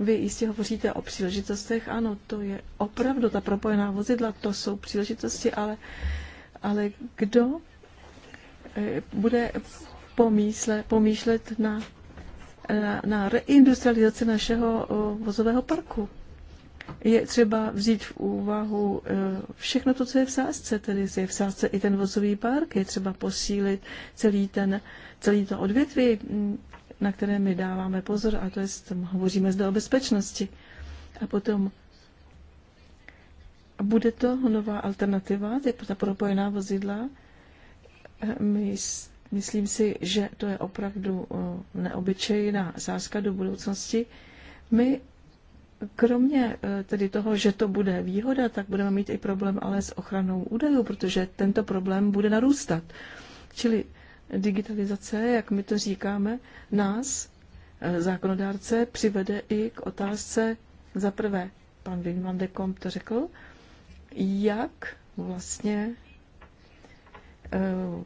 vy jistě hovoříte o příležitostech, ano, to je opravdu ta propojená vozidla, to jsou příležitosti, ale, ale kdo bude pomýšlet, pomýšlet na, na, na reindustrializaci našeho vozového parku? je třeba vzít v úvahu eh, všechno to, co je v sázce, tedy je v sázce i ten vozový park, je třeba posílit celý, ten, celý to odvětví, mm, na které my dáváme pozor, a to je, hovoříme zde o bezpečnosti. A potom bude to nová alternativa, je ta propojená vozidla. Eh, my, myslím si, že to je opravdu eh, neobyčejná sázka do budoucnosti. My Kromě eh, tedy toho, že to bude výhoda, tak budeme mít i problém ale s ochranou údajů, protože tento problém bude narůstat. Čili digitalizace, jak my to říkáme, nás, eh, zákonodárce, přivede i k otázce za prvé, pan Vinland de Kom to řekl, jak vlastně eh,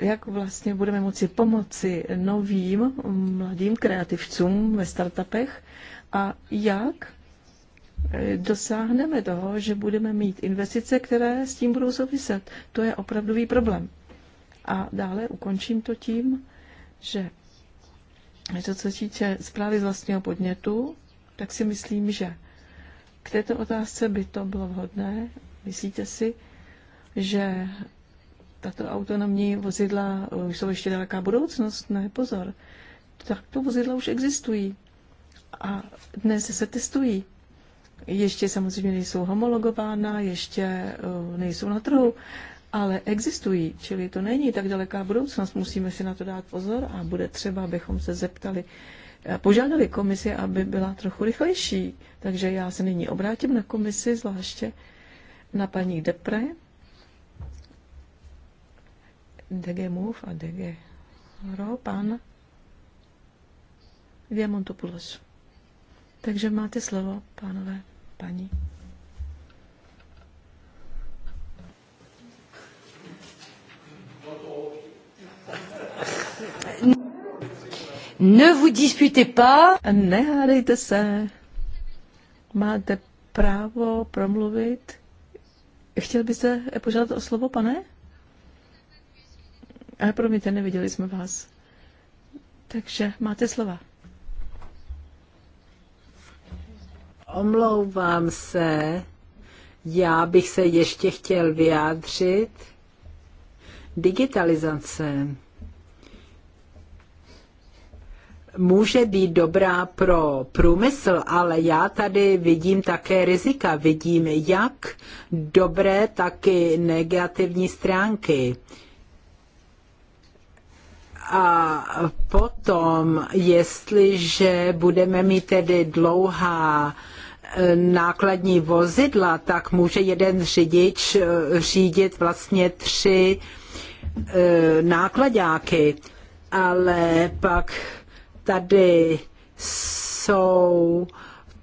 jak vlastně budeme moci pomoci novým mladým kreativcům ve startupech, a jak eh, dosáhneme toho, že budeme mít investice, které s tím budou souviset. To je opravdový problém. A dále ukončím to tím, že to, co týče zprávy z vlastního podnětu, tak si myslím, že k této otázce by to bylo vhodné. Myslíte si, že tato autonomní vozidla jsou ještě daleká budoucnost? Ne, pozor. Tak to vozidla už existují a dnes se testují. Ještě samozřejmě nejsou homologována, ještě eh, nejsou na trhu, ale existují, čili to není tak daleká budoucnost. Musíme si na to dát pozor a bude třeba, abychom se zeptali, eh, požádali komisi, aby byla trochu rychlejší. Takže já se nyní obrátím na komisi, zvláště na paní Depre, DG Move a DG Ro, pan Diamantopoulos. Takže máte slovo, pánové, paní. Ne vous disputez pas. Nehádejte se. Máte právo promluvit. Chtěl byste požádat o slovo, pane? Ale promiňte, neviděli jsme vás. Takže máte slova. Omlouvám se, já bych se ještě chtěl vyjádřit. Digitalizace může být dobrá pro průmysl, ale já tady vidím také rizika. Vidím jak dobré, tak i negativní stránky. A potom, jestliže budeme mít tedy dlouhá nákladní vozidla, tak může jeden řidič eh, řídit vlastně tři eh, nákladáky, ale pak tady jsou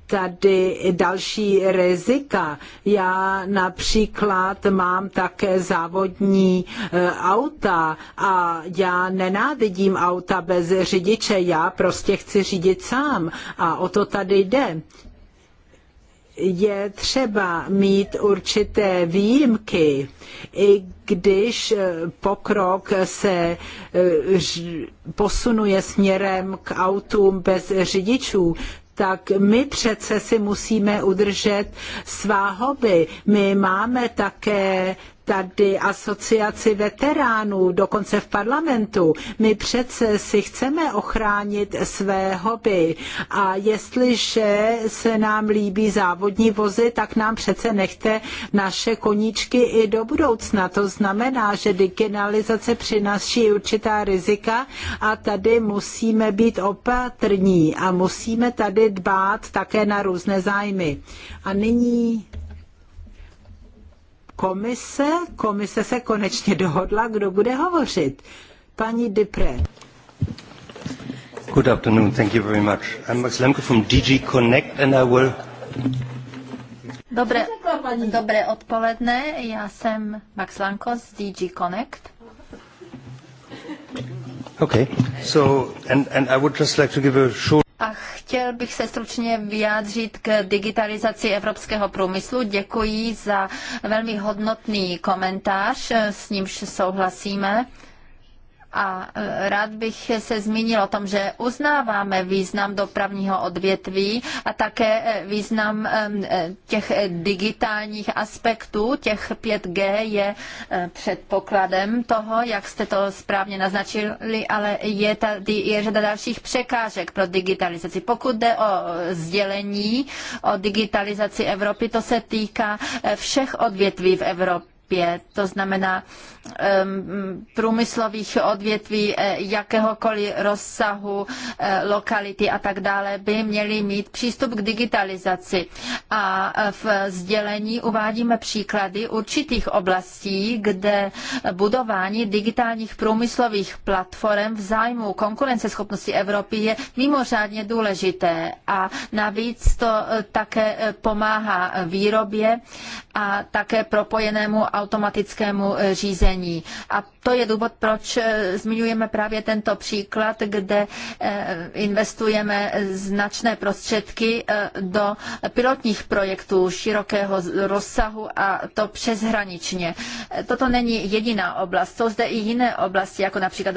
tady další rizika. Já například mám také závodní eh, auta a já nenávidím auta bez řidiče, já prostě chci řídit sám a o to tady jde je třeba mít určité výjimky, i když eh, pokrok se eh, posunuje směrem k autům bez řidičů, tak my přece si musíme udržet svá hobby. My máme také tady asociaci veteránů, dokonce v parlamentu. My přece si chceme ochránit své hobby a jestliže se nám líbí závodní vozy, tak nám přece nechte naše koníčky i do budoucna. To znamená, že digitalizace přináší určitá rizika a tady musíme být opatrní a musíme tady dbát také na různé zájmy. A nyní komise. Komise se konečně dohodla, kdo bude hovořit. Paní Dipre. Good afternoon. Thank you very much. I'm Max Lemke from DG Connect and I will... Dobré, dobré odpoledne, já jsem Max Lanko z DG Connect. Okay. So, and, and I would just like to give a short Chtěl bych se stručně vyjádřit k digitalizaci evropského průmyslu. Děkuji za velmi hodnotný komentář, s nímž souhlasíme. A e, rád bych se zmínil o tom, že uznáváme význam dopravního odvětví a také e, význam e, těch digitálních aspektů. Těch 5G je předpokladem toho, jak jste to správně naznačili, ale je tady je řada dalších překážek pro digitalizaci. Pokud jde o sdělení o digitalizaci Evropy, to se týká všech odvětví v Evropě 5, to znamená průmyslových odvětví e, jakéhokoliv rozsahu, e, lokality a tak dále, by měli mít přístup k digitalizaci. A e, v sdělení uvádíme příklady určitých oblastí, kde budování digitálních průmyslových platform v zájmu konkurenceschopnosti Evropy je mimořádně důležité a navíc to také pomáhá výrobě a také propojenému automatickému eh, řízení. A to je důvod, proč eh, zmiňujeme právě tento příklad, kde eh, investujeme značné prostředky do pilotních projektů širokého rozsahu a to přeshraničně. Toto není jediná oblast. Jsou zde i jiné oblasti, jako například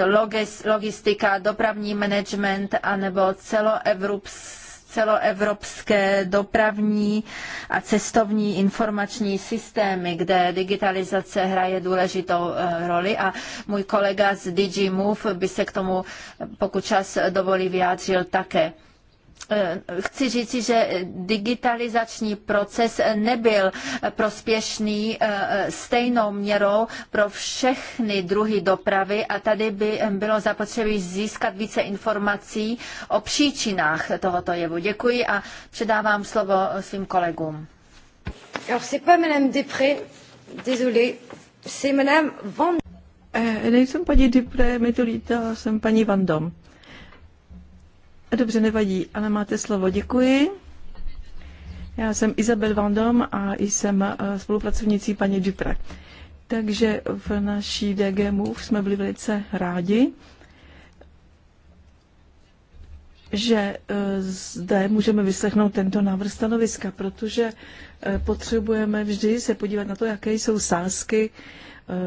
logistika, dopravní management anebo celoevropské celoevropské dopravní a cestovní informační systémy, kde digitalizace hraje důležitou eh, roli a můj kolega z DG Move by se k tomu, pokud čas dovolí, vyjádřil také. Eh, chci říci, že digitalizační proces nebyl prospěšný eh, stejnou měrou pro všechny druhy dopravy a tady by bylo zapotřebí získat více informací o příčinách tohoto jevu. Děkuji a předávám slovo svým kolegům. Alors c'est pas Madame désolé, c'est Madame Van... Eh, nejsem paní Dupré, mi to líto, jsem paní Vandom. Dobře, nevadí, ale máte slovo. Děkuji. Já jsem Izabel Vandom a jsem eh, spolupracovnicí paní Dupre. Takže v naší DG Move jsme byli velice rádi, že eh, zde můžeme vyslechnout tento návrh stanoviska, protože eh, potřebujeme vždy se podívat na to, jaké jsou sázky,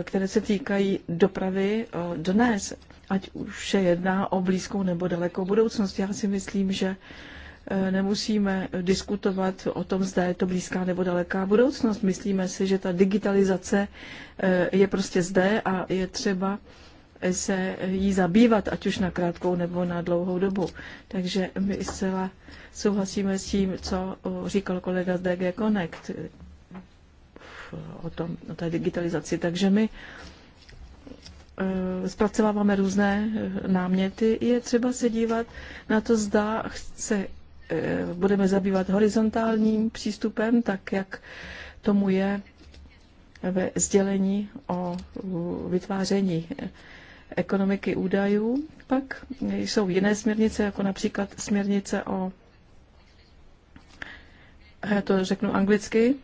které se týkají dopravy dnes ať už se jedná o blízkou nebo dalekou budoucnost. Já si myslím, že eh, nemusíme diskutovat o tom, zda je to blízká nebo daleká budoucnost. Myslíme si, že ta digitalizace eh, je prostě zde a je třeba se jí zabývat, ať už na krátkou nebo na dlouhou dobu. Takže my zcela souhlasíme s tím, co říkal kolega z DG Connect eh, o, tom, o té digitalizaci. Takže my Eh, zpracováváme různé eh, náměty, je třeba se dívat na to, zda chce, eh, budeme zabývat horizontálním přístupem, tak jak tomu je ve sdělení o vytváření ekonomiky údajů. Pak jsou jiné směrnice, jako například směrnice o, já to řeknu anglicky,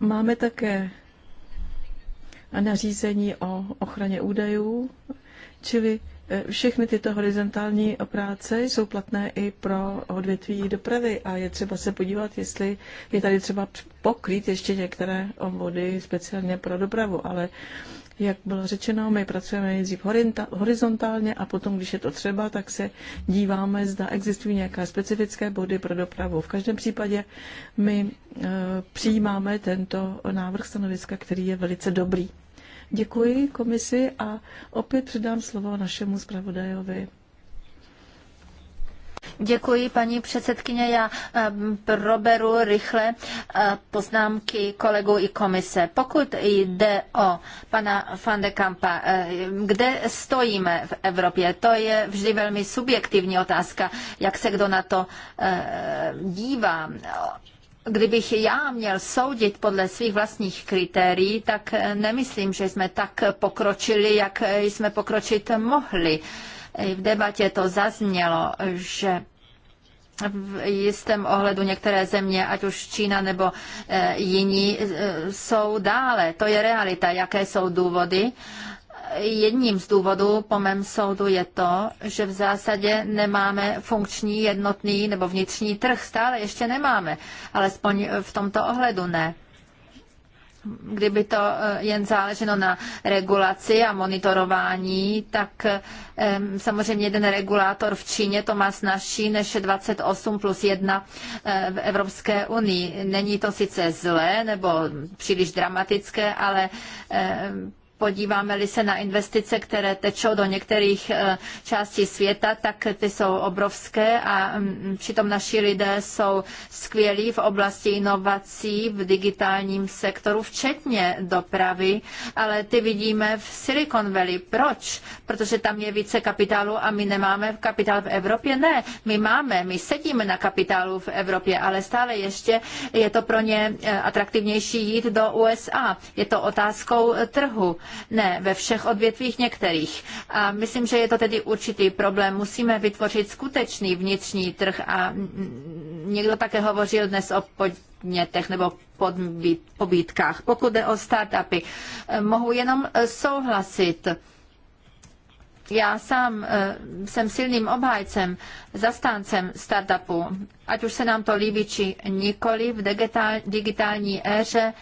máme také nařízení o ochraně údajů, čili eh, všechny tyto horizontální práce jsou platné i pro odvětví dopravy a je třeba se podívat, jestli je tady třeba pokrýt ještě některé obvody speciálně pro dopravu, ale jak bylo řečeno, my pracujeme nejdřív horizontálně a potom, když je to třeba, tak se díváme, zda existují nějaké specifické body pro dopravu. V každém případě my e, přijímáme tento návrh stanoviska, který je velice dobrý. Děkuji komisi a opět předám slovo našemu zpravodajovi. Děkuji, paní předsedkyně. Já proberu rychle eh, poznámky kolegů i komise. Pokud jde o pana van de Kampa, eh, kde stojíme v Evropě, to je vždy velmi subjektivní otázka, jak se kdo na to eh, dívá kdybych já měl soudit podle svých vlastních kritérií, tak nemyslím, že jsme tak pokročili, jak jsme pokročit mohli. V debatě to zaznělo, že v jistém ohledu některé země, ať už Čína nebo eh, jiní, eh, jsou dále. To je realita, jaké jsou důvody jedním z důvodů po mém soudu je to, že v zásadě nemáme funkční jednotný nebo vnitřní trh. Stále ještě nemáme, alespoň v tomto ohledu ne kdyby to eh, jen záleželo na regulaci a monitorování, tak samozřejmě jeden regulátor v Číně to má snažší než 28 plus 1 eh, v Evropské unii. Není to sice zlé nebo příliš dramatické, ale Podíváme-li se na investice, které tečou do některých eh, částí světa, tak ty jsou obrovské a mm, mm, přitom naši lidé jsou skvělí v oblasti inovací v digitálním sektoru, včetně dopravy, ale ty vidíme v Silicon Valley. Proč? Protože tam je více kapitálu a my nemáme kapitál v Evropě? Ne, my máme, my sedíme na kapitálu v Evropě, ale stále ještě je to pro ně eh, atraktivnější jít do USA. Je to otázkou trhu ne ve všech odvětvích některých. A myslím, že je to tedy určitý problém. Musíme vytvořit skutečný vnitřní trh a někdo také hovořil dnes o podnětech nebo podbít, pobítkách. Pokud jde o startupy, eh, mohu jenom eh, souhlasit. Já sám eh, jsem silným obhájcem, zastáncem startupu. Ať už se nám to líbí či nikoli v digitální éře,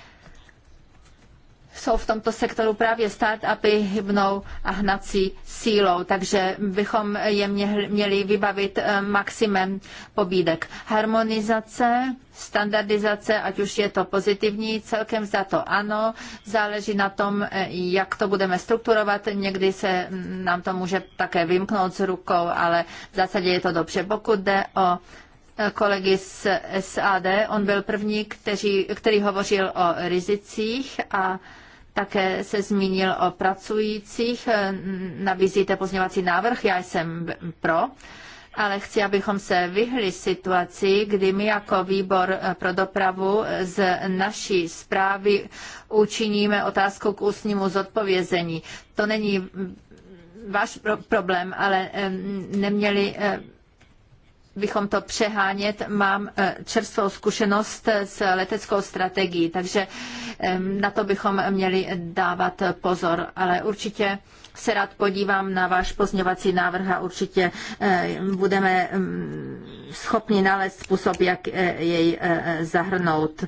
jsou v tomto sektoru právě startupy hybnou a hnací sílou, takže bychom je měli vybavit eh, maximem pobídek. Harmonizace, standardizace, ať už je to pozitivní, celkem za to ano, záleží na tom, eh, jak to budeme strukturovat, někdy se nám to může také vymknout z rukou, ale v zásadě je to dobře. Pokud jde o eh, kolegy z SAD. On byl první, kteří, který hovořil o rizicích a také se zmínil o pracujících, eh, nabízíte pozněvací návrh, já jsem pro, ale chci, abychom se vyhli situaci, kdy my jako výbor eh, pro dopravu z naší zprávy učiníme otázku k ústnímu zodpovězení. To není mm, váš problém, ale eh, neměli bychom to přehánět, mám eh, čerstvou zkušenost s leteckou strategií, takže na to bychom měli dávat pozor. Ale určitě se rád podívám na váš pozňovací návrh a určitě budeme schopni nalézt způsob, jak eh, jej eh, zahrnout.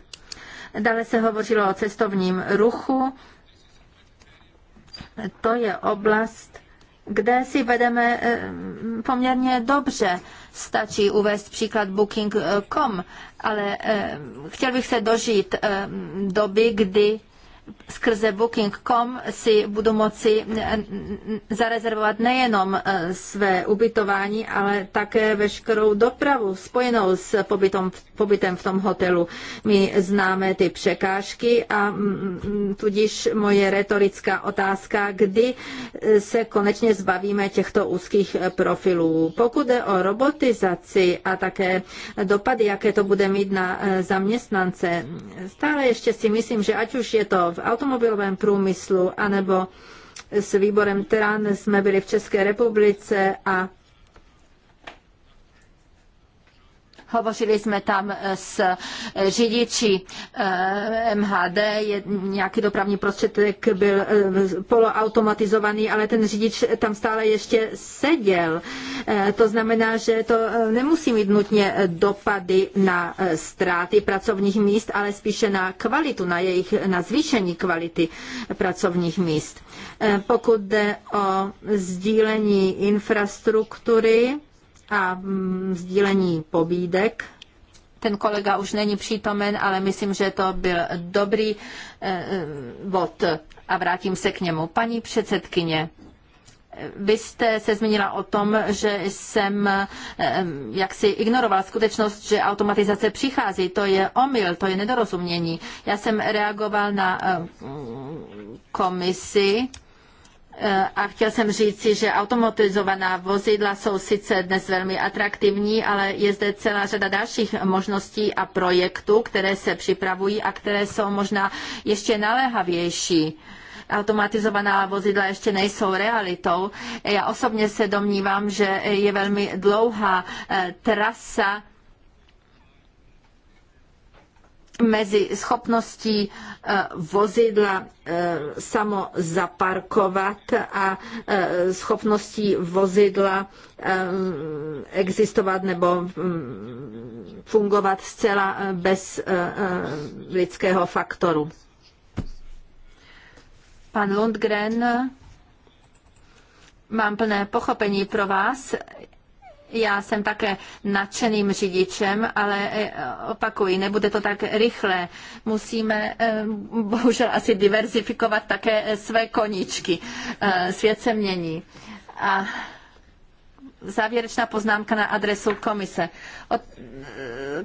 Dále se hovořilo o cestovním ruchu. To je oblast, kde si vedeme poměrně dobře Stačí uvést příklad booking.com, ale eh, chtěl bych se dožít eh, doby, kdy skrze booking.com si budu moci eh, zarezervovat nejenom eh, své ubytování, ale také veškerou dopravu spojenou s pobytom, pobytem v tom hotelu. My známe ty překážky a tudíž moje retorická otázka, kdy eh, se konečně zbavíme těchto úzkých profilů. Pokud jde o robotizaci a také dopady, jaké to bude mít na zaměstnance, stále ještě si myslím, že ať už je to v automobilovém průmyslu, anebo s výborem Teran jsme byli v České republice a Hovořili jsme tam eh, s eh, řidiči eh, MHD, je nějaký dopravní prostředek byl poloautomatizovaný, ale ten řidič tam stále ještě seděl. To znamená, že to nemusí mít nutně dopady na ztráty pracovních míst, ale spíše na kvalitu, na, jejich, na zvýšení kvality pracovních míst. Pokud jde o sdílení infrastruktury, a mm, sdílení pobídek. Ten kolega už není přítomen, ale myslím, že to byl dobrý eh, eh, bod a vrátím se k němu. Paní předsedkyně, vy jste se zmínila o tom, že jsem eh, jaksi ignoroval skutečnost, že automatizace přichází. To je omyl, to je nedorozumění. Já jsem reagoval na mm, komisi Eh, a chtěl jsem říci, že automatizovaná vozidla jsou sice dnes velmi atraktivní, ale je zde celá řada dalších možností a projektů, které se připravují a které jsou možná ještě naléhavější automatizovaná vozidla ještě nejsou realitou. Já osobně se domnívám, že je velmi dlouhá eh, trasa mezi schopností eh, vozidla eh, samo zaparkovat a eh, schopností vozidla existovat nebo mm, fungovat zcela bez lidského faktoru. Pan Lundgren, mám plné pochopení pro vás. Já jsem také nadšeným řidičem, ale e, opakuji, nebude to tak rychle. Musíme e, bohužel asi diverzifikovat také e, své koničky. Svět se mění. A závěrečná poznámka na adresu komise. Od,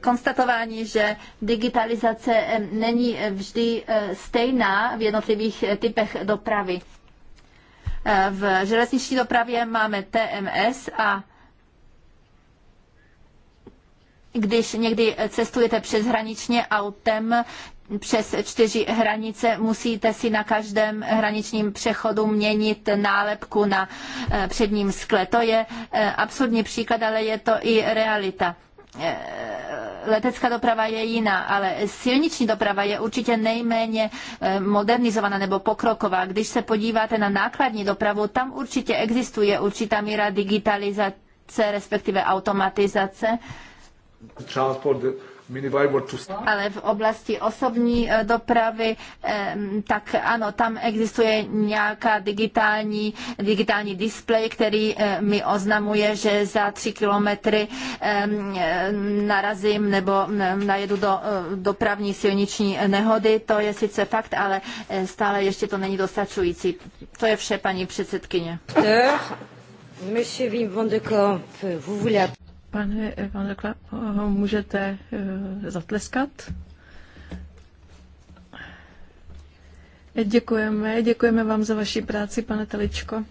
konstatování, že digitalizace není vždy stejná v jednotlivých typech dopravy. V železniční dopravě máme TMS a když někdy cestujete přeshraničně autem, přes čtyři hranice musíte si na každém hraničním přechodu měnit nálepku na eh, předním skle. To je eh, absurdní příklad, ale je to i realita eh, letecká doprava je jiná, ale silniční doprava je určitě nejméně modernizovaná nebo pokroková. Když se podíváte na nákladní dopravu, tam určitě existuje určitá míra digitalizace, respektive automatizace ale v oblasti osobní e, dopravy, e, tak ano, tam existuje nějaká digitální, digitální displej, který e, mi oznamuje, že za tři kilometry narazím nebo najedu do dopravní silniční nehody. To je sice fakt, ale stále ještě to není dostačující. To je vše, paní předsedkyně. Monsieur Wim vous voulez... Pane Van můžete eh, zatleskat? Děkujeme, děkujeme vám za vaši práci, pane Teličko.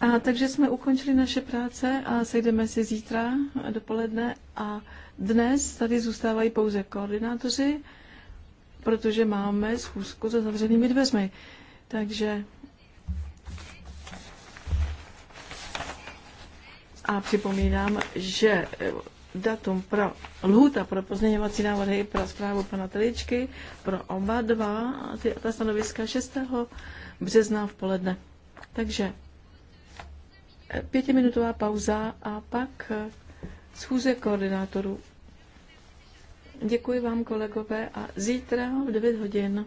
A takže jsme ukončili naše práce a sejdeme se zítra dopoledne a dnes tady zůstávají pouze koordinátoři, protože máme schůzku za zavřenými dveřmi. Takže A připomínám, že eh, datum pro lhůta pro pozměňovací návrhy pro zprávu pana Teličky pro oba dva ty, ta stanoviska 6. března v poledne. Takže eh, pětiminutová pauza a pak eh, schůze koordinátorů. Děkuji vám, kolegové, a zítra v 9 hodin.